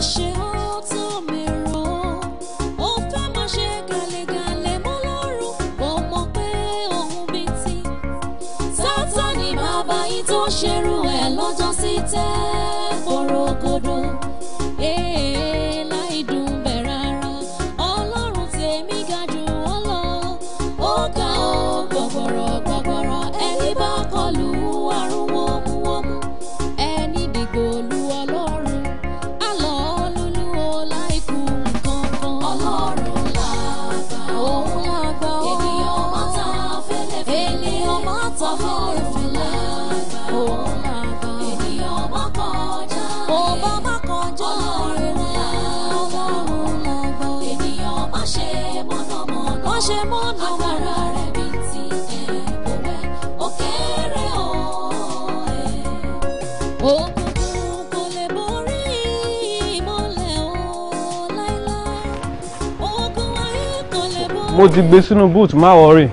是。mo ti gbé sínú boot má worry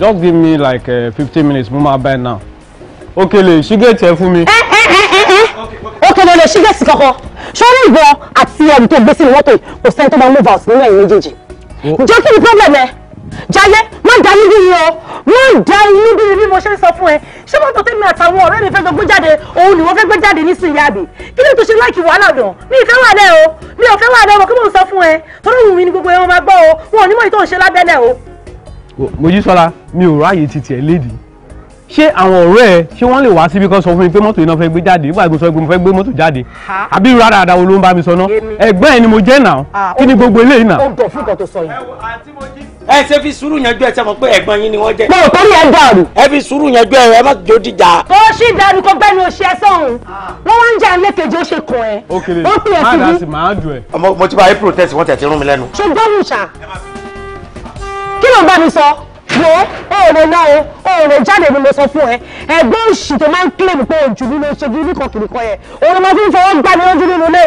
just give me like uh, fifteen minutes mo máa bẹ́ẹ̀ náà Okele ṣígẹ̀tì ẹ fún mi. Eh, eh, Okele lè ṣígẹ̀tì kankan ṣọ́ọ́rọ́ ìbọn àti ẹ̀rù tó gbé sínú mọ́tò yìí kò sẹ́ni tó máa move out nínú ẹ̀yìn méjèèjì jẹ́ kí ni problem ẹ̀ jayé má da níbí yìí o má da níbí yìí bí mo ṣe ń sọ fún ẹ ṣé mọ́tò tèmi àtàwọn ọ̀rẹ́ mi fẹ́ gbé jáde òun ni wọ́n fẹ́ gbé jáde nísìnyí àbí kí ni tó ṣe láìkí wàhálà dùn mí ìfẹ́ wà lẹ́ o mi ò fẹ́ wà lọ́wọ́ kí mò ń sọ fún ẹ torí òun mi ni gbogbo ẹ wọn máa gbọ́ o wọn ò ní mọ̀ èyí tó ń ṣe lábẹ́lẹ̀ o. Mojísọ́lá mi ò ráàyè ti tiẹ̀ lédi ṣé àwọn ọ̀rẹ́ ẹ ṣé wọ́n lè wá síbi kan sọ fún mi pé mọ́tò yìí náà fẹ́ gbé jáde nígbà tó sọ pé mo fẹ́ gbé mọ́tò jáde àbí irú àdáadáa ló ń bá mi sọ náà ẹ̀gbọ́n ẹ̀ ni mo jẹ́ náà ah, kí ni gbogbo eléyìí náà. ó ń dọ̀ fún nǹkan tó sọ yìí ẹ ṣe fi sùúrù yanjú ẹ ṣe mọ̀ pé ẹ̀gbọ́n yín ni wọ́n jẹ́. mo rò torí ẹ dàrú. ẹ fi sùúrù yanjú ẹ ẹ má jò dìjà. ó ṣì dàrú kó gbẹ́nu oṣù ẹ sọ̀hún wọ́n wá ń jẹ́ ẹlẹ́kejì ó ṣe kàn ẹ́. ó kéré má dà sí máa dùn ẹ. mo ti bá yín protest wọn tẹ̀sí rún mi lẹ́nu. ṣùgbọ́n mi ṣá kí ló ń bá mi sọ wo oòrùn náà o oòrùn jáde ni mo sọ fún ẹ ẹgbẹ́ òṣì tó máa ń kílèmù pé òjò mi ló ṣe kíní kan kìnìkan yẹn òun máa fi ń fọwọ́ gbá mi lójú nínú ilé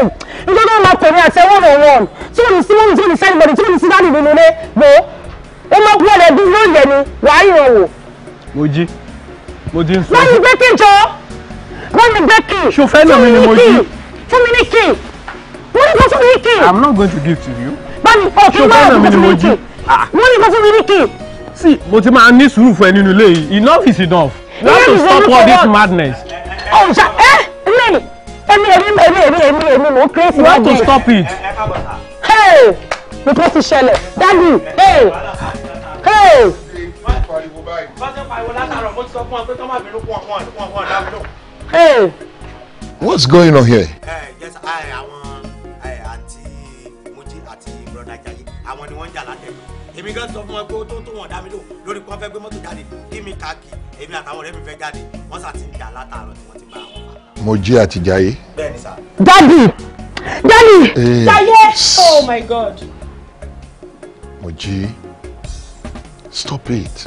nítorí wọn máa kọrin àti ẹwọ́n rẹ̀ wọ̀n tí wọn ní sí mọ́mí tí wọn ní sẹ́ni bọ̀dì tí wọn ní sí dáàdì nínú ilé wo ó mọ kúrò rẹ̀ bí lóúnjẹ ni wàá yàn wò. mo jí mo ti ń sọ. wọ́n mi gbé kí n jọ wọ́n mi gbé kí. ṣòfẹ́ náà mi ni mo jí. fún mi ní kí wọ́n ní kó fún mi ní kí. I'm not going to give to you. báyìí ọ̀kí máa ń fún mi ní kí wọ́n ní kó fún mi ní kí. see mo ti máa ní sùúrù fún ẹ nínú ilé yìí enough is enough. you have to stop all this madness. ọ̀sà ẹ mi èmi èmi èmi èmi èmi mo kérésì. you have to stop it. Hey! nǹkan ti ṣẹlẹ̀ dádì hey hey. Hey. What's going on here? Hey, eh, yes, eh, Jaye àwọn ni wọ́n Èmi gan sọ fún wọn pé ó tó tó wọ̀n dá lò lórí pé wọ́n fẹ́ gbé mọ́tò jáde kí mi ká èmi àtàwọn ọ̀rẹ́ mi fẹ́ jáde wọ́n sà ti ń jà látàárọ̀ tí wọ́n ti bá wọn. Mojí àti Jaye. Bẹ́ẹ̀ni sá. Dádì! Dádì! Eh, Jaye! Oh my God! Moji, stop it.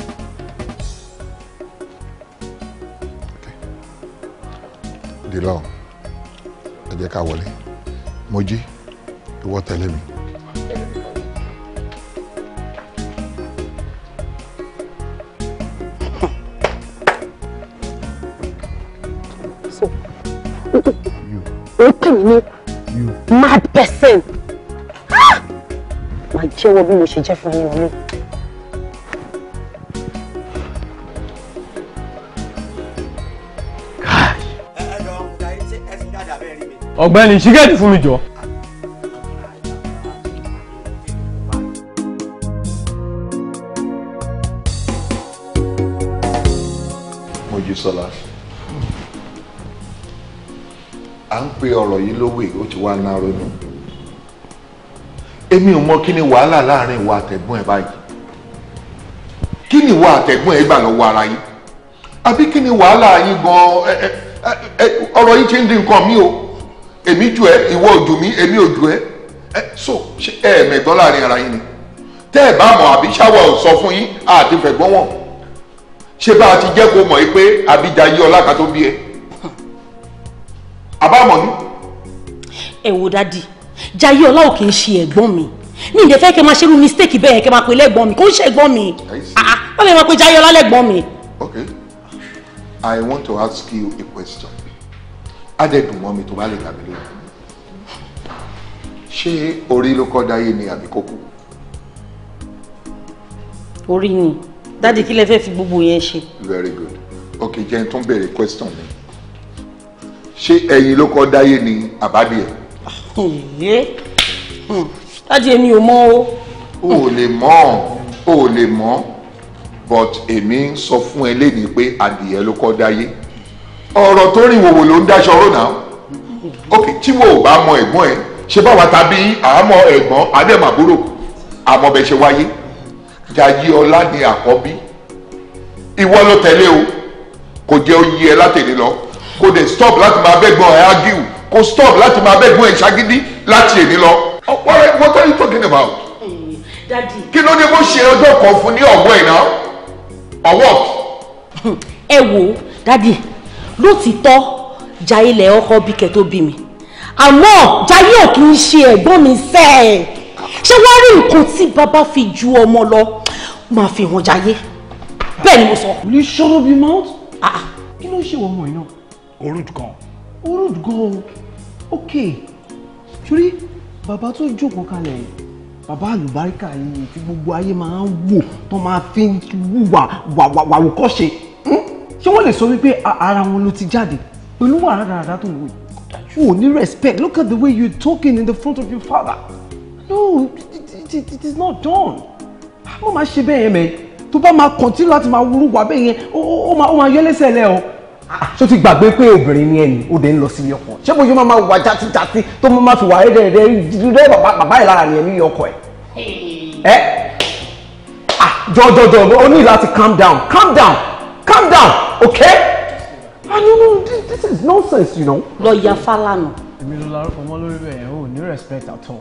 Okay. Dilo, law, jẹ́ ká wọlé. Moji, ìwọ tẹ̀lé mi. So, you. You. Mad person. Ah! máa jẹ́wọ́ bí mo ṣe jẹ́ fún ẹni ọlọ́. ọ̀gbẹ́ni ṣígẹ́ẹ̀tì fún mi jọ. Mojísọ́lá à ń pe ọ̀rọ̀ yìí lówè ó ti wá náró nù èmi ò mọ kí ni wàhálà láàrin ìwà àtẹ̀gbọ́n ẹ báyìí kí ni ìwà àtẹ̀gbọ́n ẹ gbà lọ́wọ́ ara yín àbí kí ni wàhálà yín gan ọ̀rọ̀ yín ti ń di nǹkan mi o èmi jù ẹ ìwọ òjò mi èmi ò jù ẹ so ṣe ẹ mẹ̀gbọ́n láàrin ara yín ni tẹ́ ẹ bá mọ̀ àbí ṣáwọ̀ sọ fún yín àti fẹ̀gbọ́n wọn ṣé bá a ti jẹ́ kó mọ̀ yí pé àbíjà yí ọlá ẹ àbámọ̀ ni. ẹ wo dádì jayé ọlá ò kì í ṣe ẹ̀gbọ́n mi mi ìdè fẹ́ máa ṣerú mistake bẹ́ẹ̀ kẹ́ máa pè lẹ́gbọ́n mi kò ń ṣe ẹ̀gbọ́n mi ah, ah, wọ́n lè máa pe jayé ọlá lẹ́gbọ́n mi. okay i want to ask you a question adẹ́dùn mọ́ mi tó bá lè gbà mí lóyún ṣé orí ló kọ́ dáyé ni àbí kókó. orí ni dáàdi kí lẹ fẹ́ fi gbogbo yẹn ṣe. very good okay jẹ́ n tún béèrè question mi ṣé ẹ̀yin ló kọ́ dáyé ni àbádìẹ. Hmm. dájú èmi ò mọ̀ o. o ò lè mọ̀ o lè mọ̀ but èmi ń sọ fún ẹ léde pé adìyẹ ló kọ́ dáyé ọ̀rọ̀ tó rìn wòwò ló ń dáṣọ ọ̀rọ̀ náà ok tí wo ò bá mọ ẹ̀gbọ́n ẹ ṣe báwa tàbí àmọ́ ẹ̀gbọ́n adẹ́màbúrò àmọ́ bẹ́ẹ̀ ṣe wáyé jayé ọlá ni àkọ́bí ìwọ ló tẹ̀lé o kò jẹ́ oyè ẹ látẹ̀lé lọ kò dé stop láti máa bẹ́gbọ́n ẹ ágíù kò stop láti máa bẹ́gbọ́n ẹ̀ ṣagídí láti èmi lọ. ọ̀pọ̀ oh, rẹ̀ what are you talking about? Mm, dadi. kí ló dé bó ṣe ọjọ́ kan fún ní ọ̀wọ́ ìná ọ̀wọ́. Hmm, ẹ wo dadi lótìtọ́ jayé lẹ ọkọ bí kẹ tó bí mi àmọ́ jayé ò kì í ṣe ẹ̀gbọ́n mi fẹ́ ẹ̀ ṣé wàá rí nǹkan tí bàbá fi ju ọmọ lọ máa fi hàn jayé bẹ́ẹ̀ ni mo sọ. will you shut up your mouth? Ah, ah. kí ló ń ṣe wọ́n mọ̀ iná. orúdù gan. orúdù gan o. Okay, sórí bàbá tó jókòó kalẹ̀ bàbá àlùbáríkà yìí tí gbogbo ayé máa ń wò tó máa fi ń wùwà wàwùkọ́ṣe hmm? ṣé wọ́n lè sọ wípé ara wọn ló ti jáde pẹ̀lú wàrà dáadáa tó ń wò yìí o ní respect look at the way you talking in the front of your father no it, it, it is not done mo máa ṣe bẹ́ẹ̀ yẹn mẹ́ tó bá máa continue láti máa wúrú wà bẹ́ẹ̀ yẹn ó máa yọ lẹ́sẹ̀ ṣó ti gbàgbé pé obìnrin ni ẹni ó dẹ̀ ń lọ sí ilé ọkọ ṣé bójú máa máa wà játíjátí tó máa máa fi wà rẹ̀ rẹ̀ rẹ̀ bàbá ẹ̀ lára ni ẹ̀mí ọkọ ẹ̀. ẹ jọjọjọ o ní láti calm down calm down calm down okay. ah no no this, this is nonsense you know. lọ ya Fálànà. èmi ló larọ́ fọmọ́ lórí rẹ̀ ẹ̀ ò ní respect at all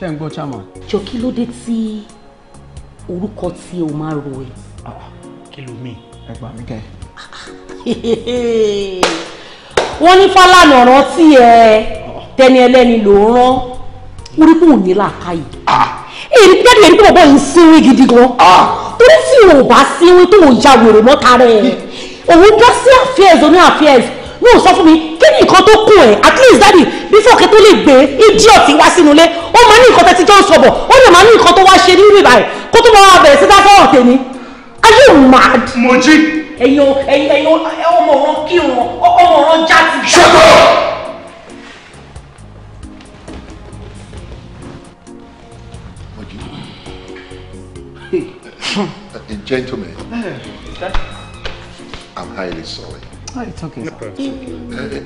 ṣé ń gbọ́ chama. jọ kí ló dé tí orúkọ tí o máa ro ẹ. Ah, kí ló mi. ẹ gbà mí kẹ́ ah, ah. wọ́n ní fálànà ọ̀ràn tí ẹ tẹni ẹlẹ́ni ló ń rán orí kò ní làákàyè èyí gbẹ́dẹ̀ èyí tó bọ̀ ń sinwi gidi gan ah. torí tí o bá sinwi tó ń ja wèrè mọ́ta rẹ̀ hmm. òun dá sí affairs oní affairs ní ò sọ fún mi kí ni nǹkan tó kù ẹ̀ at least daddy before kí tó lè gbé idiot wá sínú ilé ó máa ní nǹkan tẹ́tí tó ń sọ̀bọ̀ ó lè máa ní nǹkan tó wá ṣe nínú ìbàdàn kó tó máa bẹ̀rẹ̀ sí dáfọ́ ọ̀tẹ̀ ni are you mad. mo jí ẹ̀yin ẹ̀yin ẹ̀yin ọmọ ọ̀ràn kírun ọmọ ọ̀ràn jáde. ṣọ́kọ̀. Gentlemen, I'm highly sorry. Oh, it's okay.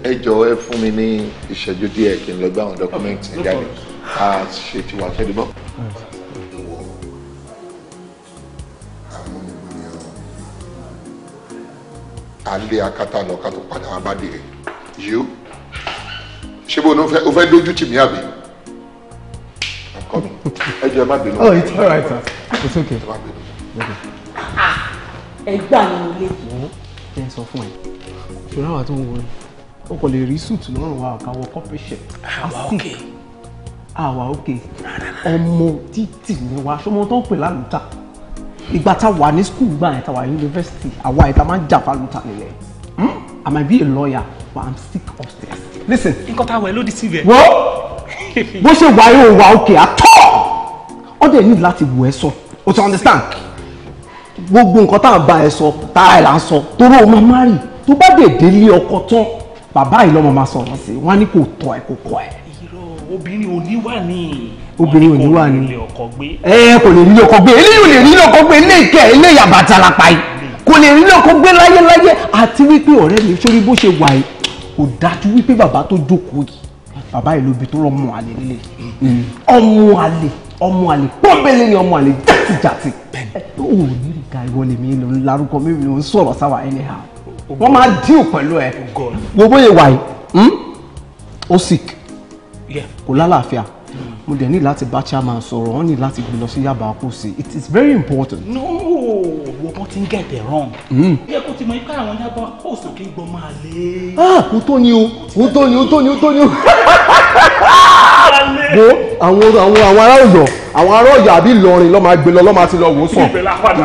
Ẹ jọ̀ọ́ ẹ fún mi ní ìṣẹ́jú díẹ̀ kí n lọ gbé àwọn dọ́kúmẹ́ǹtì jáde. A ah, ṣe ti wà kẹ́dùbọ̀. alẹ́ akátá lọ ká tó padà wá bá dé rẹ̀ yìí ṣé bó o fẹ́ dójú tì mí àbí ẹ jẹ́ ẹ má bínú. oh it's all right sir it's okay. ẹ ah, gbà mí nílé. ẹ sọ fún ẹ ṣòro àwọn tó ń wọlé o kò lè rí suit lọ́rùn wa ọ̀ka wọ kọ́pẹ́ṣẹ̀ asùn àwa òkè ọmọ títì ni wa ṣọmọ tó ń pè lálùtà ìgbà tá a wà ní school gbà yẹn tá a wà university àwa yẹn tá a máa ń jà fálùtà nílẹ̀ I hmm? might be a lawyer but I'm sick upstairs. listen. nǹkan tá a wọ̀ ẹ́ ló di síbẹ̀. wọ́n bó ṣe wà yóò wà òkè àtọ́ ó dẹ̀ ní láti wù ẹ́ sọ o ti understand gbogbo nǹkan tá à ń bá ẹ sọ tá a là ń sọ toró o máa má rì tó bá dé délé ọkọ tán bàbá ìlọmọ máa sọ̀rọ̀ sí wọ́n á ní kò tọ́ ẹ kò kọ́ ẹ. irọ́ obìnrin ò ní wà ní obìnrin ò ní wà ní. ẹ kò lè rí ọkọ gbé eléyìí ò lè rí ọkọ gbé ilé ìkẹ ilé ìyàbá talapa yìí kò lè rí ọkọ gbé láyéláyé àti wípé ọ̀rẹ́ mi sórí bó ṣe wà yìí kò dájú wípé bàbá tó jókòó yìí bàbá yìí lóbi tó rọmọ àlè nílé ọmọ àlè ọmọ àlè pọ́nbélé ni ọmọ àlè jàtìjàtì ó ní ìka ìwọ lèmi ló ń larúkọ mi ló ń sọ̀rọ̀ sáwà anyhow wọ́n máa díò pẹ̀lú ẹ̀ oh wo bóyá wà yìí hmm? ó sick kò lálàáfíà mo dẹ̀ ní láti bá chairman sọ̀rọ̀ wọ́n ní láti gbé lọ sí yaba àkóso it is very important. no wo wọn ti ń get it wrong. Hmm. yẹ kó ti mọ ipá àwọn yaba àkóso kí n gbọ́ máa lé. Ah, ó tó ni o ó tó ni ó tó ni ó tó ni o. wo àwọn àwọn àwọn ará Ọ̀yọ́ àwọn ará Ọ̀yọ́ àbí Ìlọrin lọ́ọ́ máa gbé lọ lọ́ọ́ máa ti lọ wò ó sàn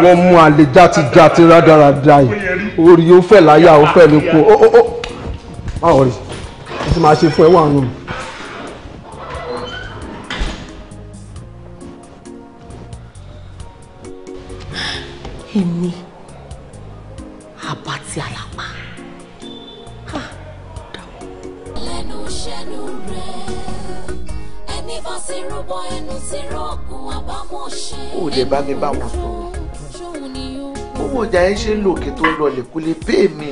wọ́n mú alẹ́ jáde jáde rádaràda yìí orí ó fẹ́ láyà ó fẹ́ mi kú ó ó ó máa rí ẹ ti máa ṣe fún ẹ wà nù. èmi àbátí àlàpà dáwọ́. lẹ́nu ṣẹ́nu rẹ̀ ẹni bá ti rúbọ ẹnu ti rọ́ọ̀kùn àbámọ̀ṣe. ó lè bá mi bá wọn sọ̀rọ̀ owó ọjà yẹn ṣe ń lo òkè tó ń lọlẹ̀ kó lè pè mí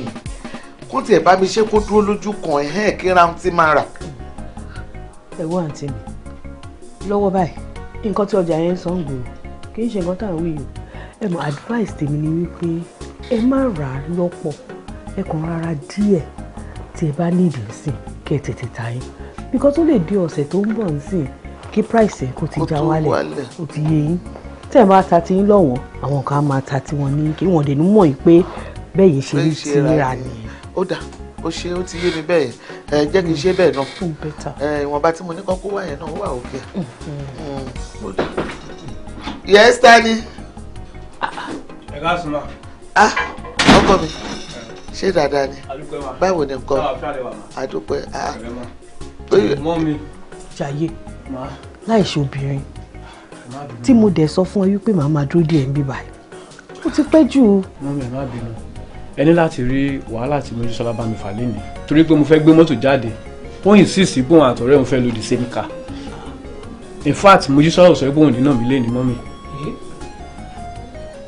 kó tiẹ̀ bá mi ṣe kó dúró lójú kan ẹ̀hẹ́n kí ra ohun tí máa rà. ẹ wọ àǹtí mi lọ́wọ́ báyìí nǹkan tí ọjà yẹn ń sọ ń gbòòrò kì í ṣe nǹkan tá à ń wí yìí ẹ mọ advice tèmi ni wípé ẹ má rà á lọ́pọ̀ ẹ kàn rárá díẹ̀ tí ẹ bá nídìí sí kẹ tètè ta yín because ó lè di ọ̀sẹ̀ tó ń bọ̀ nísìn kí price ẹ̀ kó ti já wálẹ̀ ó ti yé yín tẹ̀ bá ta ti yín lọ́wọ́ àwọn kan á máa ta tiwọn ní kí wọ́n dẹ̀ mọ̀ yìí pé bẹ́ẹ̀ yìí ṣe ní tìrà nìyẹn. ó dà ó ṣe ó ti yé mi bẹ́ẹ̀ ẹ jẹ́ kí n ṣe bẹ́ẹ̀ náà ìwọ̀nba tí mo ní kọ́ kó wáyẹn náà ó wà òkè. yẹ́sítá ni ẹ̀ka sùn ma. ah ọkọ mi ṣé dáadáa ni báwo ni nǹkan àdúpẹ́ ah. ah. mọ́ mi. jàyé láì ṣe obìnrin tí mo dẹ̀ sọ fún ọ wípé màá máa dúró díẹ̀ ń bíbá ó ti pẹ́ jù o. mọ́mí má bínú ẹ ní láti rí wàhálà tí Mojísọ́lá bá mi fà lénìí torí pé mo fẹ́ gbé mọ́tò jáde wọ́n insist pé òun àtọ̀rẹ́ òun fẹ́ lò the same car in fact Mojísọ́lá ò sọ pé òun dínà mí lénìí mọ́mí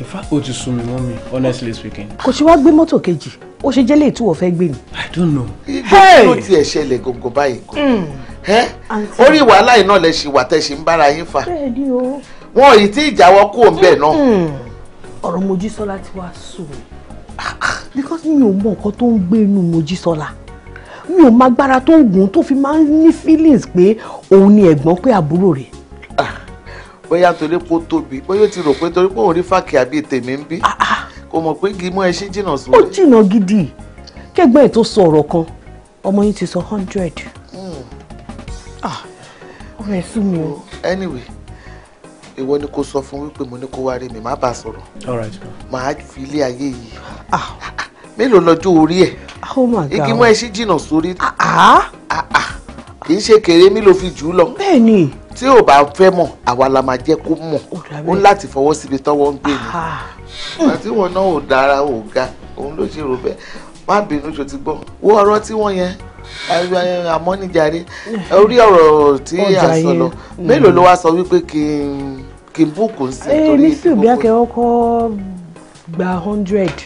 in fact o ti sún mi mọ́mì honestly speaking. kò ṣe wá gbé mọ́tò kejì ó ṣe jẹ́ léètú ọ̀fẹ́ gbé ni. i don't know. ìgbà tó tiẹ̀ ṣẹlẹ̀ gògó báyìí kò hmm. orí wàhálà iná lẹ ṣì wà tẹ ṣì ń bára yín fà wọn ò yìí tí ìjáwọ́ kú òun bẹ́ẹ̀ náà. Hmm. ọ̀rọ̀ Mojísọ́lá ti wá sùn because mi ò mọ nǹkan tó ń gbé inú Mojísọ́lá mi ò máa gbára tó ń gùn tó fi máa ń ní feelings pé òun ni ẹ̀gbọ́n pé àbúrò rẹ̀ bóyá torí pé ó tóbi bóyá ó ti rò pé torí pé òun rí fàkì àbí tèmi ń bí ah, ah, ah. kò mọ̀ pé kì í mú ẹṣin jìnnà sí. ó jìnnà gidi kẹgbẹ́ ẹ̀ tó sọ ọ̀rọ̀ kan ọmọ yín ti sọ hundred ọ̀rọ̀ hmm. ẹ̀ sún mi o. anyway ìwọ ni kò sọ fún wípé mo ní kó wá rí mi má bàa sọ̀rọ̀ màá fi ilé ayé yìí mélòó lọ́jọ́ orí ẹ̀ oh igi mọ́ ẹṣin jìnnà sórí kì í ṣe kéré mi ló fi jù ú lọ. bẹ́ẹ̀ tí ò bá fẹ́ mọ̀ àwa la máa jẹ́ kó mọ̀ ó láti fọwọ́ síbi tọ́wọ́ ń gbé ni àti wọn náà ò dára ò ga òun ló ṣe rò bẹ́ẹ̀ má bínú ṣo ti gbọ́ wo ọ̀rọ̀ tí wọ́n yẹn àmọ́ níjàre eh. orí ọ̀rọ̀ tí a sọ lọ hmm. mélòó ló wá sọ wípé kí n kí n búùkù sí. ẹ ní sí òbí akẹ́wọ́ gba hundred.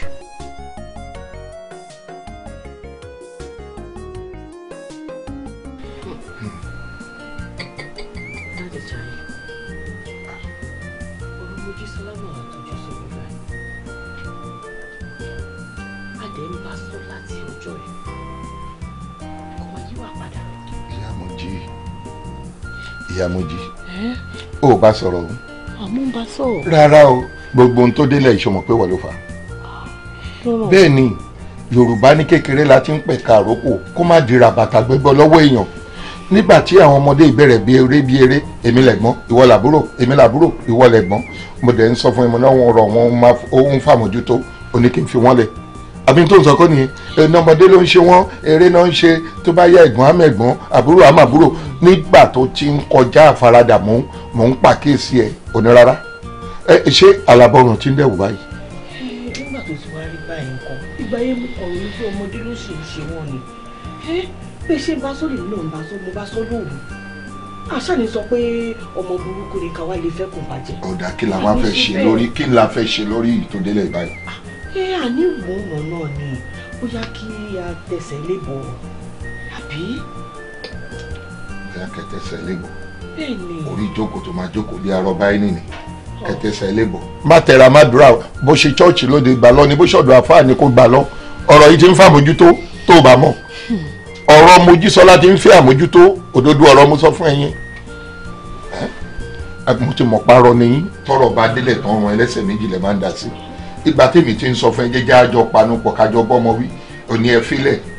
ìyá ó bá sọ̀rọ̀ o. àmọ́ ń bá sọ̀rọ̀. rárá o gbogbo ohun tó délẹ̀ ìṣọmọ pé wọ́n ló fà. bẹ́ẹ̀ ni yorùbá ní kékeré la ti ń pẹ̀ka àrókò kó má dira bàtà gbẹ́gbọ́ lọ́wọ́ èèyàn nígbà tí àwọn ọmọdé ìbẹ̀rẹ̀ bí eré bí eré èmi lẹ̀gbọ́n ìwọ làbúrò èmi làbúrò ìwọ lẹ̀gbọ́n mo dẹ̀ ń sọ fún ẹmọ náà wọn rọ wọn ó ń fàmójútó oníkì ń fi wọ́n lẹ̀ àbí tó ń sọ kọ́ nìyẹn ẹni ọmọdé ló ń ṣe wọ́n eré náà ń ṣe tó bá yá ẹ̀gbọ́n àmọ́ àbúrò àmọ́ nígbà tó ti ń kọjá àfaradà mò ń mò ń pàkíyèsí ẹ òní rárá ẹ ṣé alábọ̀rùn ti ń dẹ̀wò báyìí. nígbà tó ti wá rí báyìí nǹkan ìgbà yẹn mo kọ̀rọ̀ lójú ọmọdé ló ṣe ìṣe wọn ni pé ṣé bá sọ́ọ̀lì náà bá sọ́ mo bá sọ́ lóòrù àṣà ni sọ pé ọmọ burúkú ni káwá lè fẹ́ kó ọ̀dà kí la wá fẹ́ ṣe lórí kí la fẹ́ ṣe lórí ìtòdélẹ̀ báyìí. ẹ àní ìwọ̀n náà ni bóyá kí a tẹ̀sẹ̀ lébọ̀ àbí kíákíá kẹtẹsẹ̀ lébọ̀ orí ìjókòó tó máa jókòó lé arọ báyìí nìyí kẹtẹsẹ̀ lébọ̀. má tẹra má dúrà bó ṣe chọ́ọ̀chì lóde gbà lọ ni bó ṣọ̀dọ̀ àfáà ni kò gbà lọ ọ̀rọ̀ yìí ti ń fàmójútó tó o bá mọ̀ hmm. ọ̀rọ̀ mojísọ́lá ti ń fẹ́ àmójútó òdodo ọ̀rọ̀ mo sọ fún ẹ̀yin mo ti mọ̀ parọ́ nìyí tọrọ bá délẹ̀ tán ọ̀run ẹlẹ́sẹ̀ méjì lè máa ń dá sí ìgbà tèmi ti ń sọ fún ẹ jẹ́jẹ́ àjọ panupọ̀ kájọ bọ́mọ wí òní ẹ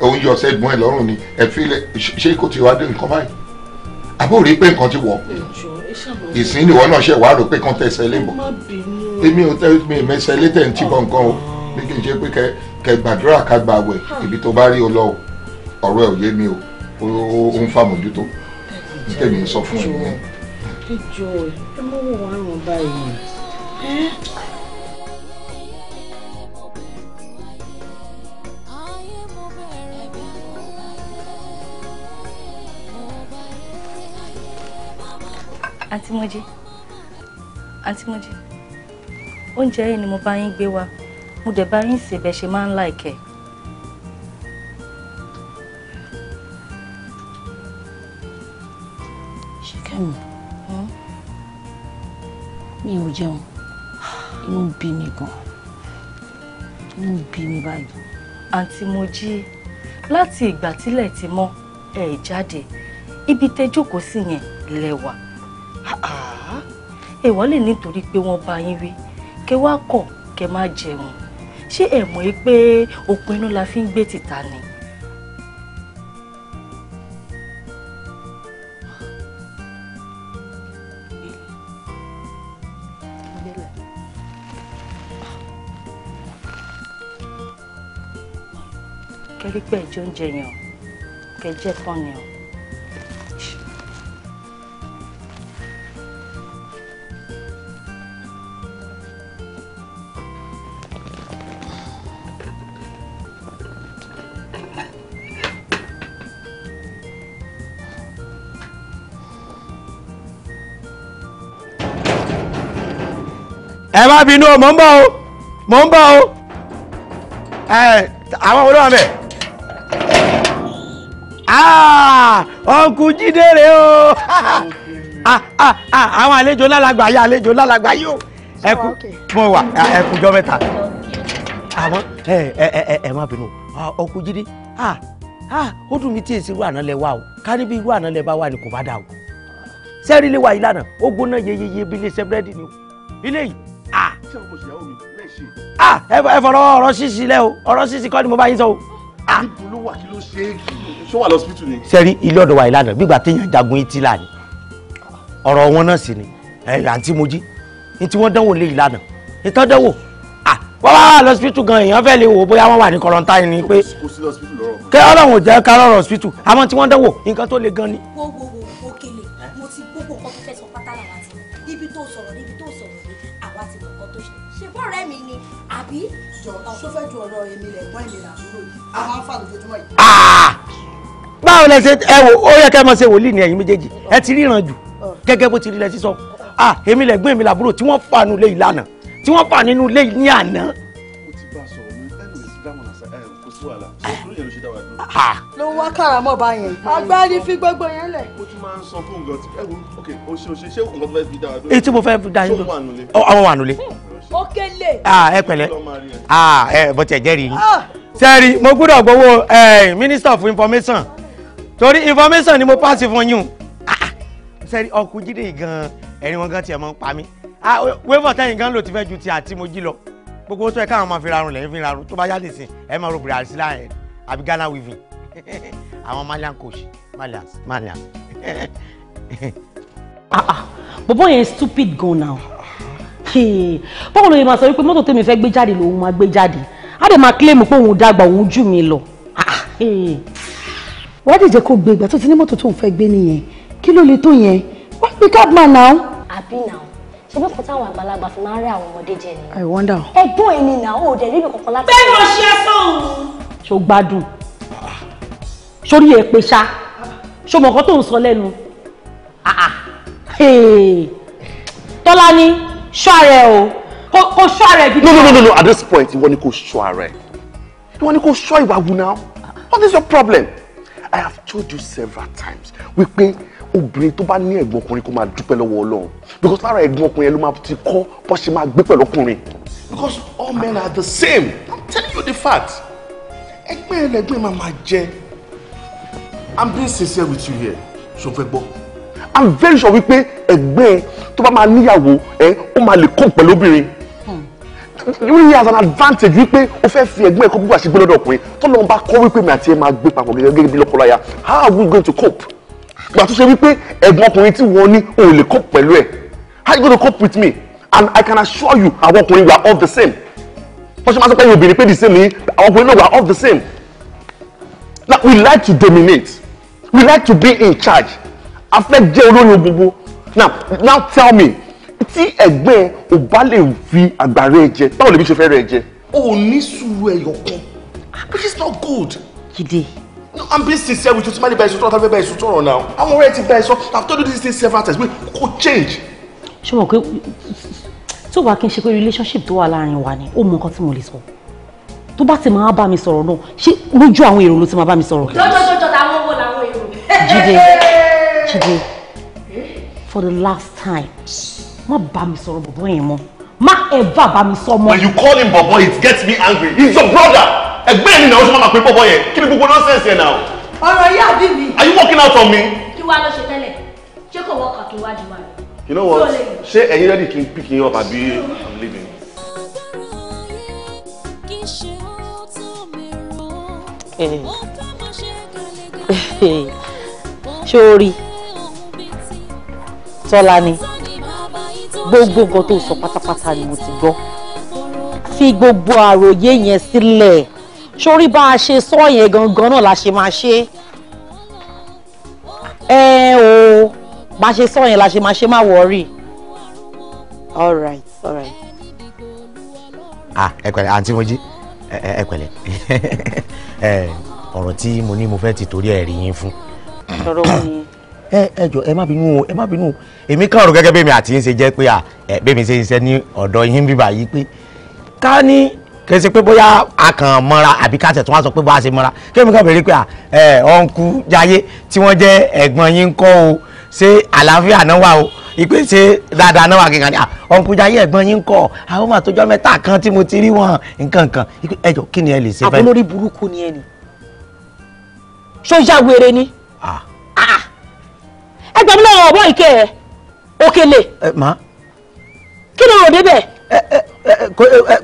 òun yọ ọ̀sẹ̀ gbọ́n ẹ lọ́rùn ni ẹ filẹ̀ ṣé kò ti wá dé nǹkan báyìí àbúrò rí pé nǹkan ti wọ̀ ìsìn ni ìwọ náà ṣe wàá rò pé kàn tẹ̀sẹ̀ lé bọ̀ èmi ò tẹ́ mi mẹ́sẹ̀ lé tẹ̀ ń tì bọ̀ nǹkan o bí kì í ṣe pé kẹ gbàdúrà ká gba àwẹ̀ ibi tó bá rí o lọ ọ̀rọ̀ ẹ̀ ò yé mi o ó ń fàmójútó ní tèmi sọ fún ẹ̀ nìyẹn. ẹ jọ ẹ mọ wọn àrùn báyìí. àǹtí Mojí àǹtí Mojí oúnjẹ yìí ni mo bá yín gbé wá mo dẹ̀ bá yín sè bẹ́ẹ̀ ṣe máa ń láìkẹ́. ṣèkẹ́mi hmm? mi ò jẹun inú ń bí mi gan inú bí mi báyìí. àǹtí Mojí láti ìgbà tílẹ̀ ti mọ́ ẹ̀ jáde ibi tẹ́ jókòó sí yẹn lẹ́wà. Ah, ah. ẹ̀wá lè nítorí pé wọ́n bá yín wí kẹ́ wá kọ̀ kẹ́ má jẹun ṣé ẹ̀ mọ̀ ẹ́ pé òpin inú la fi ń gbé tìta ni. kẹ́rí pé ẹjọ́ ń jẹyàn kẹjẹ́ tán ni o. ẹ má bínú o mò ń bọ̀ o mò ń bọ̀ o ẹ àwọn wo ló wà bẹ̀. ọkùn ah, jíde rè o ah, ah, àwọn àlejò lálàgbà yìí àlejò lálàgbà yìí o ẹ kú mo wà ẹ kú jọ mẹ́ta àwọn ẹ ẹ ẹ má bínú ọkùn jíde ó dùn mí tí èsì irú àná lẹ wá o ká níbi àná lẹ bá wà ní kò bá dà o sẹ́ẹ̀rì lè wà yìí lánàá ó gbóná yeyeye bí ilé iṣẹ́ búrẹ́dì ni o ilé yìí ṣé mo ṣèyàwó ah ẹ fọ̀rọ̀ ọ̀rọ̀ ṣíṣí lẹ́ o ọ̀rọ̀ ṣíṣí kọ́ ni mo bá yín sọ o. níbo ah. ló wà kí ló ṣe é kí ṣó wà lọ́sibítù ni. sẹ́rí ilé ọ̀dọ̀ wa ìlànà gbígbà téèyàn jagun ìtìlá ni ọ̀rọ̀ wọn náà sì ni àǹtí mo jí ní tí wọ́n dánwò lé ìlànà ní tọ́ dánwò ah, wọ́n wá lọ́sibítù gan èèyàn fẹ́ lè wò bóyá wọ́n wà ní kọ́lọ́ntà ni pé kí ọlọ́run ò jẹ́ ká lọ́rọ̀ lọ́sibítù àmọ́ tí wọ́n dánwò nǹkan tó le gan ni. wo wo wo àbí jọ sọfẹ ju ọ̀rọ̀ èmi rẹ gbọn èmi làbúrò yìí a máa ń fà lójoojúmọ́ yìí. Ah! báwo lẹ ṣe ẹ wò ó yẹ kẹ́ ẹ máa ṣe wòlíì ní ẹ̀yin méjèèjì ẹ ti ríran jù gẹ́gẹ́ bó ti rí lẹ sísọ ah èmi lẹ gbọn èmi làbúrò tí wọ́n fà nínú ilé yìí lánàá tí wọ́n fà nínú ilé yìí ní àná. ló ń ah! wá kàràmọ́ báyẹn agbárí fi gbogbo yẹn lẹ̀. mo ti máa ń sọ fún nǹkan tí ẹ wo ok o ṣe o ṣe ṣé nǹkan tó fi dára dúró. èyí tí mo fẹ́ fi dára dúró ó kélé. ẹ pẹ̀lẹ́ ẹ bó tiẹ̀ jẹ́rìí yín sẹ́ẹ̀rì ah. mo gbọ́dọ̀ gbowó minister for information torí information ni mo pass fún yín sẹ́ẹ̀rì ọkùnrin jíde gan ẹ̀rín wọn gan tiẹ̀ máa ń pa mí wẹ́fọ̀ tẹ́yìn gan ló ti fẹ́ ju ti àti mo jí lọ gbogbo tó ẹ káwọn máa fi rarun lẹ́yìn fi rarun tó bá yáde sí ẹ máa ro bìrì àrísí láàyè àbí Ghana weaving àwọn malian coach malian malian. Ah, ah. bọ̀bọ̀ yẹn stupid gan now báwo ló yẹ máa sọ wípé mọ́tò tèmi fẹ́ gbé jáde lòun máa gbé jáde á dẹ̀ máa kílèmù pé òun dàgbà òun jù mí lọ. Ah, wọ́n dìjẹ́ kó gbé ìgbà tó ti ní mọ́tò tó ń fẹ́ gbé nìyẹn kí ló le tó yẹn wọ́n pe cabman náà. àbí náà ṣe bí kò táwọn àgbàlagbà fi máa ń rí àwọn ọmọdé jẹ ni. I wonder. ẹ̀gbọ́n ẹni náà ò dẹ̀ rí ibi kankan láti. bẹ́ẹ̀ ló ṣe é sóhun. ṣó gbádùn sórí ẹ pé ṣá ṣó mọ̀ọ́kọ́ tó ń sọ lẹ́nu ah, ah. Tọ́lá ni ṣọ́ ara ẹ o kò ṣọ́ ara ẹ no no no no at this point ìwọ ni kò ṣọ́ ara ẹ ìwọ ni kò ṣọ́ ìwà wù náà what is your problem i have told you several times wípé obìnrin tó bá ní ẹ̀gbọ́n ọkùnrin kó máa dúpẹ́ lọ́wọ́ ọlọ́run because lára ẹ̀gbọ́n ọkùnrin yẹn ló máa ti kọ́ bó ṣe máa gbé pẹ̀lú ọkùnrin because all men are the same i'm telling you the fact ẹgbẹ́ ẹlẹgbẹ́ máa máa jẹ i'm being sincere with you here So fẹ́ gbọ́ i'm very sure wípé ẹgbẹ́ ẹ tó bá máa níyàwó ẹ ó máa lè kó pẹ̀lú obìnrin really hmm. has an advantage wípé o fẹ́ fi ẹ̀gbọ́n ẹ̀kọ́ gbogbo àṣegbé lọ́dọ̀ ọkùnrin tó lọ́n bá kọ́ wípé mi àti ẹ máa gbé papọ̀ gẹ́gẹ́ bí lọ́kọ láya how are we going to cope gbà tó ṣe wípé ẹ̀gbọ́n ọkùnrin tí wọ́n ní o ò lè cope pẹ̀lú ẹ̀ how you gonna cope with me and I can assure you àwọn ọkùnrin we are all the same wọ́n ṣe máa sọ pé obìnrin pé the same ni àwọn ọkùnrin náà we are all the same now we like to dominate we like to be in charge a fẹ́ jẹ́ olórin gbogbo now now tell me tí ẹgbẹ́ ò bá lè fi àgbàrá ẹ jẹ báwo lèmi ṣe fẹ́ rẹ jẹ. o ní sùúrù ẹyọ kan which is not good. Jide. no i'm being sincere with you tí má lè bá ẹsùn tọrọ tàbí bá ẹsùn tọrọ now àwọn ọ̀rẹ́ ti bá ẹ i've told you this thing several times wait go change. ṣé mo pé tó bá kí n ṣe pé relationship tó wà láàrin wa ni ó mọ nǹkan tí mo lè sọ tó bá ti máa bá mi sọ̀rọ̀ náà ṣé lójú àwọn èrò ló ti máa bá mi sọ̀rọ̀. jọjọjọjọ táwọn wo làwọn èrò. Jide. Chidi, for the last time, má bá mi sọ̀rọ̀ bọ̀bọ̀ yẹn mọ́. Má ever bá mi so mọ́. When you call him bọ̀bọ̀, it gets me angry. He's your brother. Ẹgbẹ́ ẹni náà ó ṣe máa pè bọ̀bọ̀ yẹn. Kí ni gbogbo nonsense yẹn náà? Ọ̀rọ̀ yìí àbí mi. Are you working out on me? Kí wàá lọ ṣe tẹ́lẹ̀? Ṣé kò wọ́kà tó wájú wa? You know what? Ṣé ẹ̀yin ready kí n pick you up àbí I'm leaving? Ṣé o rí i? tọ́lá ni gbogbo nǹkan tó sọ pátápátá ni mo ti gbọ́ fi gbogbo àròyé yẹn sílẹ̀ sórí bá a ṣe sọ yẹn gangan náà la ṣe máa ṣe ẹ o bá a ṣe sọ yẹn la ṣe máa ṣe má wọrí all right all right. ah ẹ pẹ̀lẹ́ àǹtí mo jí ẹ pẹ̀lẹ́ ọ̀rọ̀ tí mo ní mo fẹ́ ti torí ẹ̀ rí yín fún. ọ̀rọ̀ wo ni ẹ ẹ jọ ẹ má bínú o ẹ má bínú o èmi kàn rò gẹ́gẹ́ bẹ́mi àti ṣe jẹ́ pé à ẹ bẹ́mi ṣe iṣẹ́ ní ọ̀dọ̀ yín bíbá yìí pé ká ní kẹsí pé bóyá a kàn mọ́ra àbí ká tẹ̀tún wá sọ pé bóyá a ṣe mọ́ra kémi kàn bèrè pé à ẹ ọ̀nkú jayé tí wọ́n jẹ́ ẹ̀gbọ́n yín kọ́ o ṣé àlàáfíà náà wà o ìpè ṣe dáadáa náà wà kíkan ní à ọ̀nkú jayé ẹ̀gbọ́n yín kọ́ àwọn ọmọ kan tí mo ti rí wọn nǹkan kan ẹ jọ kí ṣe báyìí. wèrè ni. ah, ah ẹ gbà mí lọ́wọ́ ọ̀bọ̀ ìkẹ́ ẹ òkèlè. ẹ má. kí ló rò débẹ̀. ẹ ẹ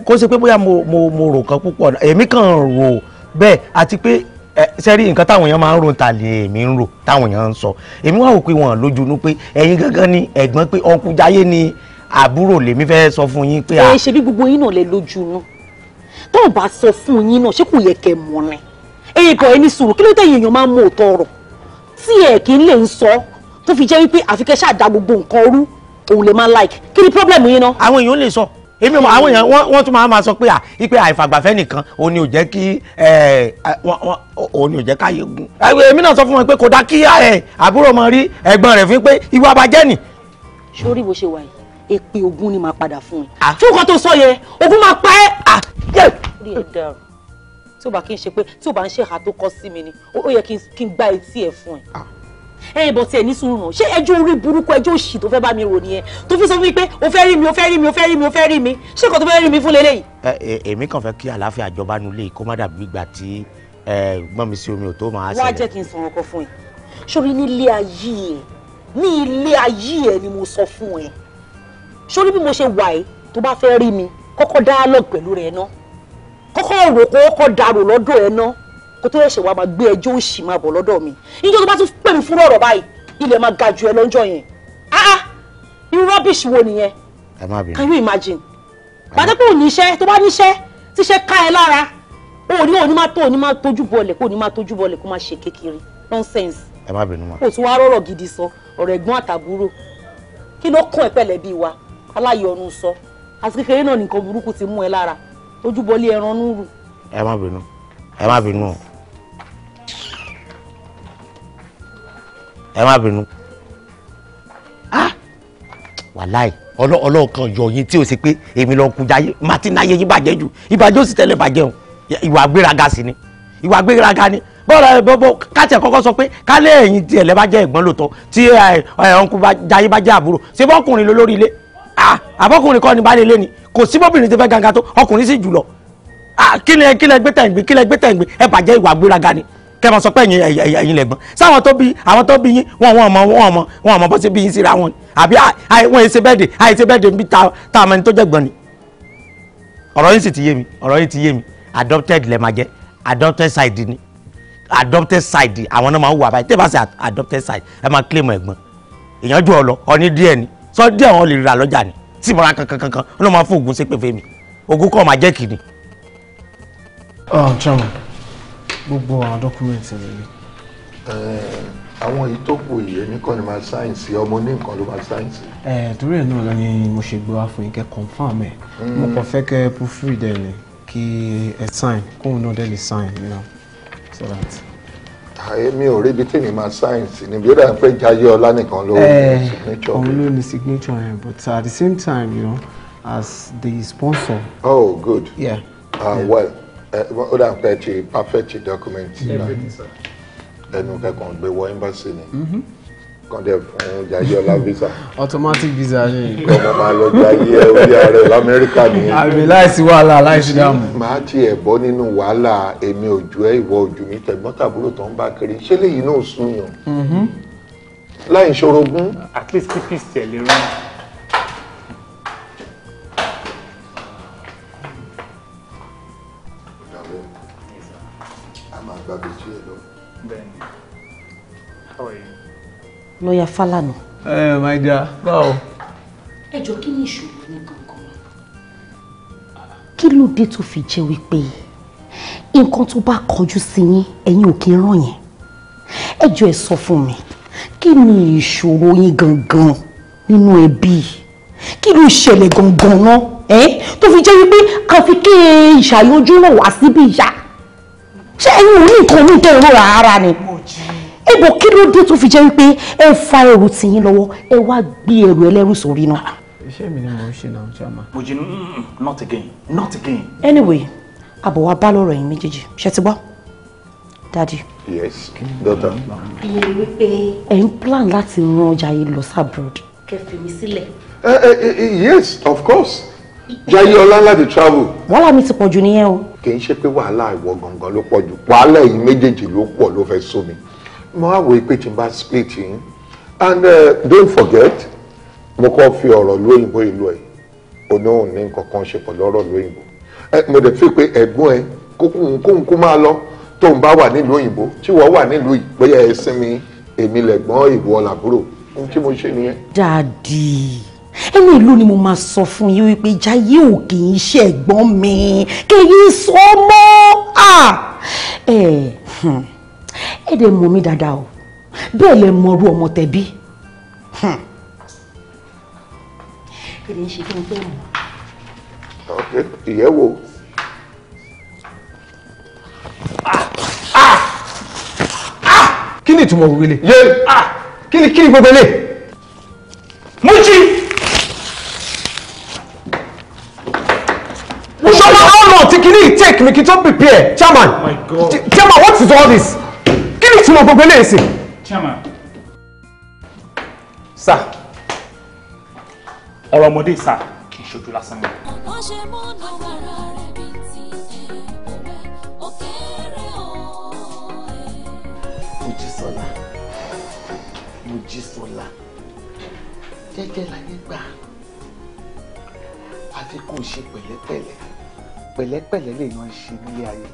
kó ṣe pé bóyá mo mo mo rò kan púpọ̀ èmi kàn rò bẹ́ẹ̀ àti pé sẹ́rí nǹkan táwọn èèyàn máa ń ro ta lè èmi ń rò táwọn èèyàn ń sọ èmi wá wò pé wọn lójúnú pé ẹ̀yin gangan ni ẹ̀gbọ́n pé ọkùn jáyé ni àbúrò lèmi fẹ́ sọ fún yín pé. ẹ ṣe bí gbogbo yín náà lè lójúnú tó o bá sọ fún yín náà ṣé kò yẹ kẹ́ mọ̀ ni. èèkàn ẹni sùúrù kí ló dé èèyàn máa ń mú òótọ́ ọ̀rọ̀ tí ẹ kì í lè ń sọ tó fi jẹ́ wípé àfikẹ́ ṣáàdá gbogbo nǹkan rú òun lè máa like kí ni problem yín náà. àwọn èèyàn lè sọ èmi mọ àwọn èèyàn wọn tún máa sọ pé à ipe àìfàgbàfẹ́ nìkan òun ni ò jẹ́ kí òun ni ò jẹ́ káyé gun. èmi náà sọ fún wọn pé kò dá kí àbúrò ọmọ rí ẹ̀gbọ́n rẹ̀ fún pé ìwà bàjẹ́ nì. sórí bó ṣe wà yìí èpè ogun ni màá padà fún ẹ. fún nǹkan tó sọ yẹn ogun máa pa ẹ́. orí ẹ̀ dàrú tí o bá kí n ṣe pé tí o bá ń ṣe ìhà tó kọ sí mi ni ó yẹ kí n gba etí ẹ̀ fún ẹ ẹ̀yin bọ̀ tí ẹ̀ ní sùúrù ṣé ẹjọ́ orí burúkú ẹjọ́ òṣì tó fẹ́ bá mi rò nìyẹn tó fi sọ fún mi pé o fẹ́ rí mi o fẹ́ rí mi o fẹ́ rí mi o fẹ́ rí mi ṣé kò tó fẹ́ rí mi fún leléyìí. ẹ èmi kàn fẹ́ kí àlàáfíà jọba nulẹ̀ kó má dàbí ìgbà tí gbọ́n mi sí omi ò tó máa ṣẹlẹ̀. wá jẹ́ kí n sọ̀rọ̀ kan fún ẹ sórí nílé ayé ẹ ní ilé ayé ẹ ni mo sọ fún ẹ sórí bí mo ṣe wà ẹ tó bá fẹ́ rí mi kọ́kọ́ dialogue pẹ̀lú rẹ ná kọ́kọ́ rò kó kọ́kọ́ dàrò lọ́dọ̀ ẹ ná kó tó ẹ̀ṣẹ̀ wa máa gbé ẹjọ́ òṣì máa bọ̀ lọ́dọ̀ mi níjọ́ tó bá tún pè mí fún ọ̀rọ̀ báyìí ilẹ̀ máa ga ju ẹ lọ́jọ́ yẹn ah, ah irú rubbish wo nìyẹn can you imagine bàtẹ́ pé òní iṣẹ́ tó bá níṣẹ́ tíṣẹ́ ká ẹ lára òní òní máa tó òní máa tójú bọlẹ̀ kó òní máa tójú bọlẹ̀ kó máa ṣe kékeré nonsense ẹ má bínú ma kò tún wá rọ̀rọ̀ gidi sọ ọ̀rọ̀ ẹ̀gbọ́n àtàbúrò kí ló kún ẹ pẹ̀lẹ́ bíi wa aláyọ̀ọ́nù sọ àti kékeré náà nìkan burúkú ti mú ẹ lára ojúbọlé ẹran núrù. ẹ má bínú ẹ má bínú o ẹ má bínú ah! wàláì ọlọ́ọ̀kan yọ yín tí o ṣe pé èmi lọ kun martin ayé yín bàjẹ́ jù ìbàjẹ́ ò sì tẹ́lẹ̀ bàjẹ́ o ìwà gbéraga sí ni ìwà gbéraga ni bọ́ọ̀lù bọ́ọ̀bọ́ káàtì ẹ̀kọ́kọ́ sọ pé kálẹ̀ ẹ̀yìn tiẹ̀ lẹ́ bá jẹ́ ẹ̀gbọ́n lóòótọ́ tí ọ̀nkù jayé bá jẹ́ àbúrò ṣé bọ́ọ̀kùnrin ló ilé àbọ̀kùnrin kọ́ ni baálé ilé ni kò sí bóbìnrin ti fẹ́ gangan tó ọkùnrin sì jùlọ kílẹ̀ kílẹ̀ gbẹ́tẹ̀ ń gbé kílẹ̀ ẹ bàjẹ́ ìwà gbéraga ni kẹ́mọ sọ pé ẹ̀yin ẹ̀yin lẹ̀gbọ́n sáwọn tó bí àwọn tó bí yín wọn wọn mọ wọn mọ wọn mọ bó ṣe bí yín síra wọn àbí wọn èsè bẹ́ẹ̀dẹ̀ àìsè bẹ́ẹ̀dẹ̀ ń bí ta ta àmọ́ ẹni tó jẹ́ gbọ́n ni. ọ̀rọ̀ yín sì ti yé mi ọ̀rọ̀ yín ti yé mi adopted lẹ́ẹ̀ jẹ́ adopted side ni adopted side àwọn náà máa ń wà báyìí tẹ́ bá ṣe adopted side ẹ máa claim ẹ̀gbọ́n èèyàn jù ọ lọ ọ ní díẹ̀ ni sọ díẹ̀ wọn lè rà lọ́jà ni tí mo ra kankan kankan ó lọ́ máa fún ògùn sí pèfé mi ògùn kọ́ máa jẹ́ kìíní. ọ̀ oh, chairman gbogbo àwọn dọ́kúmẹ̀ntì rẹ̀ rí. àwọn èyí tó kù yìí ẹni kan ni máa sáyẹ̀nsì ọmọ ní nǹkan ló máa sáyẹ̀nsì. torí ẹ̀ náà ni mo ṣe gbọ́ àfòyín kẹ́ confam ẹ̀ mm. mo kàn fẹ́ kẹ́ proofread ẹ̀ ni kí ẹ sign kóun náà dẹ́ lè sign you know so that. èmi ò ríbi tí mi máa sáyẹ̀nsì níbi ó dà pé jayé ọlá nìkan ló ní signature. òun ló ní signature yẹn but at the same time you know, as the sponsor. oh good. yeah. Uh, yeah. well ó dà pé ti perfect document ẹnu kẹkàn gbé wọ embassy ni mm-hmm. kàn dẹ fún jayé ọlá visa. automatic visa ni. kọ́mọ máa lọ jayé orí ààrẹ lamẹ́ríkà ni. àbí láìsí wàhálà láìsí dààmú. màá tiẹ̀ bọ́ nínú wàhálà èmi òjò ẹ̀ ìwọ òjò mi tẹ̀gbọ́n tó ń bá kiri ṣé lèyí náà sún yàn. Mm-hmm. láì ṣorogún. at least kí peace tẹ̀lé rán. lọ́ọ̀yà Fálànà. ẹ my dear báwo. ẹ jọ kí ni ìṣòro ní kankan kí ló dé tó fi jẹ́ wípé nǹkan tó bá kọjú sí yín ẹ̀yin ò kí ń ràn yẹn ẹ jọ ẹ sọ fún mi kí ni ìṣòro yín gangan nínú ẹbí kí ló ṣẹlẹ̀ gangan náà ẹ tó fi jẹ́ wípé àfi kí ìṣàyànjú náà wá síbí ìyá ṣé ẹ̀yin ò ní nǹkan ní ìtẹ̀rọ rárá ni bọ̀ kí ló dé tó fi jẹ́ wípé ẹ fa ẹrù tìyín lọ́wọ́ ẹ wá gbé ẹrù ẹlẹ́rù sórí náà. iṣẹ́ mi ni mo ń ṣe náà jama. bùjì not again not again. anyway àbọ̀ wa bá lọ́rọ̀ yín méjèèjì ṣe ti gbọ́ dadi. yes daughter. ìyẹn wípé ẹ ń plan láti ran ọjà yìí lọ sí abroad. kẹfì mi sílẹ̀. Eh, eh, eh, yes of course jayé ọlá láti travel. wàhálà mi ti pọ̀ jù nìyẹn o. kì í ṣe pé wàhálà ìwọ gangan ló pọ̀ jù wàhálà yìí méjèèjì ló pọ̀ ló fẹ́ sómi mo á wòye pé tí n bá split yín and uh, don't forget mo kọ́ fi ọ̀rọ̀ lóyìnbó ìlú ẹ̀ oníhùn ní nǹkan kan ṣe pẹ̀lú ọ̀rọ̀ lóyìnbó mo dẹ̀ fi pé ẹ̀gbọ́n ẹ kókùnkùn kó máa lọ tó ń bá wà nílùú òyìnbó tí wọ́n wà nílùú ìpẹ́yà ẹ sinmi èmi lẹ̀gbọ́n ìwọ làbúrò ohun tí mo ṣe nìyẹn. dàdí ẹni ìlú ni mo máa sọ fún yín wípé jayé ò kì í ṣe ẹ̀gbọ́n mi kì í sọ mọ́ ẹ. Ah! Eh, hmm ẹ dẹ̀ mọ̀ mí dáadáa o bẹ́ẹ̀ lẹ mọ irú ọmọ tẹ̀bí. èmi hmm. ń ṣe kí n fẹ́ mọ̀. ìyẹ́wò. kí ni ìtumọ̀ gbogbo ilé. yé ah! kí ni kí ni gbogbo ilé. Muchi. Ṣọlá how long ti kí take me kí n tó prepare chairman chairman what is all this kí ni ìtumọ̀ gbogbo lè sè. chairman. sir, ọ̀rọ̀ ọmọdé sir, kì í ṣojú lásán mi. ọ̀ṣẹ̀ mọ́nà wàrà rẹ̀ bí ti ẹ̀ ọ̀rẹ́ ọ̀kẹ́rẹ́ ọ̀ẹ́. Mojísọ́lá Mojísọ́lá jẹ́jẹ́ láyé gbà àfi kó o ṣe pẹ̀lẹ́pẹ̀lẹ́ pẹ̀lẹ́pẹ̀lẹ́ lèèyàn ṣe nílé ayé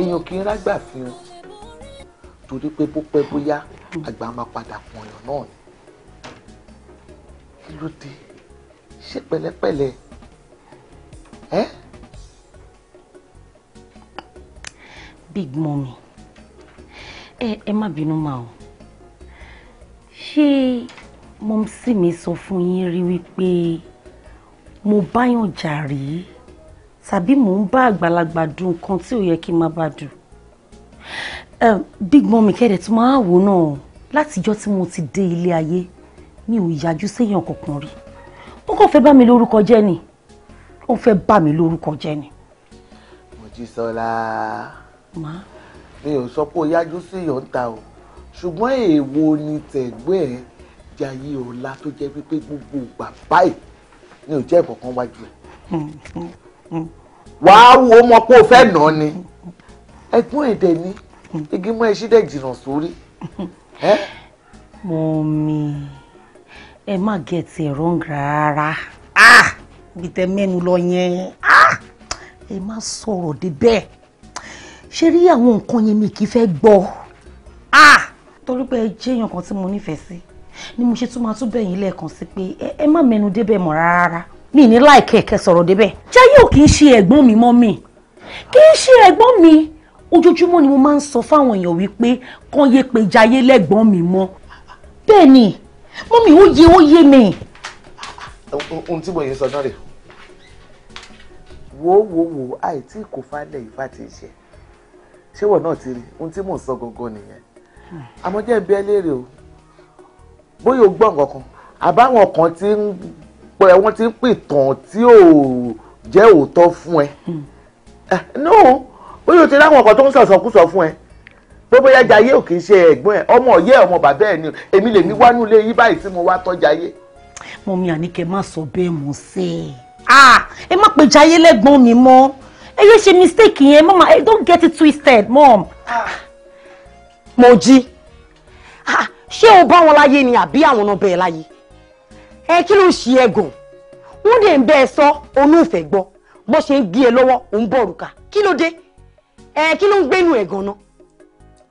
èèyàn kì í rágbà fi hàn torí pé bó pẹ́ bóyá àgbà máa padà pọn ọ̀yàn náà ni kí ló dé ṣe pẹ̀lẹ́pẹ̀lẹ́ ẹ́. big mommy ẹ ẹ má bínú mà o ṣé mọ́mísì mi sọ fún yín rí wípé mo báyàn jà rí tàbí mò ń bá àgbàlagbà dùn nǹkan tí ò yẹ kí n má bá dùn big mummy kẹ́dẹ̀ tó máa wò náà látijọ́ tí mo ti dé ilé ayé mi ò yájú séèyàn kankan rí ó kàn fẹ́ bá mi lórúkọ jẹ́ ni ó fẹ́ bà mí lórúkọ jẹ́ ni. Mojísọ́lá mi ò sọ pé ó yájú séèyàn ta o ṣùgbọ́n èèwo ni tẹ̀gbọ́n ẹ̀ jayé ọ̀la tó jẹ́ pípé gbogbo bàbá ẹ̀ ni ò jẹ́ ìkọ̀kan wájú ẹ̀. Hmm, hmm, hmm. wàá wo ọmọ pé o fẹ́ nà án ni ẹ̀gbọ́n ẹ̀ dẹ̀ ni igi mọ́ ẹṣin dẹ̀ jìnnà sórí. mọ̀mí ẹ má gẹ̀ẹ́tì ẹ̀ wrong rárá ah! bí tẹ mẹ́nu lọ yẹn ah! ẹ má sọ̀rọ̀ débẹ̀ ṣé rí àwọn nǹkan yẹn mi kì í fẹ́ gbọ́ ah! torí pé ẹ jẹ́ èèyàn kan tí mo nífẹ̀ẹ́ sí ni mo ṣe tún máa tún bẹ̀yìn lẹ́ẹ̀kan sí pé ẹ má mẹ́nu débẹ̀ mọ́ rárá mi ní láìkẹ̀kẹ́ sọ̀rọ̀ débẹ̀ jẹ́ yóò kì í ṣe ẹ̀gbọ́n mi mọ́ mi kì í ṣe ẹ̀gbọ́n mi ojoojúmọ́ ni mo máa ń sọ fáwọn èèyàn wípé kán yé pé jayé lẹ́gbọ́n mi mọ́ bẹ́ẹ̀ ni mọ́mì ó yé ó yé mi. ohun tí mo yẹ sọ náà rè wo wo wo àìtí kò falẹ̀ ìfà tí ì ṣe ṣéwọ̀ náà ti rí ohun tí mò ń sọ gangan nìyẹn àmọ́ jẹ́ ń bí ẹ léèrè o bóyá o gbọ́ nǹkan kan àbáwọn kan ti ń pẹ wọ́n ti ń pìtàn tí ò jẹ́ òótọ́ fún ẹ hmm. eh, no bóyá o ti ráwọn ọkọ tó ń sọ̀sọ̀kúsọ fún ẹ pé bóyá jayé ò kì í ṣe ẹ̀gbọ́n ẹ ọmọ ọ̀yẹ́ ọmọ bàbá ẹ ni èmi lèmi wá nílé yí báyìí tí mo wá tọ́ jayé. mo mi àníkẹ́ má sọ bẹ́ẹ̀ mọ́ sí i ẹ má pe jayé lẹ́gbọ́n mi mọ́ ẹ yẹ ṣe mistake yẹn mama I don't get it twisted mom. mo jí ṣé o bá wọn láyé ni àbí àwọn náà bẹ̀ẹ́ láyé ẹ kí ló ń ṣe ẹ gùn wọn dẹ̀ ń bẹ́ẹ̀ sọ onú ìfẹ́ gbọ́ bó ṣe ń gbé ẹ lọ́wọ́ òun bọ̀ òrùka kí ló dé ẹ eh, kí ló ń gbénu ẹ̀ gan-an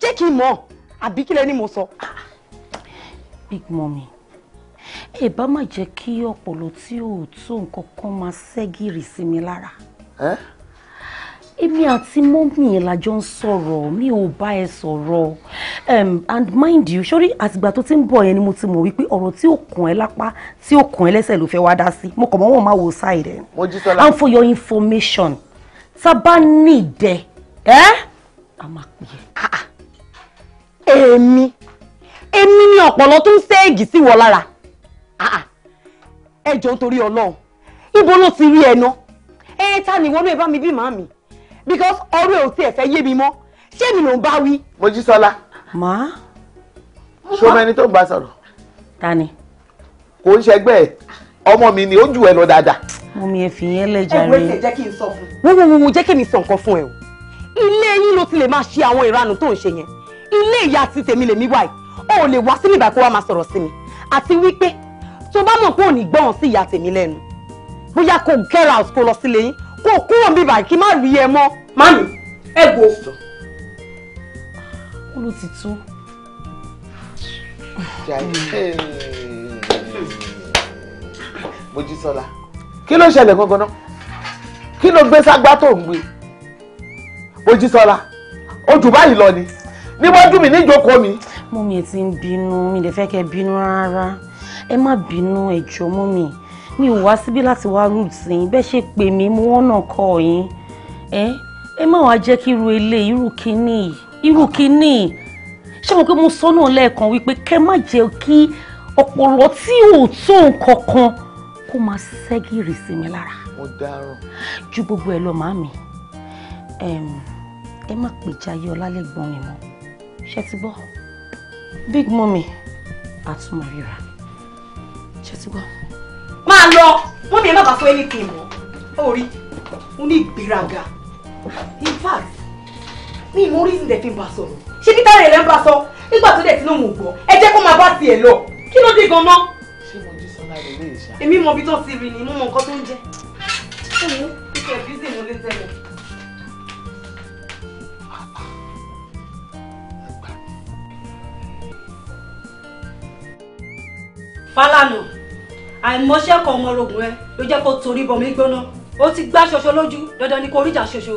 jẹ́ kí n mọ̀ àbí kí lẹ mo sọ. big mummy ẹ bá má jẹ́ kí ọpọlọ tí ò tó nǹkan kan máa ṣẹ́gìrì sí mi lára. Eh? èmi àti mọ́mì ẹ̀ lájọ ń sọ̀rọ̀ mi ò bá ẹ sọ̀rọ̀ and mind you sórí àtìgbà tó ti ń bọ̀ yẹn ni mo ti mọ̀ wípé ọ̀rọ̀ tí ò kàn ẹ́ lápá tí ò kàn ẹ́ lẹ́sẹ̀ ló fẹ́ wá dá sí mo kàn mọ́ wọn máa wò sáì rẹ̀. Mojísọ́lá and for your information tá a bá ní ìdẹ́ ẹ a máa pè é ah, ah. èmi èmi ni ọ̀pọ̀lọ́ tó ń ṣéègì sí wọ lára ah, ẹ jọ̀ọ́ nítorí Ọlọ́run ibo ló ti rí ẹnu ẹ ta ni wọnú ẹ bá mi bí màmí because ọ̀rọ̀ ẹ ò tiẹ̀ fẹ́ yé mi mọ́ ṣé èmi ló ń bá wí. Mojísọ́lá. màá. ṣọmọ ẹni tó ń bá sọ̀rọ̀. ta ni. kò ń ṣẹgbẹ́ ẹ̀ ọmọ mi ni ó jù ẹ lọ dáadáa. mo mi ẹ fi yẹn lẹ́jà rẹ. ẹ wo ẹ jẹ́ kí n sọ fún un. wọ́n wọ́n wọ́n jẹ́ kí mi sọ nǹkan fún ẹ o ilé yín ló ti lè máa ṣe àwọn ìranù tó ń ṣe yẹn ilé ìyá ti tèmi lèmi wáyé o ò lè wá sí nígbà kó wá máa sọ̀rọ̀ sí mi àti wípé tó bá mọ̀ pé ò ní gbọ́ràn sí ìyá tèmi lẹ́nu bóyá kò get out kó lọ sílé yín kó kúrò bíbà kí má rí ẹ mọ́. mami ẹ gbó. ó ló ti tó. Mojísọ́lá kí ló ṣẹlẹ̀ gangan náà kí ló gbé ságbá tó ń gbé. Ojísọ́lá ó jù báyìí lọ ni ní wájú mi níjókòó mi. mọ́mì ẹ ti ń bínú mi lè fẹ́ kẹ́ bínú rárá ẹ má bínú ẹ jọ̀ọ́ mọ́mì mi ò wá síbí láti wá rúùtì yín bẹ́ẹ̀ ṣe pè mí mo wọ́n náà kọ́ yín ẹ ẹ má wàá jẹ́ kí irú ilé irú kínní irú kínní ṣé mo pé mo sọ náà lẹ́ẹ̀kan wípé kẹ́ má jẹ́ kí ọpọlọ tí ò tó nǹkan kan kó máa ṣẹ́gìrì sí mi lára. ju gbogbo ẹ lọ màmí ẹ má pè jayé ọlálẹ́gbọ́n mi mọ́ ṣe ti gbọ́ big mummy àtúmọ̀ríra ṣe ti gbọ́. máa lọ mọ́mí ẹ má bàa fún anything mọ́ orí mo ní ìgbéraga in fact mi ìmọ̀ orí ìsìn dẹ̀fín bá sọ̀rọ̀ ṣé bí táyà rẹ̀ ń bá sọ nígbà tó dẹ̀ tí lóun ò gbọ́ ẹ jẹ́ kó máa bá tiẹ̀ lọ kí ló dé gan-an. ṣé mo jí sọ́nà rẹ̀ lè ṣá. èmi mọ̀ bí tó ti rìn ní mo mọ̀ nǹkan tó ń jẹ́. ṣé mo ń fi kẹ̀ mo lè tẹ̀lé. Fálànà àìmọṣẹ́ kan ọmọ orogún ẹ ló jẹ́ kó torí bọ̀ mí gbóná ó ti gbá ṣoṣo lójú dandan ni kò ríjà ṣoṣo.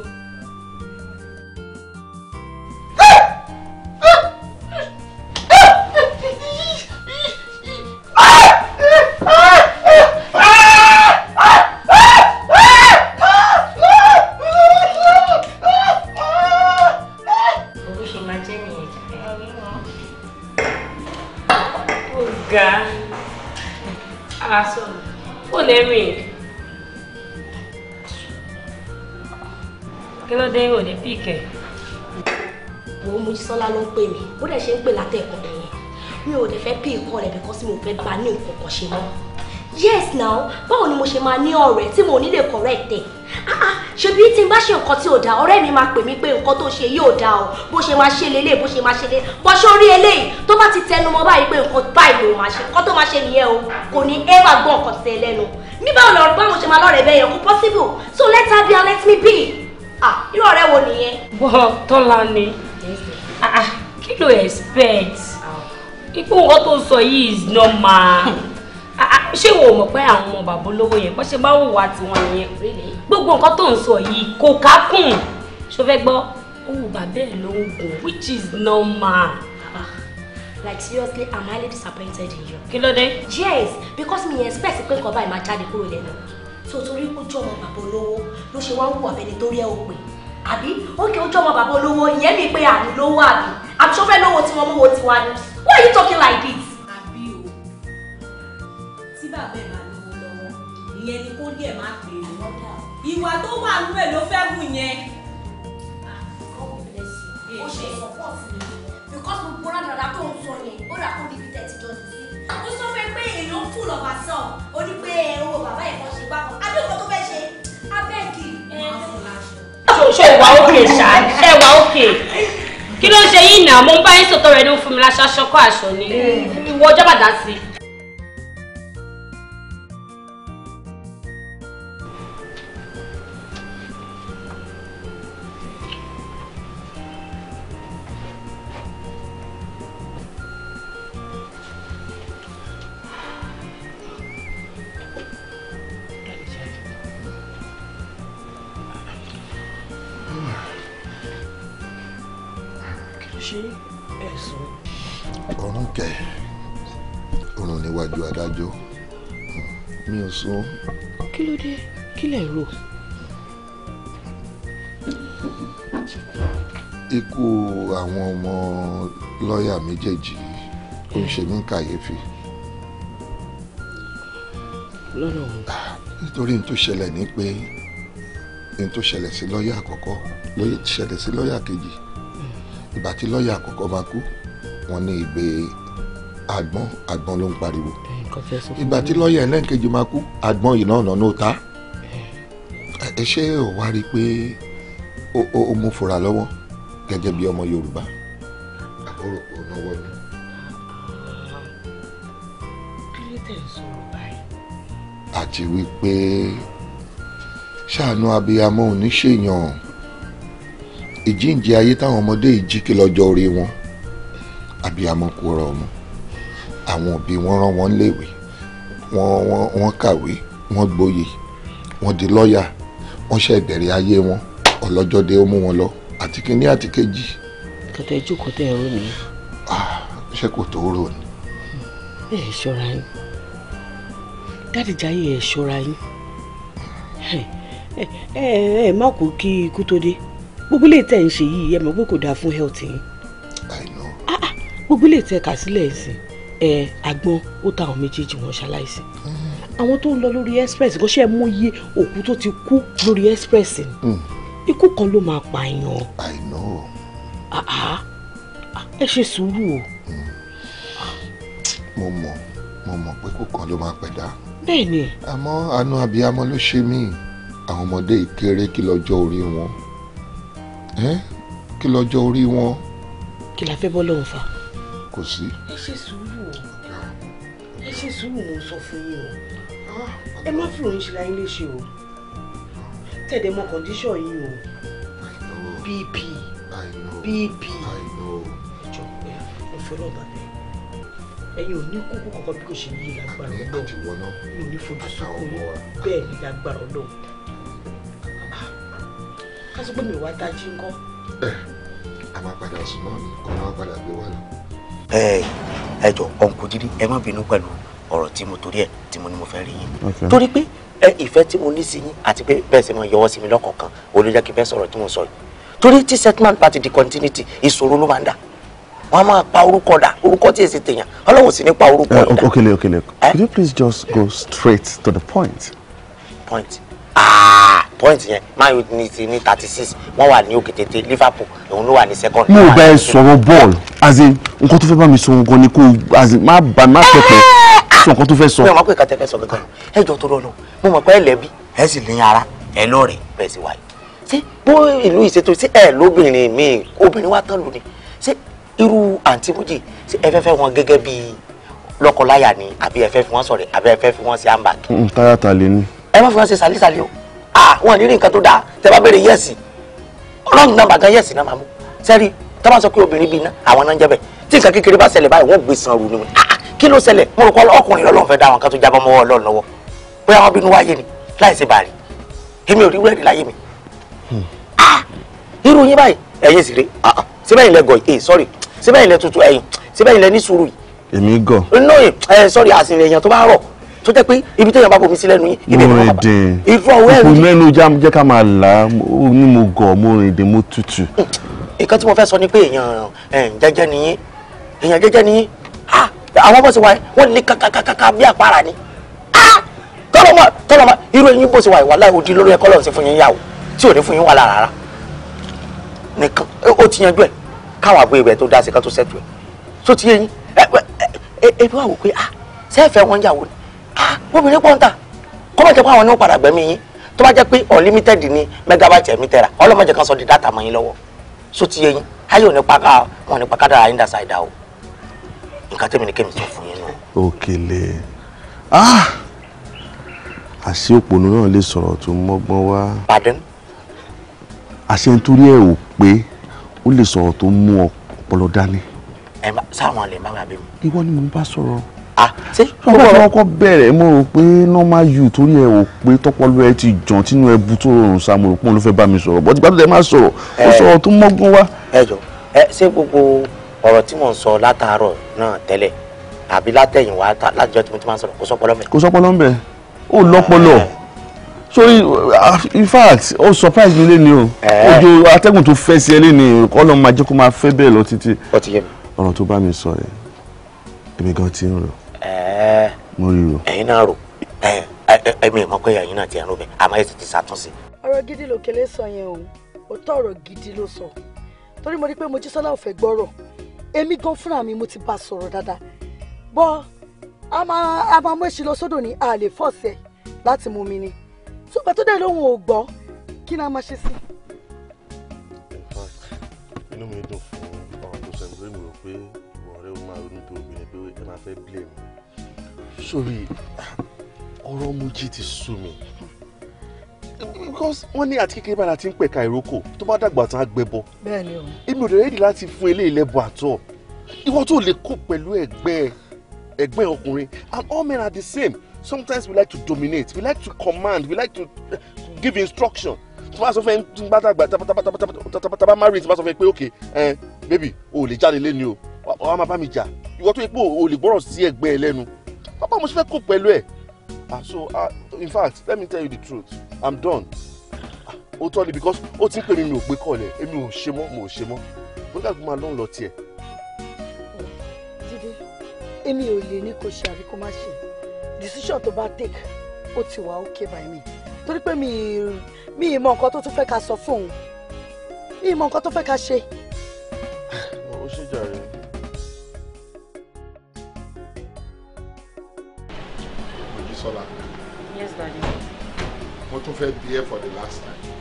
ṣe mọ́. yes now báwo ni mo ṣe máa ní ọ̀rẹ́ tí mo nílè correct ẹ̀ ah, ah, ṣebí tí n bá ṣe nǹkan tí ò dáa ọ̀rẹ́ mi máa pè mí pé nǹkan tó ṣe yóò dáa o bó ṣe máa ṣe lélẹ̀ bó ṣe máa ṣe lélẹ̀ bó ṣe orí eléyìí tó bá ti tẹnu mọ́ báyìí pé nǹkan báyìí ló máa ṣe nǹkan tó máa ṣe nìyẹn o kò ní ẹ wá gbọ́ nǹkan tẹ lẹ́nu mi báwo lọ báwo ṣe máa lọ́rẹ̀ẹ́ bẹ́yẹn kò possible so let her be and let me be ah irú ọ̀rẹ́ wo nìyẹn. bọ́ tọ́lá ni ah, kí ló expect ipò nǹkan tó sọ yìí is normal. Ah, ah, ṣé wo mọ̀ pé àwọn ọmọ bàbá olówó yẹn bó ṣe bá wò wá tiwọn yẹn gbogbo nǹkan tó ń sọ yìí kò kákùn ṣó fẹ́ gbọ́ ó wù bàbá ẹ̀ ló ń gùn which is normal. Ah, like seriously i'm highly disappointed in you. kí ló dé. yes because mi expect pé kọ́ báyìí máa jáde kúrò lẹ́nu so torí ó jọ ọmọ bàbá olówó ló ṣe wá ń wù abẹni tó rí ẹ òpin àbí ó kì í jọ ọmọ bàbá olówó ìyẹn mi pé àmì lówó àbí àbí ṣó fẹ́ lówó tiwọn mówó tiwa ni why are you talking like this dà bẹ́ẹ̀ máa lówó lọ́wọ́ ìyẹn ni kó díẹ̀ má pè é ìwà tó wà nú ẹ̀ ló fẹ́ gùn yẹn. ó ah, ṣe support mi because mo gbọ́dọ̀ dàda tó ń sọ yẹn ó rà kó bíbí tẹ̀tí jọ sí ó sọ fẹ́ pé èèyàn ń fún lọ́ba sàn ó ní pé owó bàbá ẹ̀ kan ṣe gbàgbọ́ adéǹkan tó fẹ́ ṣe abẹ́ẹ̀kì ṣe ìwà òkè ṣá ṣe ìwà òkè kí ló ń ṣe yìí nà mo ń bá yín sọ̀tọ̀ rẹ̀ ló fún mi láṣọ aṣọ kọ́ aṣọ ni ìwọ ọjọ́ bàdá sí i. sọ. kí ló dé kí lẹ̀ rò. ikú àwọn ọmọ lọ́ọ̀yà méjèèjì ó ń ṣe mí kàyéfì. lọ́nà òun. Ah, nítorí n tó ṣẹlẹ̀ ni pé n tó ṣẹlẹ̀ sí lọ́ọ̀yà àkọ́kọ́ ló ṣẹlẹ̀ sí lọ́ọ̀yà kejì hmm. ìgbà tí lọ́ọ̀yà àkọ́kọ́ máa kú wọ́n ní ìgbé àgbọn àgbọn ló ń pariwo. Mm ìgbà tí lọ́ọ̀yà ẹlẹ́nkejì máa kú àgbọn yìí náà nánú ta ẹ ṣé ò wá rí i pé ó mú fura lọ́wọ́ gẹ́gẹ́ bí ọmọ Yorùbá àbúrò kò náwó ni. àti wípé ṣàánú abiyamọ ò ìjíǹde ayé táwọn ọmọdé yìí jí kí lọ́jọ́ orí wọn abiyamọ kò rọ̀ àwọn òbí wọn rán wọn léèwé wọn wọn wọn kàwé wọn gboyè wọn di lọ́ọ̀yà wọn ṣe ìbẹ̀rẹ̀ ayé wọn ọlọ́jọ́ dé ó mú wọn lọ àti kíní àti kejì. kẹtẹ ìjókòó tẹ ẹ rò mí. ṣé kò tó rò ni. ẹ ẹ ṣọ́ra yín dádìjáyé ẹ ṣọ́ra yín ẹ ẹ má kú kí ikú tó dé gbogbo ilé tẹ̀ ń ṣe yìí ẹ mọ̀ pé kò dáa fún health yín. I know. Ah, ah, gbogbo ilé tẹ̀ kà sílẹ̀ ẹ̀sìn ẹ àgbọn ó ta àwọn méjèèjì wọn ṣaláìsí àwọn tó ń lọ lórí express kò ṣe é mú iye òkú tó ti kú lórí express ni hmm. ikú kan ló máa pààyàn. I know. ẹ ṣe sùúrù o. Hmm. mo mọ̀ mo mọ̀ pé ikú kan ló máa pẹ̀dá. bẹ́ẹ̀ni. àmọ́ àánú abiyamọ ló ṣe mí àwọn ọmọdé ìkéré kí lọ́jọ́ orí wọn kí lọ́jọ́ orí wọn. kí la fẹ́ bọ́ lọ́hùn fa. kò sí. ẹ ṣe sùúrù sùúrù ló ń sọ fún yín o ẹ má fi òun ṣe láyé léṣe o tẹ̀dẹ̀ mọ kọ̀ndíṣọ̀ yín o bp bp ẹ fẹ́ bẹ́ẹ̀ ẹ̀yin ò ní kókó kankan bí kò ṣe yí lágbára ọlọ́run mi ò ní fojú sunkún bẹ́ẹ̀ ni lágbára ọlọ́run ká mi wá tají ńkọ́. ẹ eh, a máa padà sùn náà ni kò máa padà gbé wa lọ. Eh, ẹ ẹ jọ ọ̀nkò jírí ẹ má bínú pẹ̀lú ọ̀rọ̀ tí mo torí ẹ̀ tí mo ní mo fẹ́ rí yín torí pé ẹ ìfẹ́ tí mo ní sí yín àti pé bẹ́ẹ̀ sì mo yọwọ́ sí mi lọ́kọ̀ọ̀kan olójà fẹ́ sọ̀rọ̀ tí mo sọ yìí torí tí settlement party di continuity ìṣòro ló máa ń dà wọ́n máa pa orúkọ dà orúkọ tí èsì tèèyàn ọlọ́run sì ní pa orúkọ eh, dà. okele okele eh? could you please just go straight to the point. point ah point yẹn man u ní ti ní thirty six wọ́n wà ní òkè tètè liverpool òun ló wà ní second. mo bẹ sọ̀rọ̀ bọ́ọ̀lù as in nǹkan tó fẹ́ bá mi sọ nǹkan ni kò as in má bà má eh! pẹ̀pẹ̀ sọ nǹkan tó fẹ́ sọ. mi ò mọ̀ pé nǹkan tẹ́ fẹ́ sọ gangan ẹ jọ tó rọ lọ mo mọ̀ pé ẹ lẹ́bi ẹ sì ní ara ẹ lọ́ọ̀rẹ́ bẹ́ẹ̀ sì wáyé ṣé bó ìlú ìṣètò sí ẹ lóbìnrin mi obìnrin wa tán lù ní ṣé irú àǹtí méjì ṣé ẹ fẹ́ fẹ́ wọn gẹ́gẹ́ bí lọ́kọláya ni àbí ẹ fẹ́ fi wọ́n sọ̀rẹ́ àbí ẹ fẹ́ fi wọ́n ṣe handbag. Mm, táyà ta lè ní. ẹ má fi wọn ṣe sàlísàlí o wọn ní rí nǹkan tó dáa tẹ bá béèrè yẹ́sì ọlọ́run náà bàgán yẹ́sì náà máa mú sẹ́rí tọ́ bá sọ pé obìnrin bíi iná àwọn náà ń jẹ́ bẹ́ẹ̀ tí nǹkan kékeré bá ṣẹlẹ̀ báyìí wọ́n gbé san ru ni kí ló ṣẹlẹ̀ mo rò pé ọkùnrin lọ́lọ́run fẹ́ dá àwọn kan tó jábọ́ mọ́wọ́ ọlọ́run lọ́wọ́ bóyá wọ́n bínú wáyé ni láì ṣe bàárì èmi ò rí wúrẹ́dì láyé mi. Hmm. Ah, irú yín báyìí ẹ̀yin sì rè síbẹ̀ ah, ah, yìí lẹ gọ̀ ẹ̀ sọ́rí síbẹ̀ yìí eh, lẹ tutù ẹ̀yìn eh, síbẹ̀ yìí lẹ ní sùúrù yìí. èmi gọ̀. no ẹ sọ́rí àṣìrè èèyàn tó bá rọ̀ tó jẹ́ pé ibi téèyàn bá bomi sí lẹ́nu yín ibi ìlú bàbá ìfọ̀ wẹ́ẹ̀rì. kò lẹ́nu jẹ́ ká máa là á ní mo gọ̀ mo rìn dé mo tutù. Hmm. nǹkan tí mo fẹ́ sọ ni pé èèyàn eh, jẹ́jẹ́ nìyí èèyàn jẹ́jẹ́ nìyí àwọn bọ́sẹ̀ wa wọ́n lé kakakaka bí àpárá ni tọ́lọ́mọ tọ́lọ́mọ irú ẹyin bọ́sẹ̀ wa ìwà láì odi lórí ẹ̀kọ́ lọ́sẹ̀ fún yín yà o tí ò ní fún yín wà lára rà nìkan ó ti yanjú ẹ̀ káwọn àgbo ibẹ̀ tó dá sí ká tó sẹ́tù ẹ̀ tó ti yẹyin ẹ ẹ wò pé ah sẹ́ẹ̀fẹ̀ wọn yà ni ah obìnrin pọ́ńtà kọ́mọ̀tẹ́ kó àwọn ní ó padà gbẹ̀mí yín tó bá jẹ́ pé unlimited ni megabyte ẹ̀mí tẹ̀ra ọlọ́mọdé kan sọ di data mọ́ yín lọ́wọ́ so ti yẹyin ayé ò ní pa ká wọn ò ní pa ká dára yín dà sáì dá o nǹkan tẹ́mi ni kẹ́mi sọ fún yín náà. òkèlè ah! àṣé òpònú náà lè sọ̀rọ̀ tó mọ́gbọ́n wá. pardon. àṣé nítorí ẹ ò pé ó lè sọ̀rọ̀ tó mú ọpọlọ dání. ẹ má sáwọn lè má bàa bí ìwọ ni mo bá sọ̀rọ̀. ah ṣé. ọkọ ọkọ bẹ̀rẹ̀ mo rò pé normal you torí ẹ ò pé tọpọlọ ẹ ti jàn tínú ẹ bu tó rọrùn sa mo rò pé òun ló fẹ́ bá mi sọ̀rọ̀ bọ́dí gbàdúrà ẹ má sọ̀rọ̀ ó sọ̀rọ̀ tó mọ́gbọ́n wá. ẹ jọ ẹ ṣé gbogbo ọ̀rọ̀ tí mò ń sọ látàárọ̀ náà tẹ́lẹ̀ àbí látẹ̀yìnwá látijọ́ tí mo ti máa ń sọ̀rọ̀ kò sọ́pọ̀lọ́ mẹ́. kò sọ́pọ̀lọ́ mẹ́ ó lọ́pọlọ eh. sórí in fact ó surprise mi léni o ojú eh. atẹ́gùn tó fẹ́ sí ẹ léni ọlọ́run máa jẹ́ kó máa fẹ́ bẹ́ẹ̀ lọ títí ọ̀rọ̀ tó bá mi sọ rẹ̀ èmi gan ti ń rò eh. mo rí rò. ẹ̀yin náà rò ẹ̀mí ìmọ̀ pé ẹ̀yin náà ti ń rò bẹ́ẹ̀ àmọ́ ẹ̀sìn ti ṣàtúnṣe. ọ̀rọ̀ gidi lòkèlè sọ yẹn o òótọ́ ọ̀rọ̀ gidi ló sọ torí mo rí pé Mojísọ́lá ò fẹ́ gbọ́rọ̀ èmi gan fúnra mi mo ti bá sọ̀rọ̀ dáadáa bọ́ a máa a máa mú èsì lọ sódò ní a lè fọ́ọ̀sẹ̀ láti mú mi ni ṣùgbọ́n tó dẹ̀ lóhùn ò gbọ́ kí ni a máa ṣe sí. inú mi dùn fún ọ̀rọ̀ tó sọ nítorí mi rò pé ìwọ ọ̀rẹ́ mi máa ronú bí obìnrin pé ẹ máa fẹ́ blame sórí ọ̀rọ̀ Mújì ti sú mi because wọ́n ní àti kékeré báyìí láti ń pẹ̀ka ìrókò tó bá dàgbà tán á gbẹbọ. bẹ́ẹ̀ni o. èmi ò dẹ̀ rẹ́dì láti fún eléyìí lẹ́bọ̀ àtọ̀ ìwọ tó lè kó pẹ̀lú ẹgbẹ́ ẹgbẹ́ ọkùnrin and all men are the same sometimes we like to dominate we like to command we like to uh, give instruction tí wọ́n sọ fẹ́ ń gbàdàgbà tábà marry tí wọ́n sọ fẹ́ pé ok baby o lè jáde lé ni o wàá máa bá mi jà ìwọ tó yẹ pé o lè gbọ́rọ̀ sí ẹgbẹ́ ẹ lẹ́nu bàbá mo ṣe fẹ́ kó pẹ̀lú ẹ̀ ah so ah in fact let me tell you the truth i'm done ó tọ́ ni because ó ti ń pè mí mi ò gbé kọ́ọ̀lẹ̀ èmi ò ṣe mọ́ mo ò ṣe mọ́ mo ní káàkiri máa lọ́n lọ tiẹ̀. jíde èmi ò lè ní kó ṣe àbí kó má ṣe decision tó bá take ó ti wà okay by me torí pé mi ì mọ nǹkan tó tún fẹ́ ká sọ fún òun mi ì mọ nǹkan tó fẹ́ ká ṣe. Bísọ́lá. Yes, daddy. Mo tún fẹ́ bí ẹ for the last time.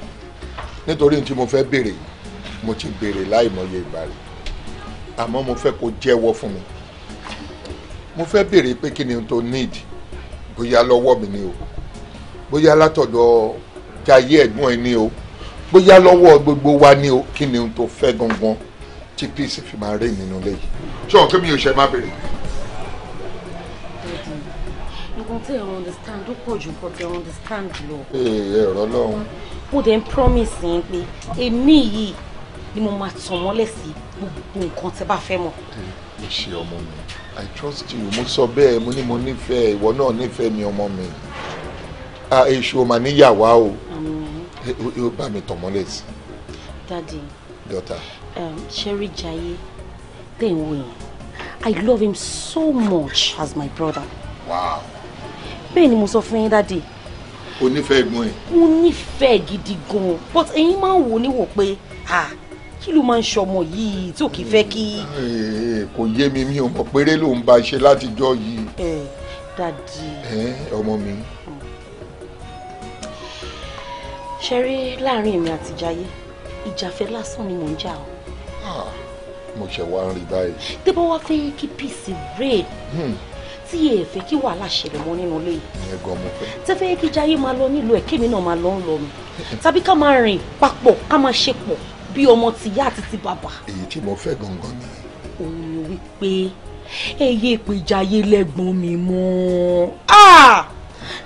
Nítorí tí mo fẹ́ béèrè yìí, mo ti béèrè láìmọye ìgbà rẹ̀. Àmọ́ mo fẹ́ kó jẹ́wọ́ fún mi. Mo fẹ́ béèrè pé kí ni n tó need bóyá lọ́wọ́ mi ni o bóyá látọ̀dọ̀ jayé ẹ̀gbọ́n ẹ ni o bóyá lọ́wọ́ gbogbo wa ni o kí to n tó fẹ́ gangan tí peace fi máa rí mi nulẹ̀ yìí. Ṣé ọ̀kẹ́ mi ò ṣe má béèrè? nǹkan tí ẹ̀rọ understand ó pọ̀ ju nǹkan tí understand lọ. Eh, ẹ̀rọ lọ́hùn. mo dẹ̀ ń promise yín pé èmi yìí ni mo máa tàn mọ́lẹ̀ sí gbogbo nǹkan tẹ́ bá fẹ́ mọ̀. mo ṣe ọmọ mi i trust you mo sọ bẹ́ẹ̀ mo ní mo nífẹ̀ẹ́ ìwọ náà nífẹ̀ẹ́ mi ọmọ mi èṣù ò mà níyàwó o yóò bá mi tàn mọ́lẹ̀ sí. dadi daughter Sherry um, Jaye tẹ̀ ń wò yẹn i love him so much as my brother. wow bẹ́ẹ̀ ni mo sọ fún yín dáàdì. o nífẹ̀ẹ́ ẹ̀gbọ́n ẹ̀. mo nífẹ̀ẹ́ gidi gan but ẹ̀yin máa ń wò ó níwò pé kí ló máa ń ṣọmọ yìí tí ò kì í fẹ́ kí. Eh, eh, kò yé mi mi ò mọ̀ péré ló ń bá ṣe látijọ́ yìí. ẹ dáàdì. ẹ ọmọ mi. ṣe rí láàrin èmi àti Jayé ìjàfẹ́ lásán ni mò ń jà o. Ah, mo ṣe wá ń rí báyìí. tẹ́ bá wá fẹ́ kí peace reign hmm tí ẹ fẹ́ kí wàhálà ṣẹlẹ̀ mọ́ nínú ilé yìí. ìyẹn gan mo fẹ́. tẹ́ fẹ́ kí jayé máa lọ nílùú ẹ̀ kémi náà máa lọ ń lọ mi tàbí ká máa rìn papọ̀ ká máa ṣe pọ̀ bí ọmọ tìyá àti ti bàbá. èyí tí mo fẹ́ gangan ni. òun ni wípé ẹ yé pé jayé lẹ́gbọ́n mi mọ́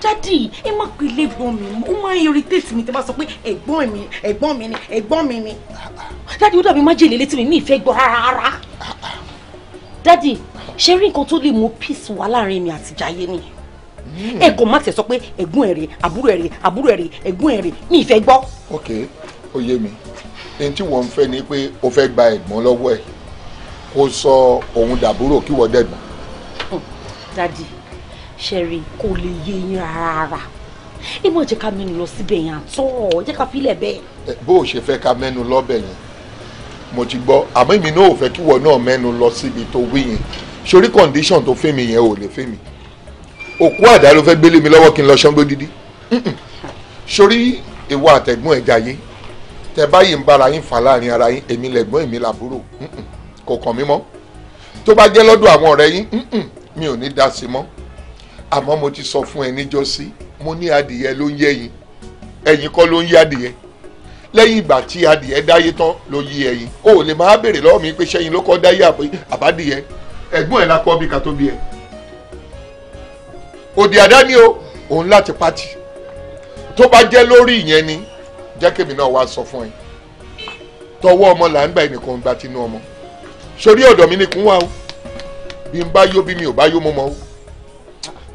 dádì ẹ má pè lẹ́gbọ́n mi mọ́ ó máa ń irritate mi tẹ́ bá sọ pé ẹ̀gbọ́n mi ẹ̀gbọ́n mi ni ẹ̀gbọ́n mi ni ah, ah. dádì ó dàbí májèlé létí mi mi ìfẹ́ gbọ́ rárá ah, dádì ṣé rí nǹkan tó lè mú peace wá láàrin mi àti Jaiye ni hmm. ẹ kò má tẹ̀ sọ pé ẹ̀gbọ́n ẹ̀ rè àbúrò ẹ̀ àbúrò ẹ̀ rè ẹ̀gbọ́n mi ìfẹ́ gbọ́. ok ó yé mi ní tí wọ́n ń fẹ́ ni pé o fẹ́ gba ẹ̀gbọ́n lọ́wọ́ ẹ̀ kó sọ òun dàbúrò kí wọ́n dẹ̀gbọ́n. Hmm, dadi ṣẹ̀rí kò lè yé yín rárá ìmọ̀ jẹ́ ká mẹ́nu lọ síbẹ̀ yẹn àtọ́ jẹ́ ká filẹ̀ bẹ́ẹ̀. bó o ṣe fẹ́ ká mẹ́nu lọ́bẹ̀ yẹn mo ti gbọ́ àmọ́ èmi náà ò fẹ́ kí wọ́n náà mẹ́nu lọ síbi tó wí yẹn sórí condition tó fẹ́ mi yẹn ò lè fẹ́ mi òkú àdá ló fẹ́ gbélé mi lọ́wọ́ kí n lọ ṣọ́ngbó dídí sórí ìwọ àtẹ̀gbọ́n ẹ̀ jayé tẹ báyìí ń bára yín fà láàrin ara yín èmi lẹ̀gbọ́n èmi làbúrò kò kàn mí mọ́ tó bá jẹ́ lọ́dọ̀ àwọn ọ̀rẹ́ yín mi ò ní dá sí mọ́ àmọ́ mo ti sọ fún ẹ níjọ́ sí mo ní adìyẹ ló ń yé ẹyin ẹyin kọ́ ló ń yé adìyẹ lẹ́yìn ìgbà tí adìyẹ dáyé tán ló yé ẹyin o ò lè máa béèrè lọ́wọ́ mi pé ṣẹ́yin ló kọ́ dáyé àbádìyẹ ẹ̀gbọ́n ẹ̀ lakọ bí ká tó bí ẹ̀ òdì àdá ni o òun láti pati tó bá jẹ́ lórí ìyẹn ni jẹ́ kèmi náà wá sọ fún ẹ tọwọ́ ọmọ là ń gbà ẹnìkan gba tinú ọmọ sórí ọ̀dọ̀ mi nìkún wá o bí n bá yó bí mi ò bá yó mo mọ o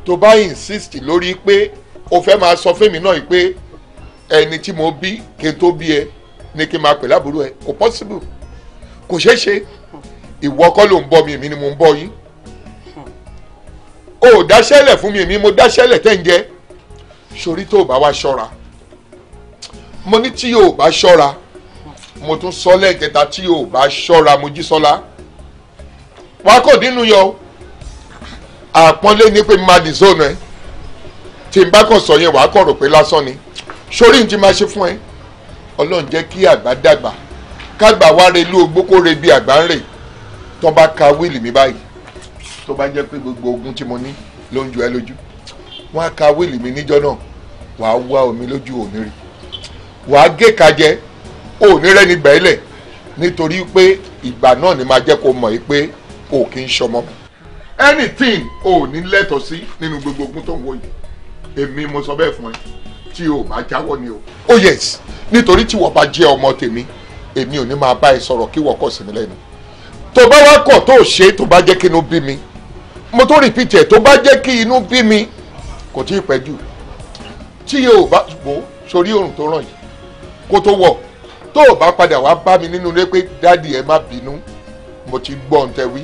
tó bá insist lórí pé o fẹ́ máa sọ fún mi náà pé ẹni tí mo bí kí n tó bí ẹ ni kí n máa pè lábúrò ẹ kò possible kò ṣeé ṣe ìwọ kọ́ ló ń bọ́ mi èmi ni mo ń bọ́ yín o dáṣẹ́lẹ̀ fún mi èmi mo dáṣẹ́lẹ̀ tẹ́ ń jẹ́ sórí tó o bá wá ṣọ́ra mo ní tí o ò bá ṣọ́ra mo tún sọ lẹ́ẹ̀kẹta tí o bá ṣọ́ra mo jí sọ́la wá kò nínú yọ àpọ́nlé ni pé má dì zónù ẹ tí n bá kàn sọ yẹn wàá kàn rò pé lásán ni sórí ní ti máa ṣe fún ẹ ọlọ́run jẹ́ kí àgbà dàgbà kágbà wá re lú re bí àgbà ń rè tó bá ka wíìlì mi báyìí tó bá jẹ́ pé gbogbo ogún tí mo ní ló ń ju ẹ lójú wọ́n á ka wíìlì mi níjọ́ náà wàá wá omi lójú òní rí wàá gé kajẹ òní rẹ ní bẹ́ẹ̀lẹ̀ nítorí pé ìgbà náà ni máa jẹ́ kó mọ̀ yìí pé o kì í ṣọmọ anything o ní lẹ́tọ̀ọ́ sí nínú gbogbo ogún tó ń wò yìí èmi mo sọ bẹ́ẹ̀ fún ẹ tí o bá jáwọ́ ni o. oh yes nítorí tí wọ́n bá jẹ́ ọmọ tèmi èmi ò ní máa bá ẹ sọ̀rọ̀ kí wọ́n kọ̀ sí mi lẹ́nu tó bá wá kọ̀ tó ṣe tó bá jẹ́ kí inú bí mi mo tó repeat ẹ̀ tó bá jẹ́ kí inú bí mi kò tí ì pẹ́ jù tí yóò bá wò sórí òrùn tó ràn yìí kó tó wọ̀ tó o bá padà wá bá mi nínú ilé pé dáàdi ẹ má bínú mo ti gbọ́ ohun tẹ wí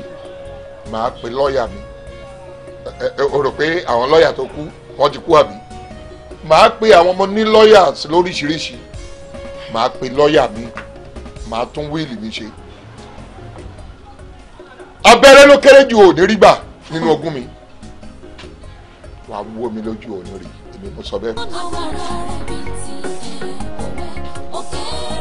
màá pe lọ́ọ̀yà mi o rò pé àwọn lọ́ọ̀yà tó kú wọ́n ti kú àbí màá pe àwọn ọmọ ní lọ́ọ̀yà lóríṣiríṣi màá pe lọ́ọ̀yà mi màá tún wíìlì mi ṣe abẹ́rẹ́ ló kéré ju òní rí gbà nínú ogún mi wàá wó mi lójú òní rí èmi mo sọ bẹ́ẹ̀ fún ọ.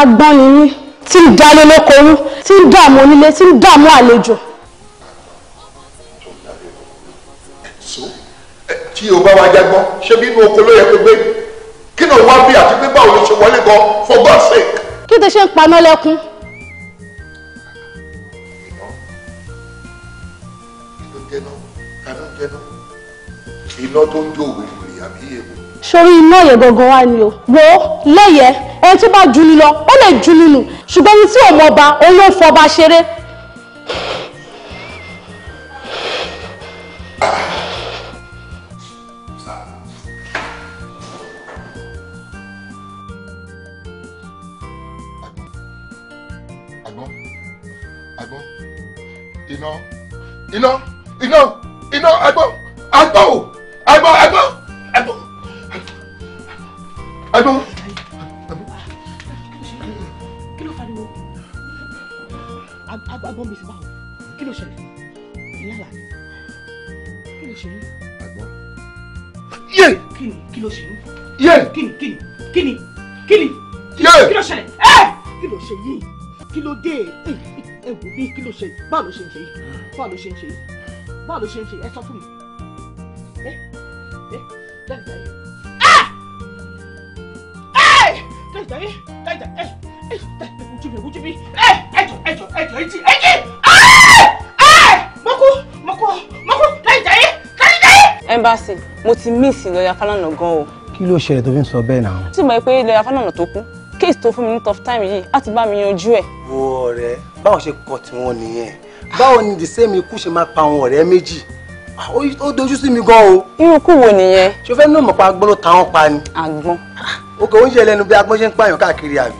agbọ́n ni tí ń dalé lókorú tí ń dààmú onílé tí ń dààmú àlejò. tí o bá wájà gbọ́ ṣé bí oko ló yẹ kó gbé kí ló wá bí àti pé báwo ló ṣe wọlé gan for God's sake. kí tẹ ṣe ń paná lẹ́kún. iná tó ń jó òwe ìròyìn àbí èèwọ̀ sórí iná yẹn gangan wá ni o wo lẹ́yẹ ẹni tó bá ju ni lọ ó lè ju nínú ṣùgbọ́n ẹni tí ò mọ ọba òun ló fọba ṣeré. iná iná iná iná agbọ́ agbọ́ o agbọ́ ṣe yìí báwo ló ṣe ń ṣe yìí báwo ló ṣe ń ṣe yìí báwo ló ṣe ń ṣe ẹ sọ fún mi. ẹ ẹ dáìjà yìí ẹ dáìjà yìí dáìjà ẹ ẹ dáìjà ojú mi ojú mi ẹ ẹjọ ẹjọ ẹjọ ẹjì ẹjì ẹ mọkú mọkú mọkú dáìjà yìí dáìjà yìí. embassy mo ti miss lọ́yà Fálànà gan o. kí ló ṣẹlẹ̀ tó fi ń sọ bẹ́ẹ̀ náà. tí mo mọ̀ pé lọ́yà Fálànà tó kú case tó fún mi ní tough time yìí á ti bá mi yanjú ẹ̀. wo ọ̀rẹ́ báwọn ṣe kọ tiwọn nìyẹn báwo ni the same ikú ṣe máa pa àwọn ọ̀rẹ́ méjì ah, ó dojú sí mi gan o. irú kú wo nìyẹn. ṣé o fẹ́ ní òmùpá agbọ́n ló ta wọn pa ni. àgbọn. òkè ah, oúnjẹ lẹnu bí agbọ́n ṣe ń pààyàn káàkiri àbí.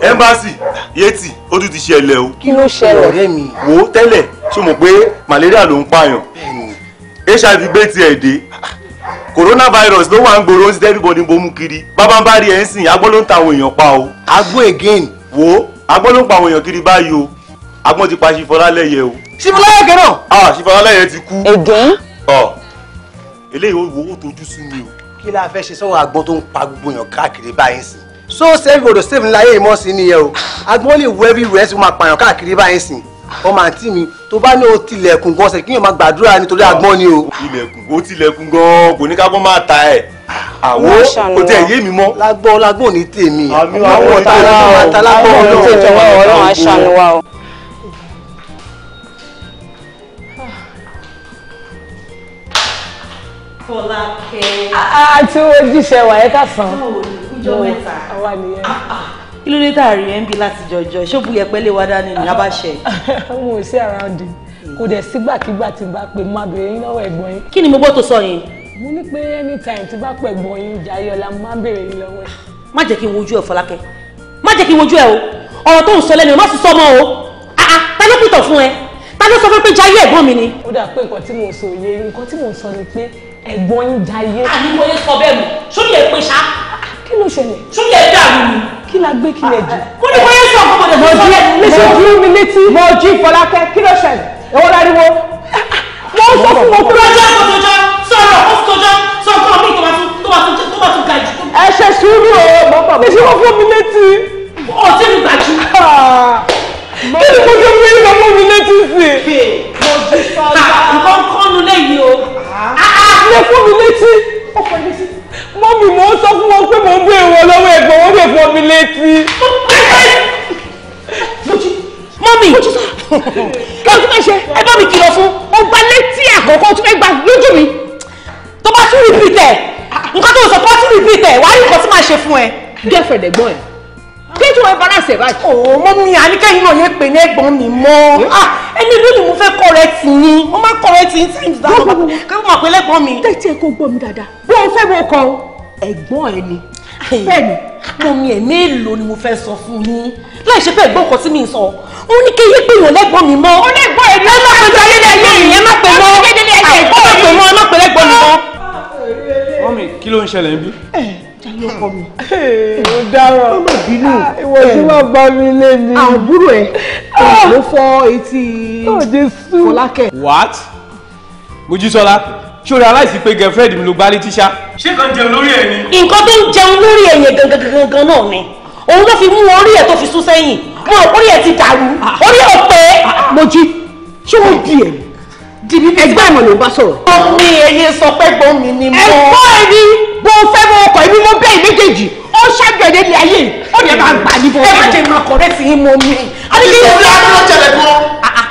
ẹ́mbáàsì yéètì ó tún ti ṣẹlẹ̀ o. kí ló ṣẹlẹ̀. ọ̀rẹ́ mi. wo tẹ́lẹ̀ ṣé o mọ̀ pé malaria ló ń pààyàn hiv gbé tiẹ̀ dé coronavirus ló wà ń gbòòrò ń everybody ń bomú kiri bàbá ń bá rí ẹ̀ ń sìn agbọ́n ló ń ta àwọn èèyàn pa o. agbó again. wo agbọ́n ló ń pa àwọn èèyàn kiri báyìí o agbọ́n ti pa ṣìfọlálẹ́yẹ o. ṣìfọlálẹ́yẹ náà. ah ṣìfọlálẹ́yẹ ti kú. again. ọ ah, eléyìí owó tójú sú mi o. kí la fẹ́ ṣe sọ́wọ́ agbọ́n tó ń pa gbogbo èèyàn káàkiri báyìí sìn so save odo save ńlá yé ìmọ̀ sí nìyẹn o agbọ́n lè wọ everywhere sí máa pààyàn káàkiri báyìí sìn ọmọ àǹtí mi tó bá ní o tilẹ̀kùn gan ṣe kíyàn máa gbàdúrà nítorí agbọ́n ni o. ilẹ̀kùn o tilẹ̀kùn gan kò ní ká gbọ́n máa ta ẹ̀ àwo kò tẹ̀ yé mi mọ́. lágbọ́n lágbọ́n ní tèmi àwọn ọ̀tá lágbọ́n ọ̀tá lágbọ́n ọlọ́run ìjọba ọlọ́run aṣàánú wa o. Fọlákẹ́. a ti wo jíṣẹ́ wàyẹ́ká san. ọwọ́ nìyẹn. Ah, ah kí ló dé tá a rí ẹ́ ń bi láti jọjọ ṣóòbù yẹpẹ lè wá dání ní abáṣẹ. mo ò sí around kò dẹ̀ sígbàkigbà tí bá pè má bèrè yín lọ́wọ́ ẹ̀gbọ́n yín. kí ni mo gbọ́ sọ yẹn. mo ní pé anytime tí bá pẹ̀ gbọ́n yín jayọ̀lá má bèrè yín lọ́wọ́ ẹ̀. má jẹ́ kí n wojú ẹ̀ fọlákẹ́ má jẹ́ kí n wojú ẹ̀ o ọ̀rọ̀ tó ń sọ lẹ́nu má sì sọ mọ́ o àà ah, ah, ta ló pìtàn fún ẹ ta ló sọ fún pé jayé ẹ̀gbọ́n mi ni. ó dà pé nǹkan tí mo sọ yé nǹkan tí mo sọ ni pé ẹ̀gbọ́n yín jayé. Ah, àníwọ̀n yẹn sọ bẹ́ẹ̀ mọ̀ kí ló ṣẹlẹ̀. ṣúlẹ̀ dàrú ni. kí la gbé kí lè jù. kó ní bóyá sọ ọkọ mọ̀dé fún ọlẹ́. léṣe dúró mi létí. mo jí fọlákẹ́ kí ló ṣẹlẹ̀ èwo la rí wo. mo ń sọ fún wọn pé. lọ́jọ́ àkọ́tọ̀jọ́ sọ̀rọ̀ ọ̀fọ̀tọ̀jọ́ sọ̀kọ́ mi tó bá tún ga jù. ẹ ṣe sùúrù o. léṣe wọ́n fún mi létí. mọ́ mi létí. mọ́mí kí ló tún fẹ́ ṣe ẹ bá mi kìlọ̀ fún ó gba létí àkọ́kọ́ tún fẹ́ gba lójú mi tó bá tún repeat ẹ̀ nǹkan tó sọ pé ó tún repeat ẹ̀ wàá rí nǹkan tí màá ṣe fún ẹ. girlfriend ẹ̀gbọ́n ẹ̀ kí tí wọ́n bára ṣe báyìí. òwò mọ mi àníkẹ́yìn náà yẹn pè ní ẹ̀gbọ́n mi mọ́. Ah, ẹni ìlú ni mo fẹ́ kọ́ rẹ tì ní mo máa kọ́ rẹ tì ní tí ìdá lọ́wọ́ kí wọ́n máa pè mi. tẹ́tí ẹ kó gbọ́ mi dáadáa. bó o fẹ́ bó o ẹ̀gbọ́n ẹ ni bẹ́ẹ̀ mọ̀mí ẹ̀ mélòó ni mo fẹ́ sọ fún yín láì ṣe pé ẹ̀gbọ́n kan sí mi sọ ó ní kí eyín pé ìwọ̀n lẹ́gbọ́n mi mọ́ ó lẹ́gbọ́n ẹ̀ lọ́wọ́ ẹ̀ lọ́wọ́ ẹ̀ lọ́wọ́ ẹ̀ lọ́wọ́ ẹ̀ ẹ̀ lọ́wọ́ ẹ̀ lọ́wọ́ ẹ̀ lọ́wọ́ ẹ̀ lọ́wọ́ ẹ̀ lọ́wọ́ ẹ̀ lọ́wọ́ ẹ̀ lọ́wọ́ ẹ̀ lọ́wọ́ ẹ̀ lọ́wọ́ ẹ̀ lọ́wọ́ ẹ̀ lọ́wọ́ ẹ̀ lọ́wọ́ ẹ̀ lọ́wọ́ ẹ̀ lọ́wọ́ ẹ̀ lọ́wọ́ ẹ̀ lọ́wọ́ ẹ̀ lọ́wọ́ ẹ̀ lọ́wọ́ ẹ̀ lọ́wọ́ ṣé o realize pé girlfriend mi ló gbá létí ṣá. ṣé kan jẹun lórí ẹ ni. nǹkan tó ń jẹun lórí ẹ̀yẹ gangan gangan gan náà ni òun ló fi mú orí ẹ̀ tó fi sún sẹ́yìn mo rò orí ẹ̀ ti dàrú orí ẹ̀ pé. mo jí ṣé wọ́n di ẹ̀ dìbí ẹgbẹ́ àmọ̀ ló ń bá sọ̀rọ̀. mo ní ẹyẹ sọ pé gbọ́n mi ni mo. ẹ̀fọ́ ẹni bó o fẹ́ mọ ọkọ̀ ẹni mo bẹ́ẹ̀ méjèèjì ó ṣàgbẹ̀dẹ̀ ní ayé ó ní ẹ máa gbà níbo. ẹ má jẹ́ ìmọ̀ ọkọ̀rẹ́ sí mo mi. àbí kí ló ń lọ.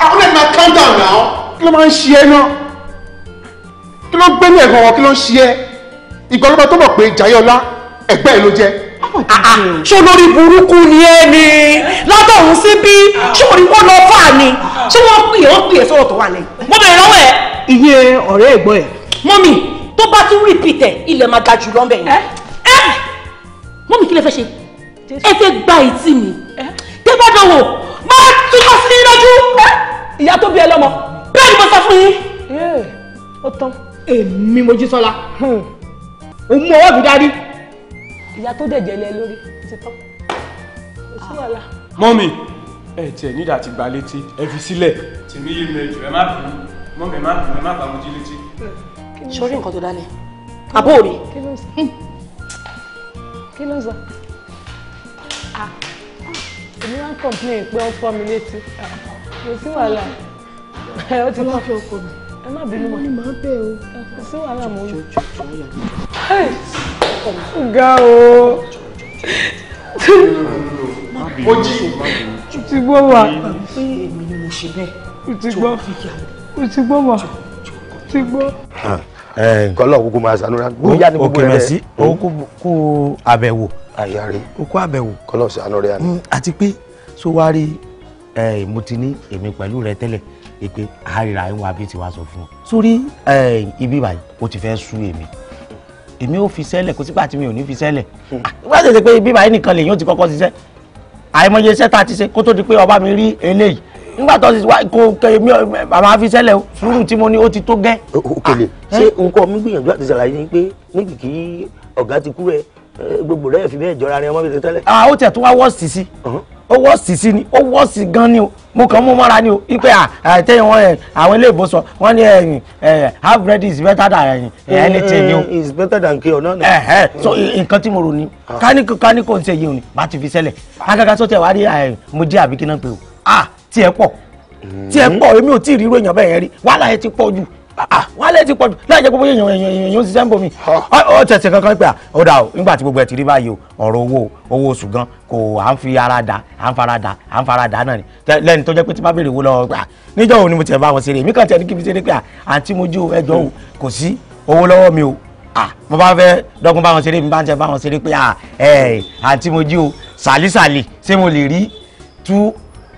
ọkùnrin máa count down náà. kí ló máa ń ṣe é náà kí ló gbé ní ẹ̀gbọ́n wọn kí ló ń ṣe ẹ́ ìgbàlọ́ba tó mọ̀ pé jayọ́lá ẹ̀gbẹ́ ẹ̀ ló jẹ́ ah, ah, ah, ṣó lórí burúkú ni ẹ ni látọ̀hún sí bí ṣó rí ó lọ fà ni ṣé wọ́n pè é wọ́n pè é sọ̀rọ̀ tó wà lẹ́yìn. mo bẹ̀rẹ̀ lọ́wọ́ ẹ̀. ìyẹn ọ̀rẹ́ ẹ̀gbọ́n ẹ̀. mọ́mì tó bá tún rìpìtẹ̀ ilẹ̀ máa ga jù lọ́nbẹ̀ yẹn. ẹ mọ́mì kí lẹ fẹ́ ṣe ẹ fẹ́ gba ìtì mi tẹ́ bá dánwò máa túkọ̀ sí i lójú. ìyá tó bí ẹ lọ́mọ bẹ́ẹ̀ ni mo sọ fún yín. ó tán èmi Mojísọ́lá o mú ọwọ́ mi dárí. ìyá tó dẹ̀ jẹ́lẹ̀ lórí ti tán kò sí wàhálà. mọ́mì ẹ tiẹ̀ nídà ti gba létí ẹ fi sílẹ̀. tèmi yé mi jù ẹ má bínú mọ́mì ẹ má bínú ẹ má bàmú jí létí. sọrí nǹkan tó dálẹ̀ àbó rí. kí ló ń sọ hmm. ah. èmi wá ń complain pé ó fọ́ mi létí ah. kò sí wàhálà ẹ ó ti tọ́ fi ọkọ mi ẹ má bínú wọn ni màá bẹ̀ o kò sí wàhálà mọ́. ọ̀gá o mo jí o ti gbọ́ wa o ti gbọ́ o ti gbọ́ wa o ti gbọ́. kọ́lọ̀ kúkú máa ṣàánú rẹ bóyá ní gbogbo rẹ. òkè mẹ́sì ó kú àbẹ̀wò ó kú àbẹ̀wò. kọ́lọ̀ ṣàánú rẹ àná. Mm, àti pé sọ wá rí mo ti èmi pẹ̀lú rẹ tẹ́lẹ̀ pé àárẹ̀ àìwọ̀n àbí ti wá sọ fún ọ. sórí eh, ibi báyìí o ti fẹ́ sú èmi èmi ò fi sẹ́lẹ̀ kó sígbà tí mi ò ní fi sẹ́lẹ̀ hmm. ah, wọ́n ṣèṣe pé ibi báyìí nìkan lèyìn ó ti kọ́kọ́ ṣiṣẹ́ àìmọye iṣẹ́ tá a ti ṣe kó tó di pé ọba mi rí eléyìí nígbà tó ti wá kó kẹmí àmà fi sẹ́lẹ̀ sùúrù tí mo ní ó ti tó gẹ́. òkèlè ah, ṣé eh? nǹkan mi gbìyànjú àti ṣàlàyé ni pé níbi kí ọ̀gá ti kú rẹ eh, gbogbo rẹ fi bẹ́ẹ̀ jọra rẹ ọmọ mi tẹ́lẹ̀. Ah, ó tẹ̀ tó wá wọ́ọ̀sì sí uh-huh ó wọ́ọ̀sì sí ni ó wọ́ọ̀sì gan ni o mo kàn mú mọ́ra ni o ipe àtẹ̀yìn wọn ẹ̀ àwọn ilé ìbòsàn wọn ní ẹ̀yìn ẹ̀ half bread is better than ẹ̀yìn eh, anything ni o. Eh, eh, is better than kí ọ̀nà náà. ẹ̀hẹ̀ so mm. nǹkan tí mo rò ni káníkò káníkò ń ṣe yìí o ni bá ti fi sẹ́lẹ̀ agága sọ́tẹ̀ wá rí ẹ̀yìn mo jẹ́ àbíkí náà pé o ah tiẹ̀ pọ̀ tiẹ̀ mm. pọ̀ èmi ò tí ì rí irú èèyàn bẹ́ẹ̀ yẹn rí wàhálà yẹn ti pọ̀ jù Ah, wọ́n lè ti pọ̀ jù láì jẹ́ gbogbo èèyàn èèyàn èèyàn yóò ṣiṣẹ́ ń bomi ọ tẹ̀sẹ̀ kankan pé ah, ó dà o nígbà tí gbogbo ẹ̀ ti rí báyìí o ọ̀rọ̀ owó owó oṣù gan kò à ń fi ara dà à ń fara dà à ń fara dà náà ni lẹ́yìn tó jẹ́ pé tí bá béèrè owó lọ́wọ́ gbà ah, níjọ́ òun ni mo tẹ̀ bá wọn ṣeré èmi kàn tẹ̀ ní kí mi ṣeré pé àǹtí mo jó ẹjọ́ o kò sí owó lọ́wọ́ mi o mo bá fẹ́ dọ́gun bá wọn ṣeré mi bá ń tẹ bá wọn ṣeré pé àǹtí mo jí o sàlísàlì ṣé mo lè rí two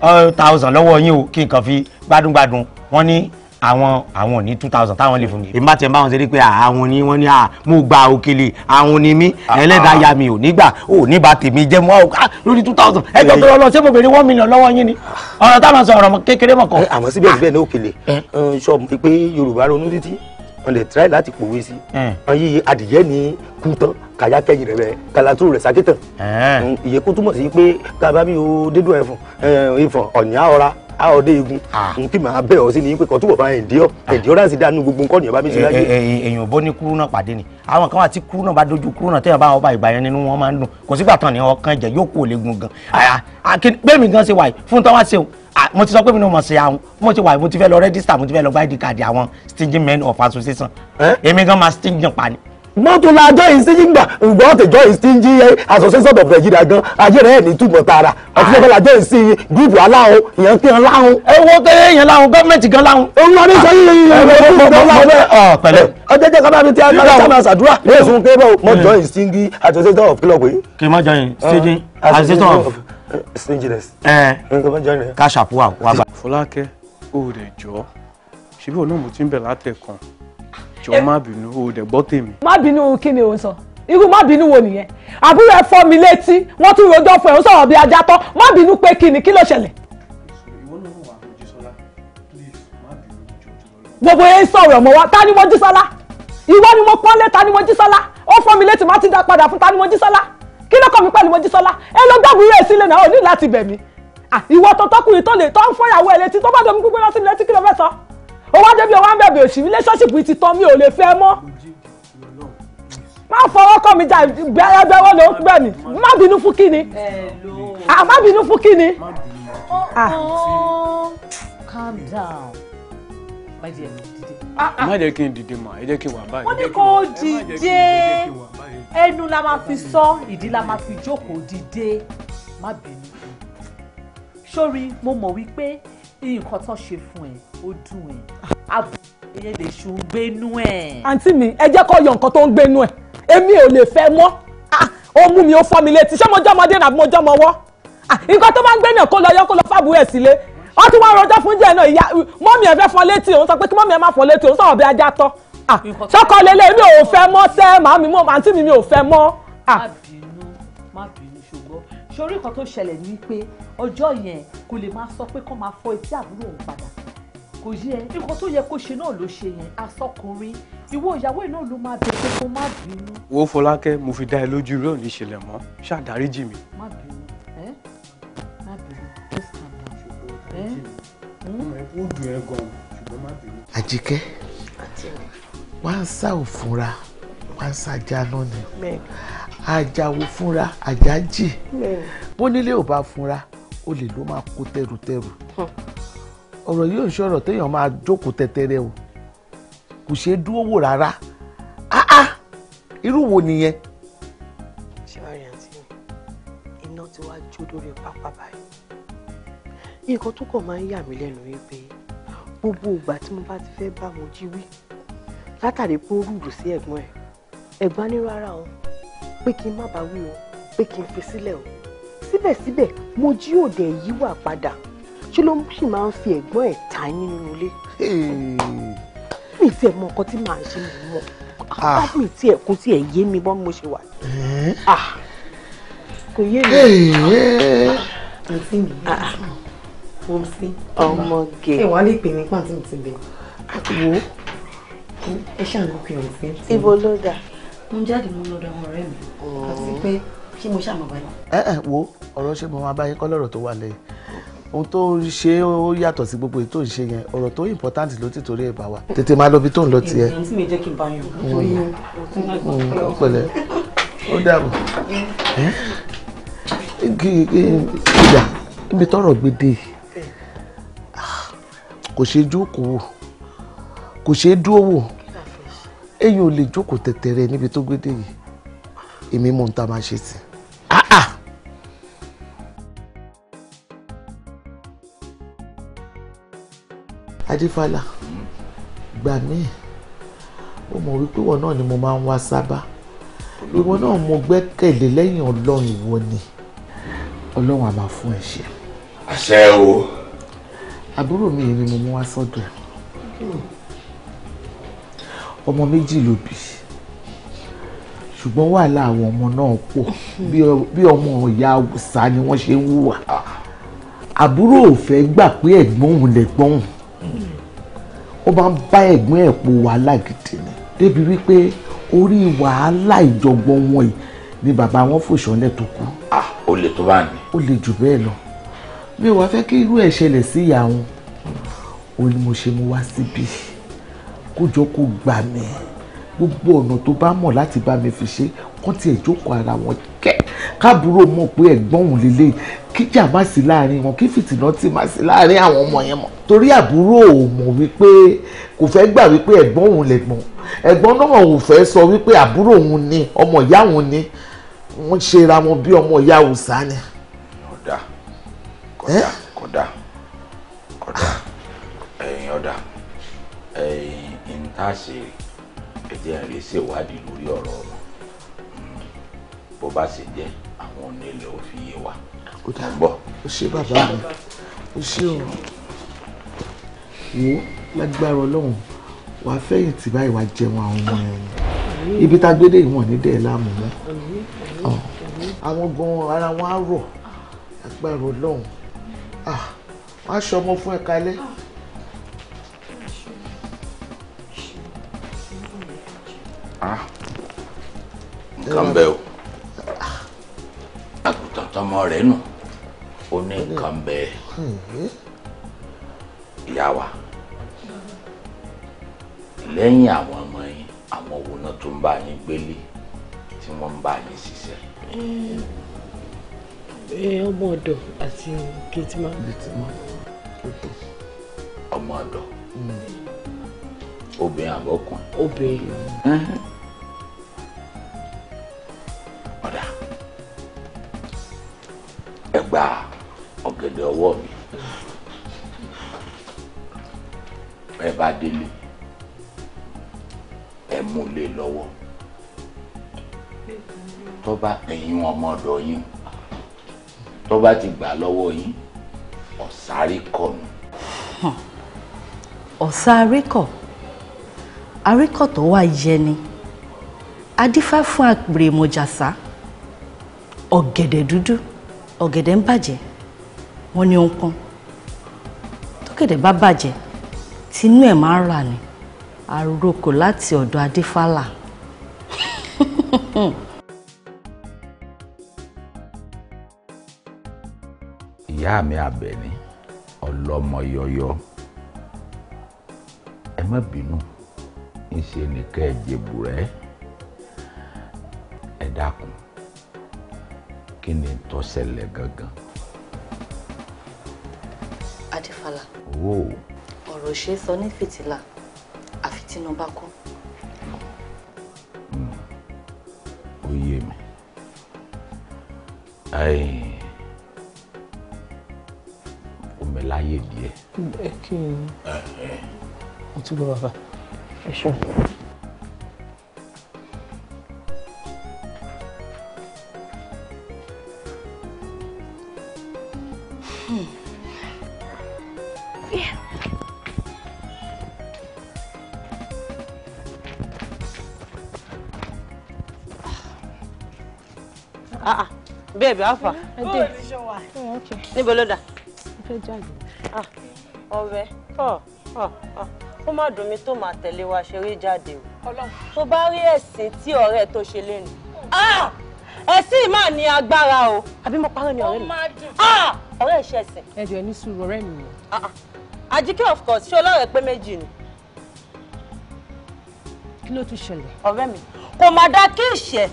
eh, thousand lọ́wọ́ yín o kí n kàn fi gbádùngbádùn wọ́n ní àwọn àwọn ò ní two thousand táwọn lè fún mi. ìmọ̀ tẹ̀ ń bá wọn ṣe rí pé àwọn ni wọ́n ní à mo gba òkèlè àwọn ni mí ẹlẹ́dàá ya mi ò nígbà ò ní ba tèmi jẹ́ mọ́ lórí two thousand ẹjọ́ tó lọ ṣé mo bèrè one million lọ́wọ́ yín ni ọ̀rọ̀ táwọn sọ ọ̀rọ̀ kékeré mọ̀ kọ́. àmọ́ síbẹ̀síbẹ̀ ní òkèlè sọ pé Yorùbá ronú títí wọn lè tíráì láti pòwe sí wọn yí adìyẹ ní kú tán kàyà kẹyìn rẹ bẹ kalaturu rẹ sakitàn ìyẹn kó túmọ̀ sí pé kábàámi ò dédú ẹ̀fọn ẹ̀fọn ọ̀nìyàn ọ̀ra a ọdẹ igun ah. nkí màá bẹ̀ ọ́ sí ni pé kọ́ túbọ̀ bá endure ah. endurance dànù gbogbo nǹkan nìyẹn bá mi ṣe eh, láyé. Eh, eh, èèyàn bọ́ ní kúrú náà pàdé ni àwọn kan wà tí kúrú náà bá dojú kúrú náà téèyàn bá wọn bá ìgbà yẹn nínú wọn máa ń dùn kò sígbà tán ni ọkàn jẹ yóò kú òlegun gan. bẹ́ẹ̀ gan ṣe wà yìí fún tán wá ṣeun mo ti sọ pé mi ò mọ̀ sí àwọn mo ti wà mo ti fẹ́ lọ rẹ́gísítà mo ti fẹ́ lọ bá ìdí àwọn stinging men of association èmi gan máa stinging pa ni mọ́tò la jọ yìí stingy gbà ǹgbọ́n tẹ jọ yìí stingy association of Nigeria gan ayé rẹ̀ ní túbọ̀ tààrà àti sọ́kọ́ la jọ yìí sí gúrùpù aláhùn ìyẹn kí wọn láhùn. ẹ wo tẹ èèyàn láhùn gọ́ọ̀mẹ̀ntì gan láhùn. òun náà ní sọ yìí yìí yìí yìí yìí láhùn. pẹ̀lẹ́ ọjọ́ jẹ́ kábàá mi tí a máa ṣàdúrà lẹ́sùn kébọ̀ mọ́ jọ yìí stingy association of club yìí. kì í má jọ yìí stingy of stinginess. Eh. ẹ ká ṣàpùwà wà bá. Fọlákẹ́ òòrè jọ ṣíbí òun náà mo ti ń bẹ̀ látẹ̀kàn jọ má bínú o dẹ̀ gbọ́ tèmi. má bínú kí ni o sọ irú má bínú wo nìyẹn àbúrò ẹ fọ́ mi létí wọ́n tún rojọ́ fún ẹ ń sọ̀rọ̀ bí ajá tán má bínú pé kí ni kí ló ṣẹlẹ̀. gbogbo yẹn ń sọ̀rọ̀ mọ́ wa ta ni Mojísọ́lá ìwọ ni mo pọ́nlé ta ni Mojísọ́lá ó fọ́ mi létí má ti dá padà fún ta ni Mojísọ́lá kí ló kọ́ mi pẹ̀lú Mojísọ́lá ẹ lọ gbàgbúrò ẹ̀ sílẹ̀ náà ò ní láti bẹ̀ mí ìwọ tó tọkùnrin tó lè tó ń fọyàwó ẹ̀ létí tó bá domi gbígbé lọ sí mi létí kí ló fẹ́ sọ ó wá débi ọwọ́ àbẹ̀bẹ̀ òsì relationship ti tán mi ò lè fẹ́ mọ́ má fọwọ́ kọ́ mi jà bẹ́ẹ̀rẹ́bẹ́wọ́ ló ń gbẹ̀ mí má bínú fún kíni má bínú fún kíni. calm down my dear má jẹ́ kí n dìde mà ẹ jẹ́ kí n wà báyìí. ó ní kó dìde ẹnu la máa fi sọ ìdí la máa fi jókòó dìde má bínú sórí mo mọ̀ wípé nǹkan tó ṣe fún ẹ ó dùn ẹ àbúrò ìyẹn lè ṣù ń gbénú ẹ. àǹtí mi ẹ jẹ́ kó yọ nǹkan tó ń gbénú ẹ èmi ò lè fẹ́ mọ́ ah, ó mú mi ó fọ́ mi létí ṣé mo jọmọdé nàbí mo jọmọwọ́ ah, nǹkan tó bá ń gbé náà kó lọ yọ kó lọ fàbù ẹ̀ sílé wọ́n ti wá rọjọ́ fún díẹ̀ náà ìyá mọ́mì ẹ̀ fẹ́ fọ́ létí òun sọ pé kí mọ́mì ẹ̀ má fọ́ létí òun sọ̀rọ̀ bí ajá tọ́ ah, sọ́kọ́ lélẹ̀ mi ò fẹ́ mọ́ sẹ́ màmí àǹtí mi mi ò fẹ́ mọ́. má bínú má bínú sórí nǹkan tó ṣẹlẹ̀ ní wípé ọjọ́ yẹn kò lè máa sọ pé kó máa fọ etí àbúrò òun padà kò yẹ nǹkan tó yẹ kó ṣe náà ló ṣe yẹn asọkùnrin ìwọ ìyàwó náà ló máa bẹ pé kó má bínú. wo Fọlákẹ́ mo fi dá ẹ lójú rẹ ò ní ṣẹlẹ̀ mọ́ ṣàdáríjì mi. má bínú ẹ má bínú just calm down ṣùgbọ́n ẹ ó dùn ẹ gan-an ṣùgbọ́n má bínú. àjíkẹ́ wá sá òfúnra wá sá jáná ni ajáwo fúnra àjájì hmm. bónílé ò bá fúnra olè ló máa kó tẹrùtẹrù ọ̀rọ̀ yìí ò ń ṣọ̀rọ̀ téèyàn máa jókòó tẹ́tẹ́rẹ́ o kò ṣeé dúró wò rárá áá irú wo nìyẹn. ṣèwárí àǹtí mi iná ti wá jó lórí pápá báyìí nǹkan tó kàn máa ń yà mí lẹ́nu wípé gbogbo ìgbà tí mo bá ti fẹ́ bá wọn jí wí látàrí pé ó rúdù sí ẹ̀gbọ́n ẹ̀ ẹ̀gbọ́n ní rárá o pé kí n má bá wí o pé kí n fi sílẹ̀ o síbẹ̀síbẹ̀ mo jí òde yíwà padà ṣé ló sì máa ń fi ẹ̀gbọ́n ẹ̀ ta yín nínú ilé. mi ti ẹ̀ mọ nǹkan tí màá ṣe mi mọ̀ ah. bá mi ti ẹ̀ kó tí ẹ̀ yé mi bọ́ mo ṣe wà. Eh? Ah. kò yé mi. Eh, eh. àǹtí mi ah, mo sí ọmọge. ẹ wàá lè pè mí pàǹtí mi ti bẹ̀. wo ẹ ṣàlùkù ọ̀sẹ̀. ibo ló dà mo ń jáde mo ń lọ́dọ̀ àwọn ọ̀rẹ́ mi àti oh. pé ṣé mo ṣàmọ̀ báyìí. ẹ ẹ wo ọ̀rọ̀ ṣé mo máa bá yín kọ́ lọ́rọ̀ tó wà lẹ́yìn ohun tó ń ṣe ó yàtọ̀ sí gbogbo èyí tó ń ṣe yẹn ọ̀rọ̀ tó important ló ti torí ẹ̀ bá wa tètè máa lọ bí tó ń lọ tiẹ̀. èyí tí mi jẹ́ kí n bá yàn lórí mm. mm, ó pẹ̀lẹ́ ó dàbọ̀ ìgbà ibi tọrọ gbèdé ah, kò ṣe jókòó kò ṣe dúró wò ẹ̀yin o lè jókòó tẹ̀tẹ̀rẹ̀ níbi tó gbé dé yìí èmi mò ń ta máa ṣe sí i. Ah, ah. adífálà gbà míì ó mọ̀ wípé ìwọ náà ni mo máa ń wá sábà ìwọ náà mo gbẹ́kẹ̀lé lẹ́yìn ọlọ́run ìwọ ni ọlọ́run á máa fún ẹ ṣe. àṣẹ o. àbúrò mi yìí ni mo mú wá sọ́dọ̀ ẹ̀. Hmm ọmọ méjì ló bí ṣùgbọ́n wàhálà àwọn ọmọ náà pọ̀ bí ọmọ ìyá Haúsá ni wọ́n ṣe ń hùwà àbúrò ò fẹ́ gbà pé ẹ̀gbọ́n òun lẹ̀gbọ́n òun ó bá ń bá ẹ̀gbọ́n ẹ̀ po wàhálà gidi ni débi wípé orí wàhálà ìjọ̀gbọ̀n wọn yìí ni bàbá wọn fòṣọlẹ̀ tó kú. Ah, ó lè tó bá ní. ó lè jù bẹ́ẹ̀ lọ mi ò wá fẹ́ kí irú ẹ̀ ṣẹlẹ̀ sí ìyá wọn òun ni mo ṣe mú wá síbí kó jọ kó gbà mí gbogbo ọ̀nà tó bá mọ̀ láti bá mi fi ṣe kọ́ tiẹ̀ jókòó ara wọn kẹ́ káàbúrò mọ̀ pé ẹ̀gbọ́n òun lélẹ̀ kíjà má sí láàrin wọn kí fìtìnà tí má sí láàrin àwọn ọmọ yẹn mọ̀ torí àbúrò ò mọ̀ wípé kò fẹ́ gbà wípé ẹ̀gbọ́n òun lẹ̀gbọ́n ẹ̀gbọ́n náà ò fẹ́ sọ wípé àbúrò òun ni ọmọ ìyá òun ni wọ́n ṣe ra wọn bí ọmọ ìyá òòsà ni. kódà kódà kódà tá a ṣe ẹ̀jẹ̀ rẹ̀ ṣèwádìí lórí ọ̀rọ̀ wọn bó bá ṣe jẹ́ àwọn onílẹ̀ ò fi yé wa. ó dà bọ̀ ó ṣe bàbá mi ó ṣe o wo lágbára ọlọ́run wà á fẹ́yìn tì báyìí wà á jẹun àwọn ọmọ ẹ̀ ibi tá a gbé dé ìwọ̀n ní dẹ̀ láàmú mọ́ àwọn gan ara wọn á rọ̀ lágbára ọlọ́run ah, wọ́n á ṣọmọ fún ẹ̀ka lẹ́. nǹkan bẹ́ o àgùntàn tọmọ rẹ̀ nù ó ní nǹkan bẹ́ ìyá wa lẹ́yìn àwọn ọmọ yín àwọn wo náà tó ń bá yín gbélé tí wọ́n ń bá yín ṣiṣẹ́. ọmọ ọ̀dọ̀ àti gẹtìmá. gẹtìmá ọmọ ọ̀dọ̀. Hmm obìnrin àbọ̀kùn. obìnrin. Mm-hmm. ọ̀dà ẹ gba ọ̀gẹ̀dẹ̀ ọwọ́ mi ẹ bá délé ẹ mú lé lọ́wọ́ tó ẹ̀yin ọmọ yín tó ti gbà lọ́wọ́ yín ọ̀sárékọ̀ nù. ọ̀sárékọ̀. Huh àríkọ̀tọ̀ wà yẹni adífá fún àpèrè mọ̀jàsá ọ̀gẹ̀dẹ̀ dúdú ọ̀gẹ̀dẹ̀ ń bàjẹ́ wọ́n ní ohun kan tókẹ̀dẹ̀ bá bàjẹ́ tinú ẹ̀ máa ń rà ní àròkò láti ọ̀dọ̀ adífálà. ìyá mi àbẹ̀ní ọlọ́mọ yọyọ ẹ má bínú ńṣe nìkan ẹ̀jẹ̀ bùrẹ́ ẹ dákun kí ni tó ṣẹlẹ̀ gangan. adifala. owó. ọ̀rọ̀ ṣe é sọ ní fìtílà àfi tínúbà kú. Hmm. ó yé mi omi láyé díẹ̀. ẹ kí ni mo ti gbọ́ bàbá. Sure. Ah, ah. Babe, Alpha. I did. Oh, okay. Níbo ló dà? Ah, ọ̀rẹ́. Ọ̀ ọ̀ ọ̀ kó má dùn mí tó máa tẹ̀lé wa ṣeré jáde o tó bá rí ẹ̀sìn tí ọ̀rẹ́ tó ṣe lẹ́nu ah! ẹ̀sìn máa ní agbára o àbí mo parọ́ ni ọ̀rẹ́ mi ah! ọ̀rẹ́ ẹ̀ ṣẹ̀sìn. ẹ jọ̀ọ́ ní sùúrù ọ̀rẹ́ mi ah, àjíkẹ́ of course ṣé ọlọ́rẹ̀ pé méjì ni. kí ló tún ṣẹlẹ̀. ọ̀rẹ́ mi kò má dá kí ìṣẹ́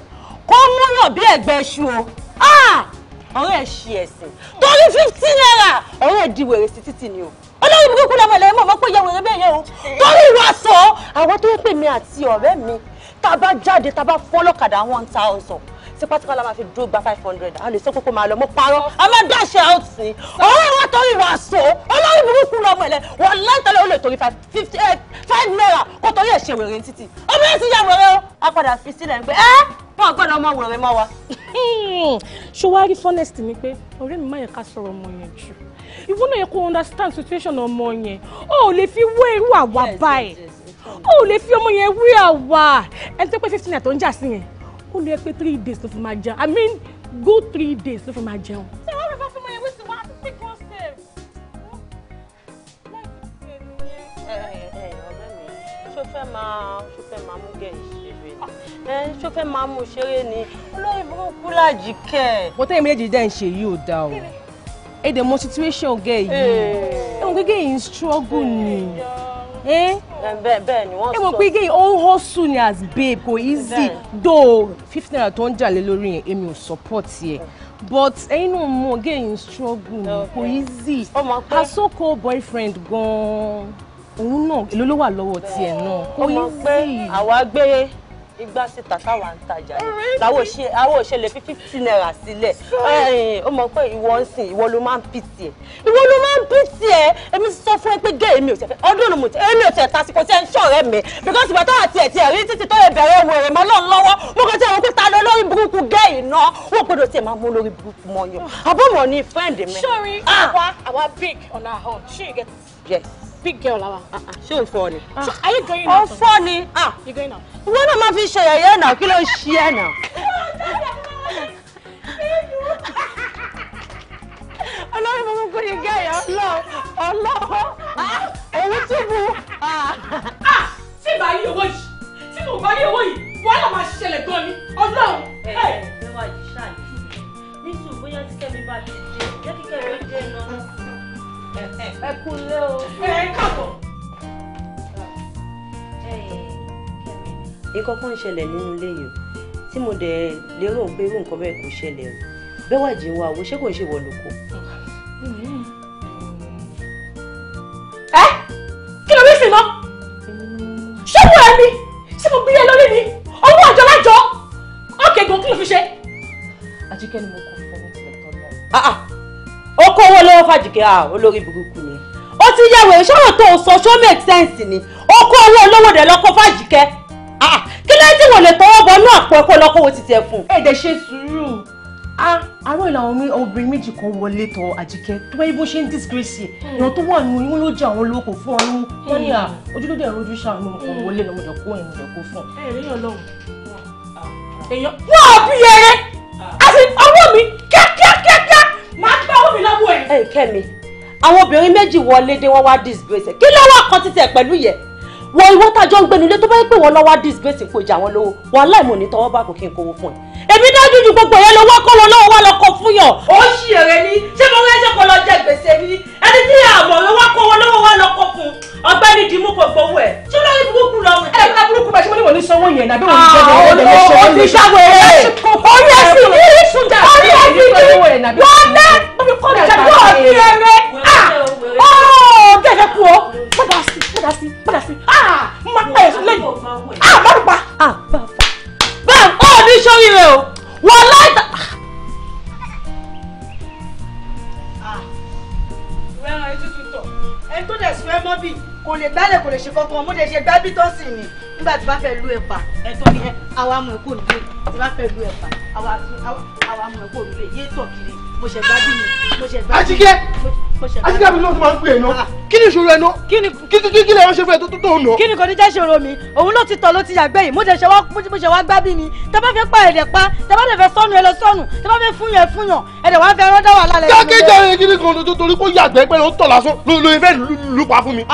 kó múyàn bí ẹ̀gbẹ́ iṣu o ọ̀rẹ́ ẹ̀ ṣe ẹ̀sìn torí fifteen naira ọ̀rẹ́ ẹ̀ di wèrè sí títì olórí burúkú lọmọ ilẹ̀ mọ̀ mọ́ pé yẹ wèrè bẹ́ẹ̀ yẹn o torí ìwà sọ àwọn tó ń pè mí àti ọ̀rẹ́ mi tá a bá jáde tá a bá fọ́lọ́kadà one thousand tí pátákó la máa fi dúró gba five hundred a lè sọ pé kó máa lọ mo parọ́ a máa dáṣẹ out sí ọ̀rọ̀ wa torí wa so olórí burúkú lọ́mọ ẹ̀lẹ́ wọ́n láǹtẹ̀lẹ̀ ó lè torí fifty eight five naira kó torí ẹ̀ ṣe wèrè títì ọmọ yẹn ti ya wèrè o a padà fi sílẹ̀ pé ẹ́ eh, wọn gbọ́dọ̀ ọmọ wèrè mọ́ wa. Hmm. ṣùwárí fọ́nẹ́sì mi pé ọ̀rẹ́ mi máa yẹ ká sọ̀rọ̀ ọmọ yẹn jù ìwọ náà yẹ kó understand situation ọmọ yẹn o ò lè fi wé irú àwa báyìí o ò lè fi ọmọ yẹn wé àwa ẹni tó pé fifteen naira tó ń jà sí yẹn ó lè pé three days ló fi máa jẹun i mean good three days ló fi máa jẹun. ṣé wọ́n rí bá fún ọmọ yẹn wíṣọ wọn á fi kún ṣe. ṣó fẹ́ máa ṣó fẹ́ máa mú gẹ̀ ṣeré ni ṣó fẹ́ máa mú ṣeré ni olóyìnbó kúláàjì kẹ̀. mo tẹ́yìn méjèèjì dá ń ṣe yìí ò dáa o ẹ dẹ̀ mọ situation gẹ̀ yìí ẹ̀wọ̀n pé gẹ̀ yìí ń struggle ni eh? ẹ̀wọ̀n pé gẹ̀ yìí ó ń hustle ni as babe ko easy though fifty naira tó ń jà lé lórí yẹn èmi ò support yẹ but ẹ̀yin náà mọ gẹ̀ yìí ń struggle ni kò easy asoko boyfriend gan-an òun náà èló ló wà lọ́wọ́ tiẹ̀ náà kò easy. ọmọ pé àwa gbé igbá síta táwa ń tajà ni àwọn òṣèlè fi fifty naira sílẹ̀ ó mọ̀ pé ìwọ ń sìn ìwọ ló máa ń pìtì ẹ̀ ìwọ ló máa ń pìtì ẹ̀ èmi sọ fún ẹ pé gé èmi ò tẹ̀ fẹ́ ọdún ònà mọ̀tẹ́ èmi ò tẹ̀ ta sípò tí ẹ ń ṣọ̀rẹ́ mi because ìgbà táwa tiẹ̀ tiẹ̀ rí títí tó yẹ bẹ̀rẹ̀ owó rẹ̀ mọ́ lọ́n lọ́wọ́ mo kàn tẹ̀ wọ́n pé ta ló lórí burúkú gẹ́ iná wọ́n gbọ́dọ̀ tiẹ̀ máa mú lórí burúkú mọ́ yan àbọ̀mọ̀ ni friend mi. sori ah! àwa àwa big on our own she get. yes big girl la wa. Ah, ah. ṣé o fọ ni. are ah. you going now. o fọ ni. you going now. ìwọ náà máa fi ṣe yẹ̀yẹ́ náà kí ló ń ṣe ẹ̀ náà. olórí mo kúkú ni gẹ́yà ọlọ́ ọlọ́ òun tún bu. tí bá yí owó yìí tí mo bá yí owó yìí wàhálà máa ṣẹlẹ̀ gan ni ọlọ́run. ẹ eh, ẹ wá yìí ṣáà ní sùn bóyá tí kẹ́mi bá ti dé jẹ́ kí kẹ́mi ó dé lọ́nà ẹ kú lé o. ẹ káàbọ̀. ìkọ̀kọ̀ ń ṣẹlẹ̀ nínú ilé yìí tí mo dẹ̀ lérò pé irú nǹkan bẹ́ẹ̀ kò ṣẹlẹ̀ o bẹ́wàjì wa wo ṣé kò ń ṣe wọ̀ lóko. ẹ kí ló bí sí mọ́ ṣé wọ́n ẹ mi ṣé mo gbélé e lórí mi owó ọjọ́ lájọ́ ọ̀kẹ́gun kí ló fi ṣe. àjíkẹ́ ni mo kàn fọ́ mi tilẹ̀ tán náà ó kówó lọ́wọ́ fàjìkẹ́ à olórí burúkú ni ó ti yàwó ìṣòro tó sọ ṣó make sense ni ó kó owó olówó dẹ̀ lọ́kọ́ fàjìkẹ́ kí ló ti wọlé tọwọ́ bọ inú àpò ẹ̀kọ́ lọ́kọ́wọ́ ti tẹ̀ fún. èdè ṣe sùúrù àárọ̀ ìlànà obìnrin méjì kan wọlé tọ àjíkẹ́ tó báyìí bó ṣe ń disgrace ìran hmm. tó wà nínú ìwọ́n ló jẹ́ àwọn olóko fún ọdún hmm. wọn ni ojúlódé ẹ̀rọ ojú ṣàánú ọkọ̀ hmm. wọlé lọ́wọ́ ìdọ̀kọ́ ẹ̀yìn ìdọ̀kọ́ fún. wọ́n á bí ẹrẹ́ àti ah. ọwọ́ mi kíákíákíá máa gbá mi lọ́wọ́ ẹ̀. ẹ kẹ́mi àwọn obìnrin méjì wọlé dé wọ́n wá disgrace kí ló wà kan títẹ̀ pẹ̀lú yẹ wọ ìwọ tàjọ ń gbénulé tó bá yẹ pé wọ́n lọ wá disgrace kò jà wọ́n lówó wọ́n láì mọ̀ ní tọwọ́ bá kò kí n kówó fún ẹ èmi dájú ju gbogbo yẹn lówó kọ́ lọ lọ́wọ́ wá lọ kọ fún yàn. ó ṣì èrè ni ṣé mo rẹ sì ni nígbà tí bá fẹ́ lu ẹ̀pà ẹ̀tọ́ ni àwa mọ̀ ẹ̀kọ́ nílé tí bá fẹ́ lu ẹ̀pà àwa mọ̀ ẹ̀kọ́ nílé yé tọ̀ kiri mo ṣẹ̀ gbádùn mi mo ṣẹ̀ gbádùn mi. àṣìkẹ́ àṣìkẹ́ mi ló ti máa ń pè é ná ah. kí ni ìṣòro ẹ ná kí ni kí lè ṣe fún ẹ tó tó ná. kí ni kò ní jẹ́ ìṣòro mi òun ló ti tọ̀ ló ti yàgbẹ́ yìí mo ṣẹ̀ wá gbábí ni tẹ́ bá fẹ́ pa ẹ̀rẹ̀ pa tẹ́ bá fẹ́ sọnù ẹ lọ sọnù tẹ́ bá fẹ́ fúnyàn ẹ fúnyàn ẹ̀dẹ̀ wá fẹ́ ẹran dá wàhálà lẹ́yìn. jákèjá kiri kan torí kó yàgbẹ́ pé ó tọ̀ lásán ló fẹ́ lù pa fún mi.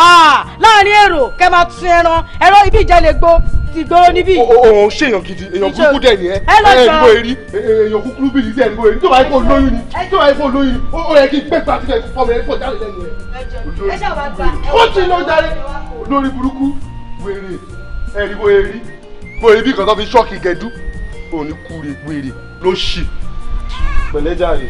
láàrin èrò kẹ máa tún ẹran ẹ̀rọ ibi ìjà lè gbó ìgboro níbí. òun ṣèyàn gidi èyàn kúkú dẹ̀ nìyẹn ẹ̀rọ ìgbó erí e, èyàn kúkú bíi ìdí ẹ̀rọ erí tó bá yẹ kó lóyún ni tó bá yẹ kó lóyún ni ó yẹ kí n pèsè àti ẹ̀fọ́ mi ẹ̀fọ́ jáde lẹ́yìn ẹ̀. ó ti lọ jáde lórí burúkú wèrè ẹ̀rí bó erí bó erí kan tó fi ṣọ́ọ̀kì gẹ̀dú òun ni kúrè wèrè ló ṣì pẹ̀lẹ́ jàre.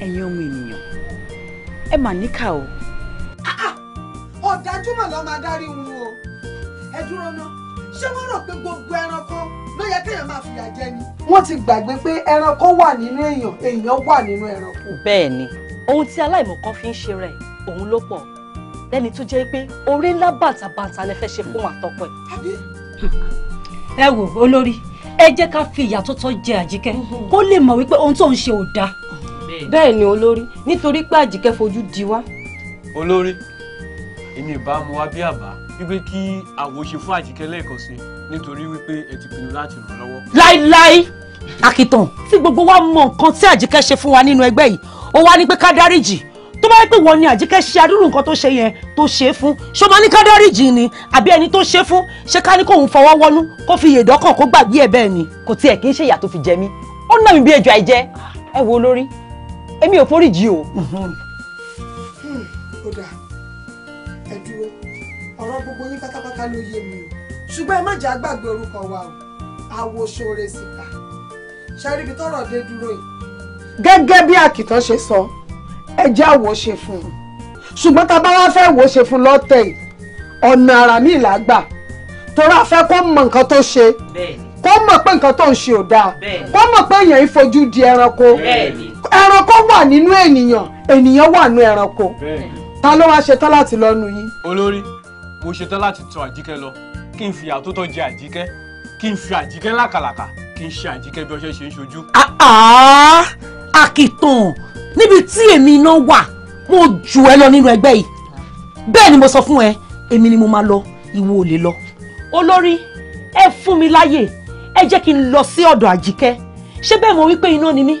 ẹ̀yin ọmọ ènìyàn ẹ mà níkà o. Ah, ah! ọ̀dájú mà lọ́ọ́ máa dárí wọn o ẹ dúró ná ṣé wọ́n rò pé gbogbo ẹranko ló yẹ kéèyàn máa fìyà jẹ ni. wọ́n ti gbàgbé pé ẹranko wà nínú èèyàn èèyàn wà nínú ẹranko. bẹ́ẹ̀ ni ohun tí aláìmọ̀kan fi ń ṣe rẹ̀ òun ló pọ̀ lẹ́ni tó jẹ́ pé orí ńlá bàtàbàtà lẹ fẹ́ ṣe fún àtọ́kọ ẹ̀. ẹ wò olórí ẹ jẹ́ ká fi ìyà tó tọ́ jẹ àjíkẹ́ kó lè mọ̀ wípé ohun tó ń ṣe ò dáa. bẹ́ẹ̀ ni olórí nítorí pé àjíkẹ́ fojú di wá. olórí èmi ìbá mu wá bí àbá wípé kí àwo ṣe fún àjíkẹ́ lẹ́ẹ̀kan sí nítorí wípé ẹ ti pinnu láti ràn lọ́wọ́. láíláí akitan tí gbogbo wa mọ nǹkan tí àjíkẹ́ ṣe fún wa nínú ẹgbẹ́ yìí ó wá ní pé ká dáríjì tó bá yẹ pé wọ́n ní àjíkẹ́ ṣe adúrú nǹkan tó ṣe yẹn tó ṣe é fún ṣó máa ní ká dáríjì ni àbí ẹni tó ṣe fún ṣé ká ní kóun fọwọ́ wọnú kó fi yè dọ́kàn kó gbàgbé ẹ̀ bẹ́ẹ̀ ni. kò tiẹ̀ kì í ṣe ìyà tó fi jẹ mí ó ná mi bí ejò àìjẹ ẹ wo lórí èmi ò foríjì o. Mhm. Hmm, ó dà ẹ dúró ọ̀rọ̀ gbogbo yín pátápátá ló yé mi o ṣùgbọ́n ẹ má jẹ́ àgbàgbé orúkọ wa o àwòṣòrè síta ṣàríbi tọ́rọ̀ dé dúró gẹ́gẹ́ bí àkìtàn ṣe sọ ẹjẹ́ àwọ̀ ṣe fún un ṣùgbọ́n tá a bá wá fẹ́ wò ṣe fún lọ́tẹ̀ yìí ọ̀nà àrà mi là gbà torí a fẹ́ kó mọ nǹkan tó ṣe kó mọ̀ pé nǹkan tó ń ṣe ò dáa kó mọ̀ pé èèyàn ìfojú di ẹranko ẹranko wà nínú ènìyàn ènìyàn wà nínú ẹranko ta ló wáá ṣetán láti lọ nu yín. olórí mo ṣetán láti tọ àjíkẹ́ lọ kí n fìyà tó tọ́ jẹ àjíkẹ́ kí n fi àjíkẹ́ lákàlàkà kí n ṣe àjíkẹ́ bí ọṣẹ ṣe ń ṣojú. Ah, ah àkìtàn níbi tí èmi náà wà mo jù ẹ lọ nínú ẹgbẹ́ yìí bẹ́ẹ̀ ni mo sọ fún ẹ èmi ni mo máa lọ ìwọ ò lè lọ olórí ẹ fún mi láyè ẹ jẹ́ kí n lọ sí ọ̀dọ̀ àjíkẹ́ ṣé bẹ́ẹ̀ mo wí pé iná ni mí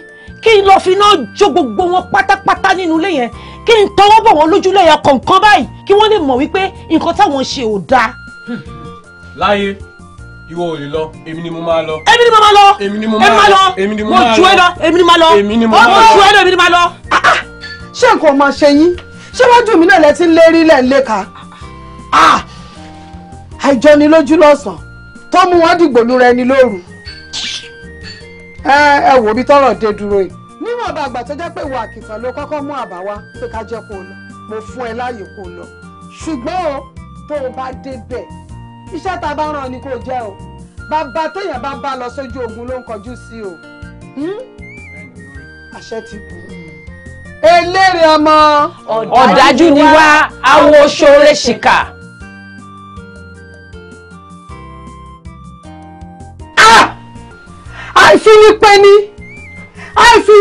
kí n lọ fi iná jó gbogbo wọn pátápátá nínú ilé yẹn kí n tọwọ́ bọ̀ wọ́n lójúlẹ̀ ọkọ̀ nǹkan báyìí kí wọ́n lè mọ̀ wípé nǹkan táwọn ṣe ò dáa. Hmm. láyé ìwọ ò lè lọ èmi ni mo máa lọ. èmi ni mo máa lọ èmi ni mo máa lọ èmi ni mo máa lọ mo ju ẹ lọ èmi ni mo máa lọ èmi ni mo máa lọ mo ju ẹ lọ èmi ni mo máa lọ. Ah, ah. ṣé nǹkan ọmọ ṣe yín ṣé wájú mi náà lẹ ti ń lérí lẹ́ ń léka ah, àìjọni lójú lọ́sàn tó mú wọn dìgbòlú rẹ ni lóru ẹ wò bí tọrọ dé dúró yìí. níwọ̀nba àgbà tó jẹ́ pé ìwà àkìtàn ló kọ́kọ́ mú àbá wá pé ká jẹ́ kó lọ mo fún ẹ láàyè kó lọ ṣùgbọ́n o tó o bá débẹ̀ iṣẹ́ ta bá ràn ni kò jẹ́ o bàbá téèyàn bá bá lọ sójú ogun ló ń kọjú sí o hmm? àṣẹ ti kú. eléré ọmọ. ọ̀dájú ni wá awo ṣoore ṣìkà. àìfi ní pé ní àìfi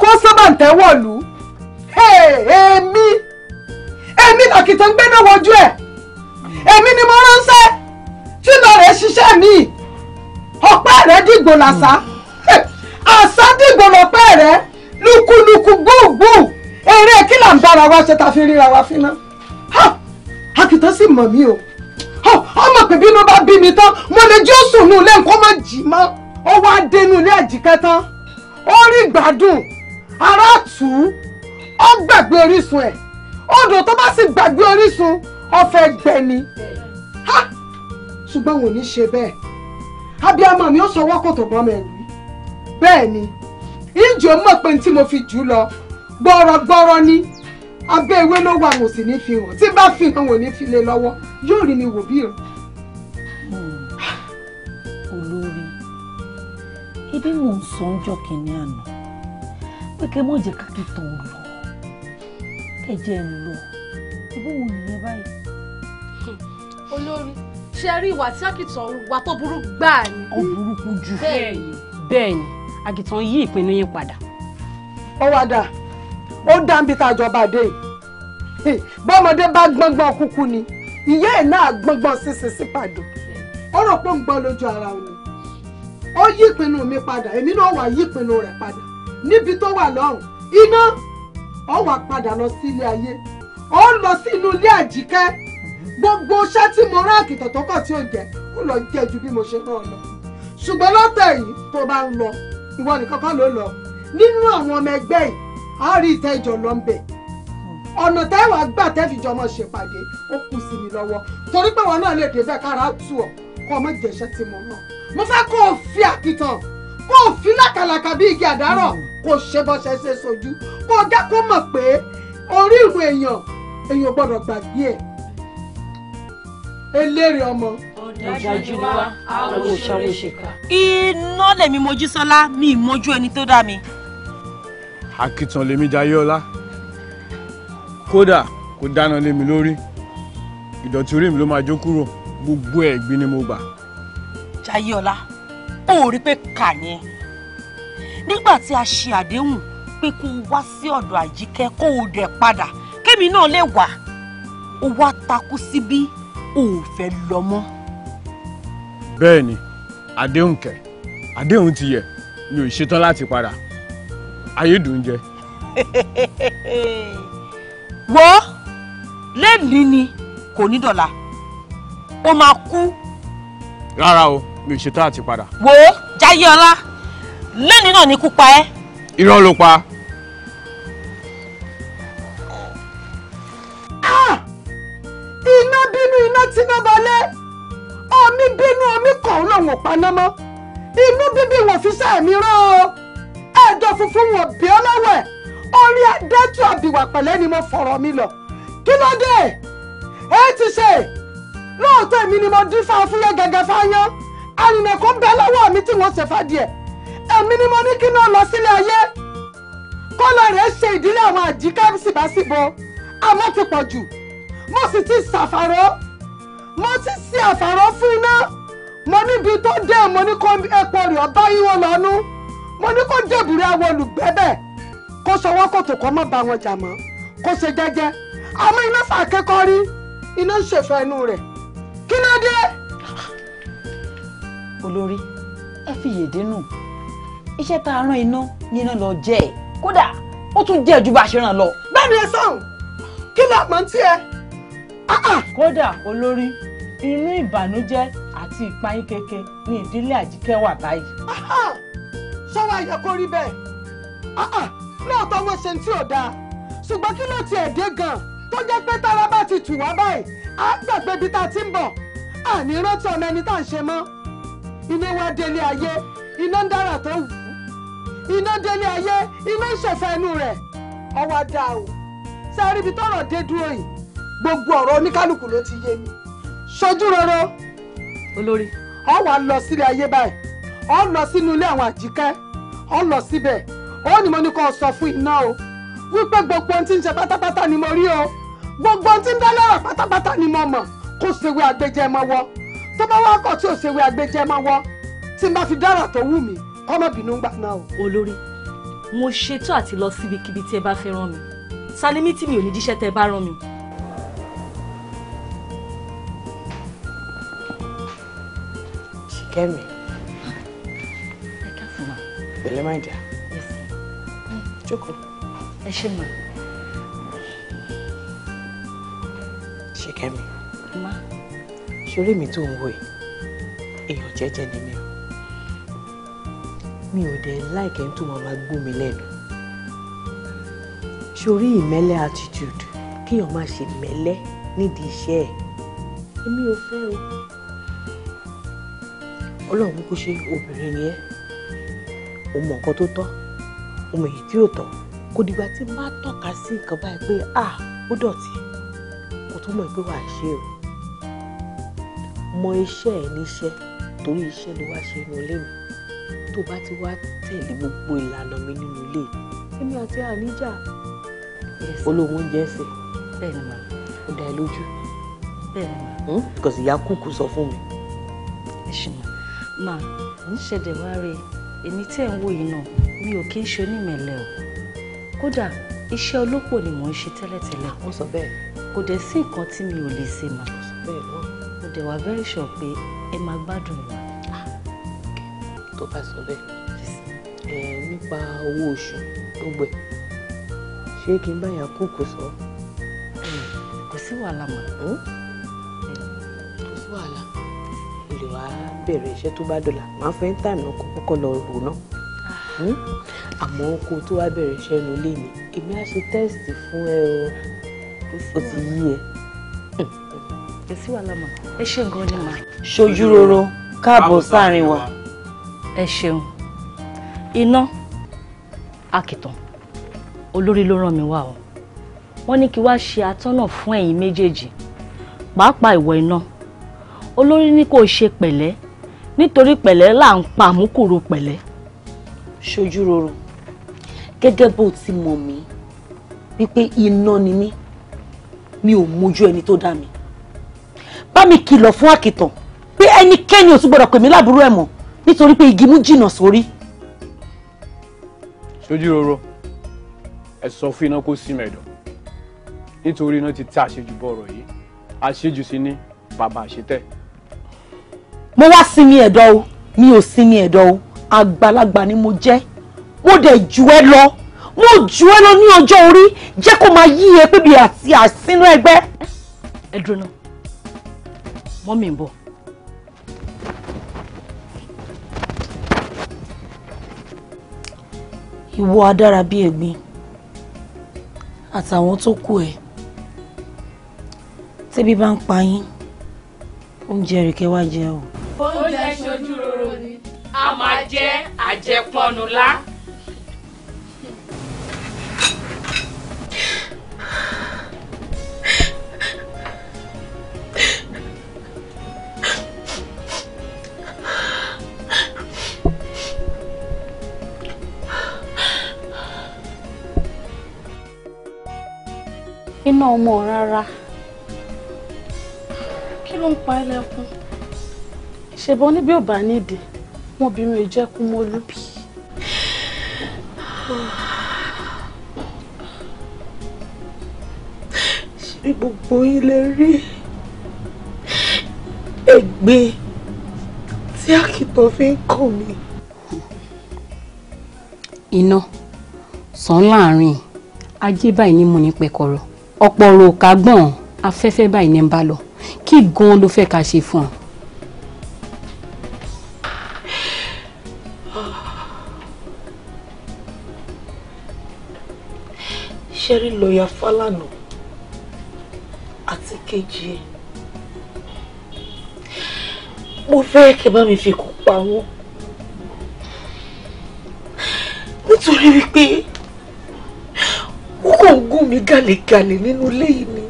kó sábà ń tẹ́wọ̀lú èmi èmi lọ́kìtàn gbẹ́dọ̀ wojú ẹ̀ èmi ni mo ránṣẹ́ tí lọ rẹ̀ ṣiṣẹ́ mi ọ̀pẹ́ rẹ̀ dìgbò làṣà àṣà dìgbò lọ̀pẹ́ rẹ̀ lukuluku gbùgbù eré kí là ń bára wa ṣe ta fi ríra wa fi ná àkìtàn sì mọ̀ mí o ọmọ pé bínú bá bí mi tán mo lè jí ó sùn nù lẹ́ǹkọ́ mọ́ jì mọ́ ó wá dénú ilé àjíkẹ́ tán ó rí gbádùn ara tù ú ó gbàgbé orísun ẹ̀ odò tó bá sì gbàgbé orísun ọfẹ gbẹ ni ṣùgbọ́n wọn ò ní ṣe bẹ́ẹ̀ abiyamọ mi ó sọ wọ́kọ̀ tó bọ́ mẹ́rin bẹ́ẹ̀ ni ìjọ mọ̀ pé tí mo fi jù lọ gbọ́rọ̀gbọ́rọ̀ ni abẹ́ ewé ló wà wọ́n sì ní fi hàn tí bá fi hàn wọ́n ní fi lé lọ́wọ́ yóò rí mi wò bí o. Hmm. olórí ibi mò ń sọ ọjọ́ kìíní àná pé kí ẹ mọ̀ jẹ́ ká lọ kẹ́jẹ́ ń lọ àti bóun nìyẹn báyìí. olórí ṣe rí ìwà tí àkìtàn wa tó burú gbáà ni. ó burúkú jù. bẹ́ẹ̀ ni bẹ́ẹ̀ ni àkìtàn yí ìpinnu yín padà. ó wá dà ó dá níbi tá a jọba dé bọ́mọdé bá gbọ́ngbọ́n kúkú ni ìyá ẹ̀ náà gbọ́ngbọ́n sísè sípàdé ó rò pé ń gbọ́ lójú ara òun ó yí ìpinnu mi padà èmi náà wà yí ìpinnu rẹ̀ padà níbi tó wà lọ́hùn iná ó wà padà lọ sí ilé ayé ó lọ sí inú ilé àjíkẹ́ gbogbo iṣẹ́ tí mo ráàkì tọ̀tọ̀kọ̀ tí ó jẹ ó lọ jẹ ju bí mo ṣe náà lọ ṣùgbọ́n lọ́tẹ̀ yìí tó bá ń lọ ìwọ nìkan kan ló lọ nínú àwọn ọmọ ẹgbẹ́ yìí á rí ìtẹ́ ìjọ lọ ń bẹ̀ ọ̀nà táwa gbà tẹ́fìjọ ọmọ ṣèpàdé ó kù sí mi lọ́wọ́ torí pé wọn náà lè dé bẹ́ẹ̀ kára tù ọ́ kó ọmọ jẹ̀ṣẹ́ tí mo náà mo fẹ́ kó o fi àkìtàn kó o fi lákàlàkà bí igi àdárọ̀ kó o ṣe bọ́ṣẹ́ ṣe sojú kó o já kó mọ̀ pé orí ìwé èèyàn èèyàn gbọ́dọ̀ gbàgbé ẹ̀ eléèrè ọmọ. ọ̀dájú wa àwọn òṣèré ṣèkà. iná lèmi mojú sọlá mi ìmọ̀jú ẹni tó dá mi. àkìtàn lèmi jayé ọlá kódà kò dáná lé mi lórí ìdọ̀tí orí mi ló máa jó kúrò gbogbo ẹ̀gbin ni mo gbà. jayé ọlá ó rí pé kà ni ẹ nígbà tí a ṣe àdéhùn pé kó o wá sí ọ̀dọ̀ àjíkẹ́ kó o dẹ̀ padà kémi náà lè wà ó wá takú síbí ò fẹ́ lọ mọ́. bẹ́ẹ̀ ni àdéhùn kẹ̀ àdéhùn ti yẹ mi ò ṣetán láti padà ayédùn jẹ. wo lẹ́ẹ̀ni ni kò ní dọ̀la ó máa kú. rárá o mi ò ṣetán àti padà. wo jayé ọlá lẹ́ẹ̀ni náà ni kú pa ẹ́. irọ́ ló pa. Ah! iná bínú iná tí iná balẹ̀ omi bínú omi kọ̀ lòun ò paná mọ́ inú bíbí wọn fi sẹ́ẹ̀mí rán o ẹ̀dọ̀ funfun wọn bí ọlọ́wọ́ ẹ̀ orí adẹ́tù àbíwà pẹ̀lẹ́ ni mo fọ̀rọ̀ mi lọ kí ló dé ẹ ti ṣe lóòótọ́ èmi ni mo dín fáwọn fúnyẹ́ gẹ́gẹ́ fáyán àrùnẹ̀kọ́ bẹ lọ́wọ́ mi tí wọ́n ṣẹ̀fà díẹ̀ èmi ni mo ní kí náà lọ sílé ayé kọ́lọ́ rẹ̀ ṣe ìdílé àwọn àjíkẹ́ síbáṣíbọ̀ àmọ́ ti pọ̀ jù mo sì ti ṣàfàrọ̀ mo ti ṣe àfàrọ̀ fún iná mo níbi tó dé mo ní kó epo rẹ̀ ọba yíwọ lọ́nu mo ní kó jẹ̀bùrẹ́ àwọn olùgbẹ́bẹ̀ kó sọwọ́ kòtò kọ́ mọ́ bá wọn jà mọ́ kó ṣe jẹ́jẹ́ àmọ́ iná fàákẹ́kọ̀ọ́ rí iná ń ṣèfẹ́ inú rẹ̀ kí ló dé. olórí ẹ fi yèdè nù iṣẹ́ tá a rán iná ní iná lọ jẹ́ kódà ó tún jẹ́ ju bá a ṣe ràn lọ. bẹ́ẹ̀ ni ẹ sọ̀rọ̀ kí làgbọ́n tí ẹ. Ah, ah. kódà olórí inú ìbànújẹ́ àti ìpayín keke ni ìdílé àjíkẹ́ wà báyìí. sọ́wọ́ ah, ayẹ kó rí bẹ́ẹ̀ lóòótọ́ wọ́n ṣe tí ò dáa ṣùgbọ́n kí ló tiẹ̀ dé gan-an tó jẹ́ pé tára bá ti tù wá báyìí á gbàgbé ibi tá a ti ń bọ̀ àní rántí ọmọ ẹni tá à ń ṣe mọ́ iná wá délé ayé iná ń dára tó wù ú iná délé ayé iná ń ṣẹ̀fẹ̀ inú rẹ̀ ọwọ́ dáa o sẹ́rí ibi tọ́rọ̀ dé dúró yìí gbogbo ọ̀rọ̀ oníkálukú ló ti yé mi ṣojú roro olórí ọ wà lọ sílé ayé báyìí ọ lọ sínú ilé àwọn àjíkẹ́ ọ lọ síbẹ̀ ó ní mo ní kó sọ fún iná o wípé gbogbo ohun tí ń ṣe pátápátá ni mo rí o gbogbo ohun tí ń dá pátápátá ni mo mọ̀ kó ṣèwé agbẹjẹmọwọ tó bá wá kọ̀ tí ò ṣèwé agbẹjẹmọwọ tí n bá fi dára tó wù mí kọ́mọ́bìnú gbà náà olórí mo ṣetán àti lọ síbikíbi tí ẹ bá fẹ́ mi Salimi tí mi ò ní díṣẹ́ tẹ́ bá rán mi. Ṣìkẹ́mi. Ẹ ká fún wa. Pẹ̀lẹ́ máa dà. Jókòó. Ẹ ṣe mọ̀. Ṣìkẹ́mi. Má. Ṣoré mi tó ń wò yìí, èèyàn jẹ́jẹ́ ni mi o. Mi ò dẹ̀ láìkẹ́ tó máa máa gbó mi lẹ́nu sórí ìmẹ́lẹ́ attitude kéèyàn má ṣe mẹ́lẹ́ nídìí iṣẹ́ ẹ̀ èmi ò fẹ́ o ọlọ́run kò ṣe obìnrin ni ẹ́ o mọ nǹkan tó tọ́ o mọ èyí tí ò tọ́ kò dìgbà tí má tọ́ka sí nǹkan báyìí pé à ó dọ̀tí kò tó mọ̀ pé wàá ṣe o mọ iṣẹ́ ẹ̀ níṣẹ́ torí iṣẹ́ ló wá ṣe inú ilé mi tó bá ti wá tẹ̀lé gbogbo ìlànà mi nínú ilé èmi àti àníjà olówó oúnjẹ ṣe bẹ́ẹ̀ni mà ó dá ẹ lójú because hmm? ìyá kúkú sọ fún mi. ẹ ṣì mà mà ń ṣẹ̀dẹ̀ wá rí èmi tí ẹ̀ ń wò yìí náà mi ò kí ń ṣe onímẹ̀lẹ̀ o kódà iṣẹ́ olópò ni mò ń ṣe tẹ́lẹ̀tẹ́lẹ̀ wọ́n sọ bẹ́ẹ̀ kò dẹ̀ sí nǹkan tí mi ò lè ṣe mà mo dẹ̀ wá very sure pé ẹ máa gbádùn ìwà. Ah, tó bá sọ bẹ́ẹ̀ eh, nípa owó oṣù tó gbẹ ṣé kí n bá yàn kúkú sọ. kò sí wàhálà mà kò sí wàhálà olè wàá bẹ̀rẹ̀ iṣẹ́ tó bá dọ̀là máa fẹ́ ń tànà kó kọ́kọ́ lọ rò náà hmm? àmọ́ kó tó wá bẹ̀rẹ̀ iṣẹ́ nu ilé mi èmi á ṣe tẹ́sítì fún ẹ o ó ti yí ẹ. ẹ sí wàhálà mà ẹ ṣe nǹkan ni mà. ṣojú roro káàbọ̀ sáàrin wa. ẹ ṣeun iná akitan olórí ló rán mi wá o wọ́n ní kí wá ṣe atọ́nà fún ẹ̀yin méjèèjì pàápàá ìwọ iná olórí ní kó ṣe pẹ̀lẹ́ nítorí pẹ̀lẹ́ là ń pa àmúkùrú pẹ̀lẹ́. ṣojú roro gẹ́gẹ́ bó ti mọ̀ mí wípé iná ni mí mi ò mójú ẹni tó dá mi bá mi kìlọ̀ fún àkìtàn pé ẹnikẹ́ni ò tún gbọ́dọ̀ pè mí láàbúrò ẹ̀ mọ́ nítorí pé igi mú jìnnà sórí. ṣojú roro ẹ sọ fún iná kó sí mẹ́dọ̀ nítorí iná ti tẹ àṣejù bọ̀ ọ̀rọ̀ yìí àṣejù sí ní bàbá àṣetẹ̀. mo wá sinmi ẹ̀dọ̀ o mi ò sinmi ẹ̀dọ̀ o àgbàlagbà ni mo jẹ́ mo dẹ̀ jù ẹ́ lọ mo jù ẹ́ lọ ní ọjọ́ orí jẹ́ kó máa yí ẹ pé bí àti àsínú ẹgbẹ́. ẹ dúró náà mọ́mì ń bọ̀. ìwọ adára bíi ẹ̀gbin àtàwọn tó kù ẹ̀ tẹ́bí bá ń pa yín oúnjẹ rìkẹ́ wá jẹ o. oúnjẹ ṣojú roro ni a máa jẹ àjẹpọ̀nùlá. iná ọmọ rárá kí ló ń pa ẹlẹ́kún ṣèbọn ní bí ò bá nídìí wọn bí mi ò jẹ́ kú mọ́lú. ṣé gbogbo yín lè rí ègbé tí àkìtàn fi ń kàn mí. iná sàn láàrin ajé báyìí ni mo ní pẹkọrọ ọ̀pọ̀rọ̀ kágbọ̀n afẹ́fẹ́ báyìí ní ń bá lọ kí gan ló fẹ́ ká ṣe fún ọ. ṣẹ́rí lọ́ọ̀yà Fálànà àti kejì ẹ̀ mo fẹ́ kẹ́ bá mi fi kó pa wọ́n nítorí wípé ó kàn ń gún mi gàlégàlé nínú ilé yìí ni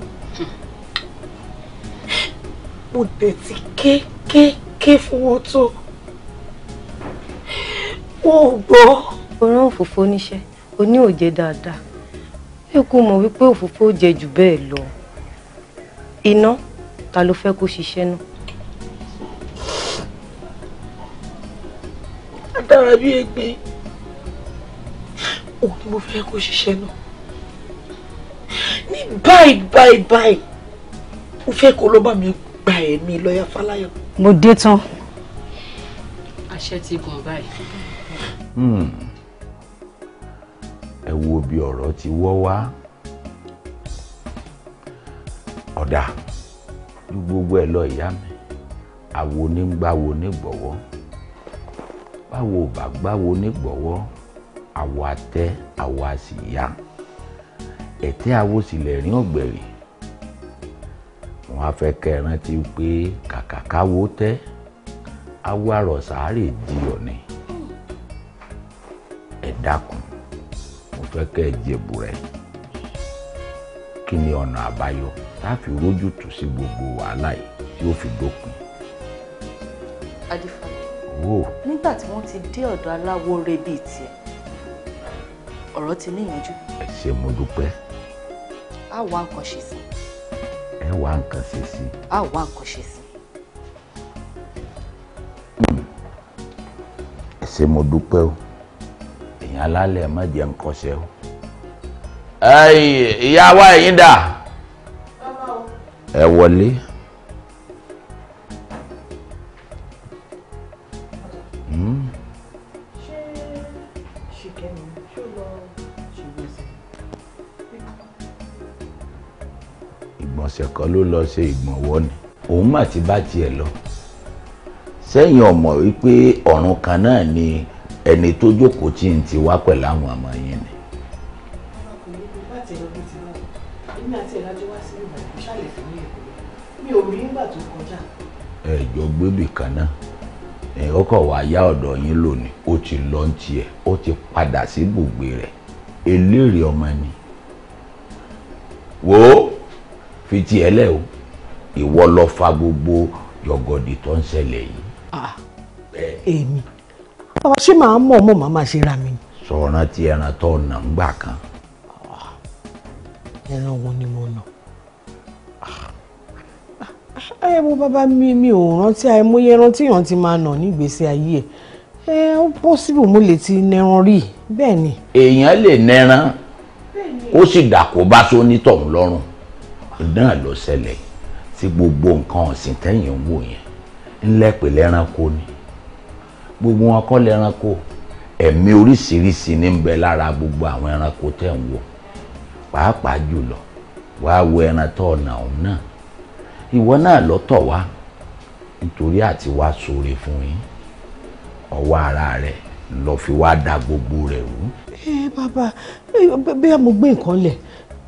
mo dẹ̀ ti ké ké ké fún wọn tó wọn ò gbọ́. oran òfófó níṣẹ́ oní òjé dáadáa ẹ kú mọ̀ wípé òfófó jẹ jù bẹ́ẹ̀ lọ iná ta ló fẹ́ kó ṣiṣẹ́ náà. dára bí egbin òun mo fẹ́ kó ṣiṣẹ́ náà báyìí báyìí báyìí ó fẹ́ kó ló bá mi gba ẹ̀mí lọ́yà Fáláyọ̀. mo dé tán. àṣẹ ti gùn báyìí. Hmm. ẹ wo bí ọ̀rọ̀ ti wọ́ wá ọ̀dà ní gbogbo ẹ̀ lọ ìyá mi àwo ní gbáwo ní gbọ̀wọ́ báwo ò bá gbáwo ní gbọ̀wọ́ àwo àtẹ àwo àsìyá ẹ̀tẹ́ àwòsílẹ̀ rí ọ̀gbẹ̀rì wọn á fẹ́ kẹ́ ẹ rántí pé kàkà káwo tẹ́ awo àròsáré di ọ̀nì ẹ dákun mo fẹ́ kẹ́ ẹ jẹ̀bù rẹ kí ni ọ̀nà àbáyọ tá a fi rójú tù sí gbogbo wàhálà yìí tí ó fi dópin. adifani nígbà tí wọ́n ti dé ọ̀dọ̀ aláwo rebi tiẹ̀ ọ̀rọ̀ ti níyanjú. ẹ ṣé mo dúpẹ́ a wá nǹkan ṣe sí. ẹ wá nǹkan ṣe sí. a wá nǹkan ṣe sí. ẹ ṣé mo dúpẹ́ o èèyàn alálẹ̀ má jẹ́ nǹkan ṣe o. ìyá wa ẹ̀yin dà ẹ wọlé. ọ̀sẹ̀ kan ló lọ ṣe ìgbọ̀nwọ́ ni òun mà ti bá tiẹ̀ lọ sẹ́yìn ọ̀mọ̀ wípé ọ̀run kan náà ni ẹni tó jókòó tí ń ti wá pẹ̀lú àwọn ọmọ yín ni. ẹ jọ gbébì kan náà ẹ ọkọ̀ wá yá ọ̀dọ̀ yín lónìí ó ti lọ ń tiẹ̀ ó ti padà sí ibùgbé rẹ̀ eléèrè ọmọ ni wò ó. fi ti ẹ lẹ o ìwọ lọ fa gbogbo yọgọdì tó ń ṣẹlẹ̀ yìí. Ah. èmi bàbá ṣé màá mọ̀ mọ̀ màá máa ṣe ra mi. sọ̀rọ̀ ti ẹran tó nà ń gbà kan. Ah. ẹran wo ni mo nà ah. ẹ wo bàbá mi mi ò rántí àìmọye rántí yàn ti máa nà nígbèésí ayé ẹ ẹ ó pọ́sibù mo lè ti nẹran rí bẹ́ẹ̀ ni. èèyàn lè nẹran ó sì dàkó bá sónítọ̀hún lọ́rùn náà ló ṣẹlẹ̀ tí gbogbo nǹkan ọ̀sìn tẹ́yìn ń wò yẹn ńlẹ́ pè lẹ́ranko ni gbogbo wọn kọ́ lẹ́ranko ẹ̀mí oríṣiríṣi ní ń bẹ lára gbogbo àwọn ẹranko tẹ̀ ń wò pàápàá jùlọ wàá wo ẹran tó ọ̀nà òun náà ìwọ náà lọ́tọ̀ wá nítorí àti wá sóore fún yín ọwọ́ ara rẹ̀ lọ fi wá da gbogbo rẹ̀ rú. ẹ bàbá bí a mọ̀ gbé nǹkan lẹ̀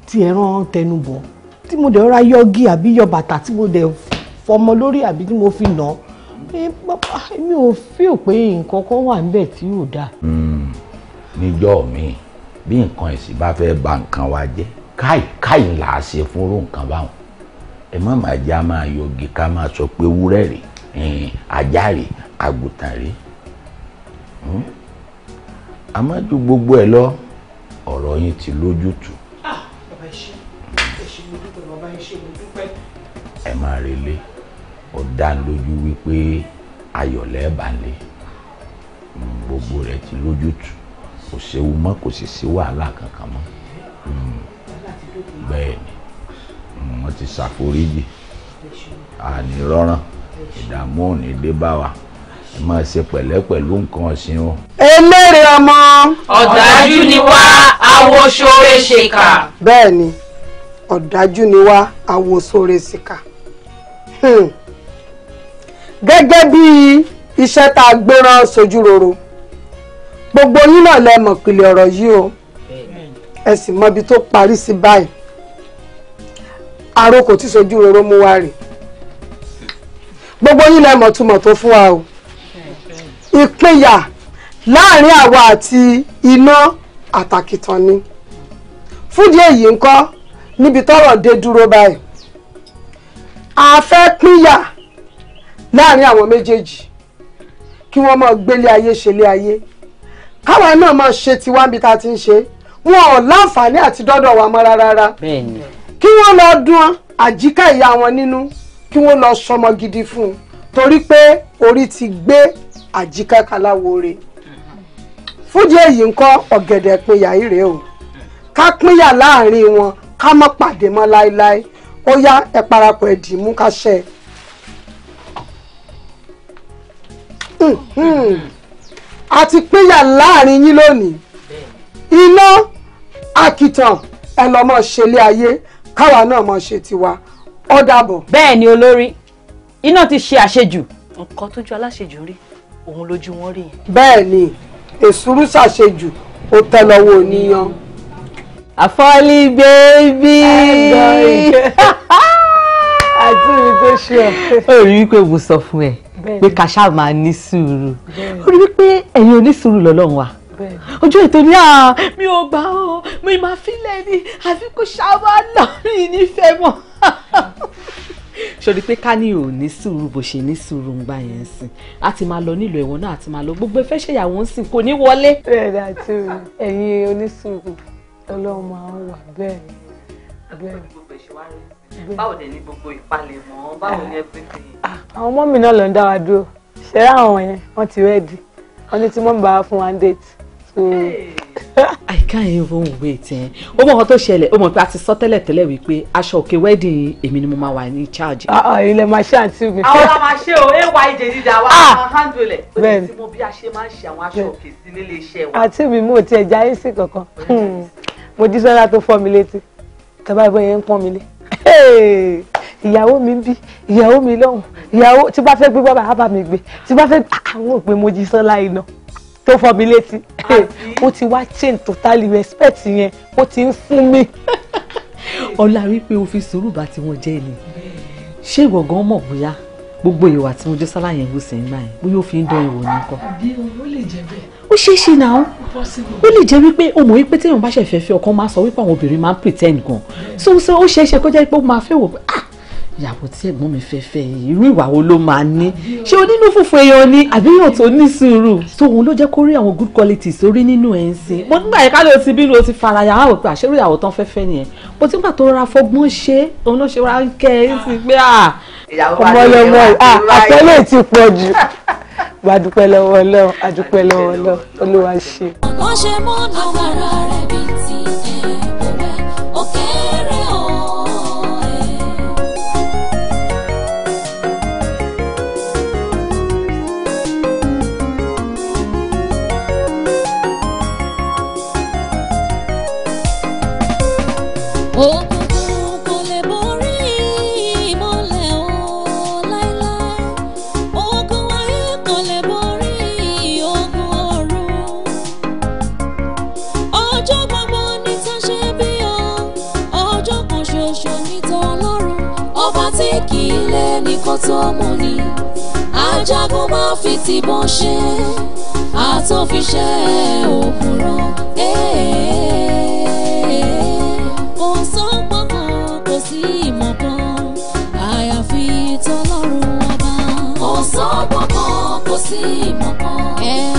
tí ẹran tẹnu bọ̀ tí mo dẹ̀ rọra yọgi àbí yọ bàtà tí mo dẹ̀ fọmọ lórí àbí tí mo fi nà án mi ò feel pé nǹkan kan wà níbẹ̀ tí ò dáa. Hmm. níjọ́ mi bí nǹkan ẹ̀sìn bá fẹ́ ba nǹkan wa jẹ́ káì káì là á ṣe fúnrú nǹkan báwọn ẹ má má já máa yọgi ká máa sọ pé wúrẹ́ rè ajá rè àgùntàn rè àmọ́ hmm. ju gbogbo ẹ̀ lọ ọ̀rọ̀ yín ti lójútùú ẹ máa relé ó dá lójú wípé ayọ̀lẹ́ bá lé hmm, gbogbo rẹ̀ ti lójútùú kò séwu mọ́ kò sì sí wàhálà kankan mọ́ hmm, bẹ́ẹ̀ ni hmm, wọ́n ti ṣàforíjì ànírọ́ràn ìdààmú ò ní dé bá wa ẹ máa ṣe pẹ̀lẹ́ pẹ̀lú nǹkan ọ̀sìn o. eléré ọmọ. ọ̀dájú ni wá awo sóore ṣèkà. bẹ́ẹ̀ ni ni wá awo sóore ṣèkà. Hmm. gẹ́gẹ́ bí iṣẹ́ tá a gbéra sojú roro gbogbo yín náà lẹ mọ̀ pìlẹ̀ ọ̀rọ̀ yìí o ẹ sì mọbi tó parí sí báyìí àrokò tí sojú roro mú wá rè gbogbo yín lẹ mọ̀ túmọ̀ tó fún wa o ìpínyà láàrin àwa àti iná àtàkìtàn ni fúdìí èyí ńkọ́ níbi tọ́rọ̀ dé dúró báyìí a fẹ́ pínyà láàrin àwọn méjèèjì kí wọ́n máa gbélé ayé ṣẹlé ayé káwa náà máa ṣe tiwa níbi tá a ti ń ṣe wọn ò láǹfààní àti dọ́dọ̀ wa mọ́ rárá kí wọ́n lọ dún àjíká ìyá wọn nínú kí wọ́n lọ sọmọ gidi fún un torí pé orí ti gbé àjíká kaláwo re fújì èyí ń kọ́ ọ̀gẹ̀dẹ̀ pinyà ìrè o ká pínyà láàrin wọn ká má pàdé mọ́ láéláé ó yá ẹ parapọ̀ ẹ dì í mú ká ṣe é. àti pínyà láàrin yín lónìí iná àkìtàn ẹ lọ mọ ṣe ilé ayé káwa náà mọ ṣe tiwa ó dàbọ̀. bẹ́ẹ̀ ni olórí iná ti ṣe àṣejù. nǹkan tójú aláṣejù rí òun lójú wọn rí yẹn. bẹ́ẹ̀ ni èsúrú ṣàṣejù ó tẹ lọ́wọ́ oníyan. Mm àfọ́lí bèbí. àti mi tó ṣe ọ̀fẹ́. ó rí wípé mo sọ fún ẹ pé ká ṣáà máa ní sùúrù ó rí wípé ẹ̀yin onísùúrù lọ́lọ́run wà ojú ètò ní à ah, mi ò gbà ọ mi máa filẹ̀ ni àfi kó ṣáwá lọ rí nífẹ̀ẹ́ mọ́ sori pé ká ní ò ní sùúrù bó ṣe ní sùúrù ń gbà yẹn sìn a ti máa lọ nílò ẹ̀wọ̀n náà a ti máa lọ gbogbo ẹ ṣèyàwó ń sìn kò ní wọlé. bẹ́ẹ̀ ni àti ẹ̀yin onísùúrù ọlọ́run máa ń wà bẹ́ẹ̀ bẹ́ẹ̀ báwo dẹ̀ ní gbogbo ìpalẹ̀mọ́ báwo ni everything. Ah, àwọn ọmọ mi náà ló ń dá wa dúró ṣẹ́rẹ́ àwọn yẹn wọ́n ti rẹ́ẹ̀dì wọ́n ní tí mọ́mí bá fún wa date. I can't even wait ẹ̀ eh. ó mọ̀ nǹkan tó ṣẹlẹ̀ ó mọ̀ pé a ti sọ tẹ́lẹ̀ tẹ́lẹ̀ wípé aṣọ òkè wedding èmi ni mo máa wà ní charge. Ah, ah, ilẹ̀ máa ṣe àǹtí mi. àwọn la máa ṣe o ay jẹjẹrẹ àwa àwọn handle ẹ̀ ó ti mọ bí a ṣe máa ń ṣe àwọn aṣọ òkè sí nílé iṣẹ́ wa. àǹtí mi mú òtí ẹja ayé sí kankan mo jí sọ́lá tó fọ́ mi létí tàbá ìbọn yẹn ń pọ́n mi lé ìyàwó mi ń bí ìyàwó mi lọ́hùn ìyàwó tí bá fẹ́ gbé bàbá bá mi gbé tí bá fẹ́ àwọn ah, òpin mo jí sọ́lá iná tó fọ́ mi létí ó ti wá chain totally respect yẹn ó ti ń fún mi. ọlá wípé o fi sùúrù bá tiwọn jẹ ni ṣé ìwọ gan mọ̀ bóyá gbogbo ìwà tí mo jí sọ́lá yẹn ń hù sẹ́yìn bóyá ó fi ń dán ìwò nìkan. àbí o lè jẹ bẹ́ẹ̀ ó ṣeé ṣe náà ó lè jẹ́ wípé o mọ̀ wípé téèyàn bá ṣẹ̀fẹ̀ fẹ́ ọkàn máa sọ wípé àwọn obìnrin máa ń pretend gan so so ó é ṣe kó jẹ́ pé o máa fẹ́ wò pé ah ìyàwó tí ẹ̀gbọ́n mi fẹ́ fẹ́ irú ìwà wo ló máa ní ṣé onínú funfun èèyàn ni àbí èèyàn tó ní sùúrù tó òun ló jẹ́ kó rí àwọn good qualities orí nínú ẹ̀ ń sìn mo nígbà yẹn kálí o ti bínú o ti fara yà wọ́n pé àṣírí ìyàwó tán fẹ́fẹ́ nìyẹn mo ti gbà tó ra fọgbọ́n ṣe òun ló ṣe wá ń kẹ́ ẹ́ sí pé à ọmọ yẹn mọ́ àtẹ́lẹ̀ ti pọ̀ jù. wà á dúpẹ́ lọ́wọ́ ọlọ́run á dúpẹ́ lọ́wọ́ ọlọ́run olúwa ṣe. wọ́n ṣe mọ́nà bàrà rẹ̀ bíi ti ẹ̀ òwe òkè tó mú ni ajagun máa fi tìbọn ṣe àtúnfiṣẹ́ òkúrọ̀ eh. kò sọ́gbọ́n kan kò sí ìmọ̀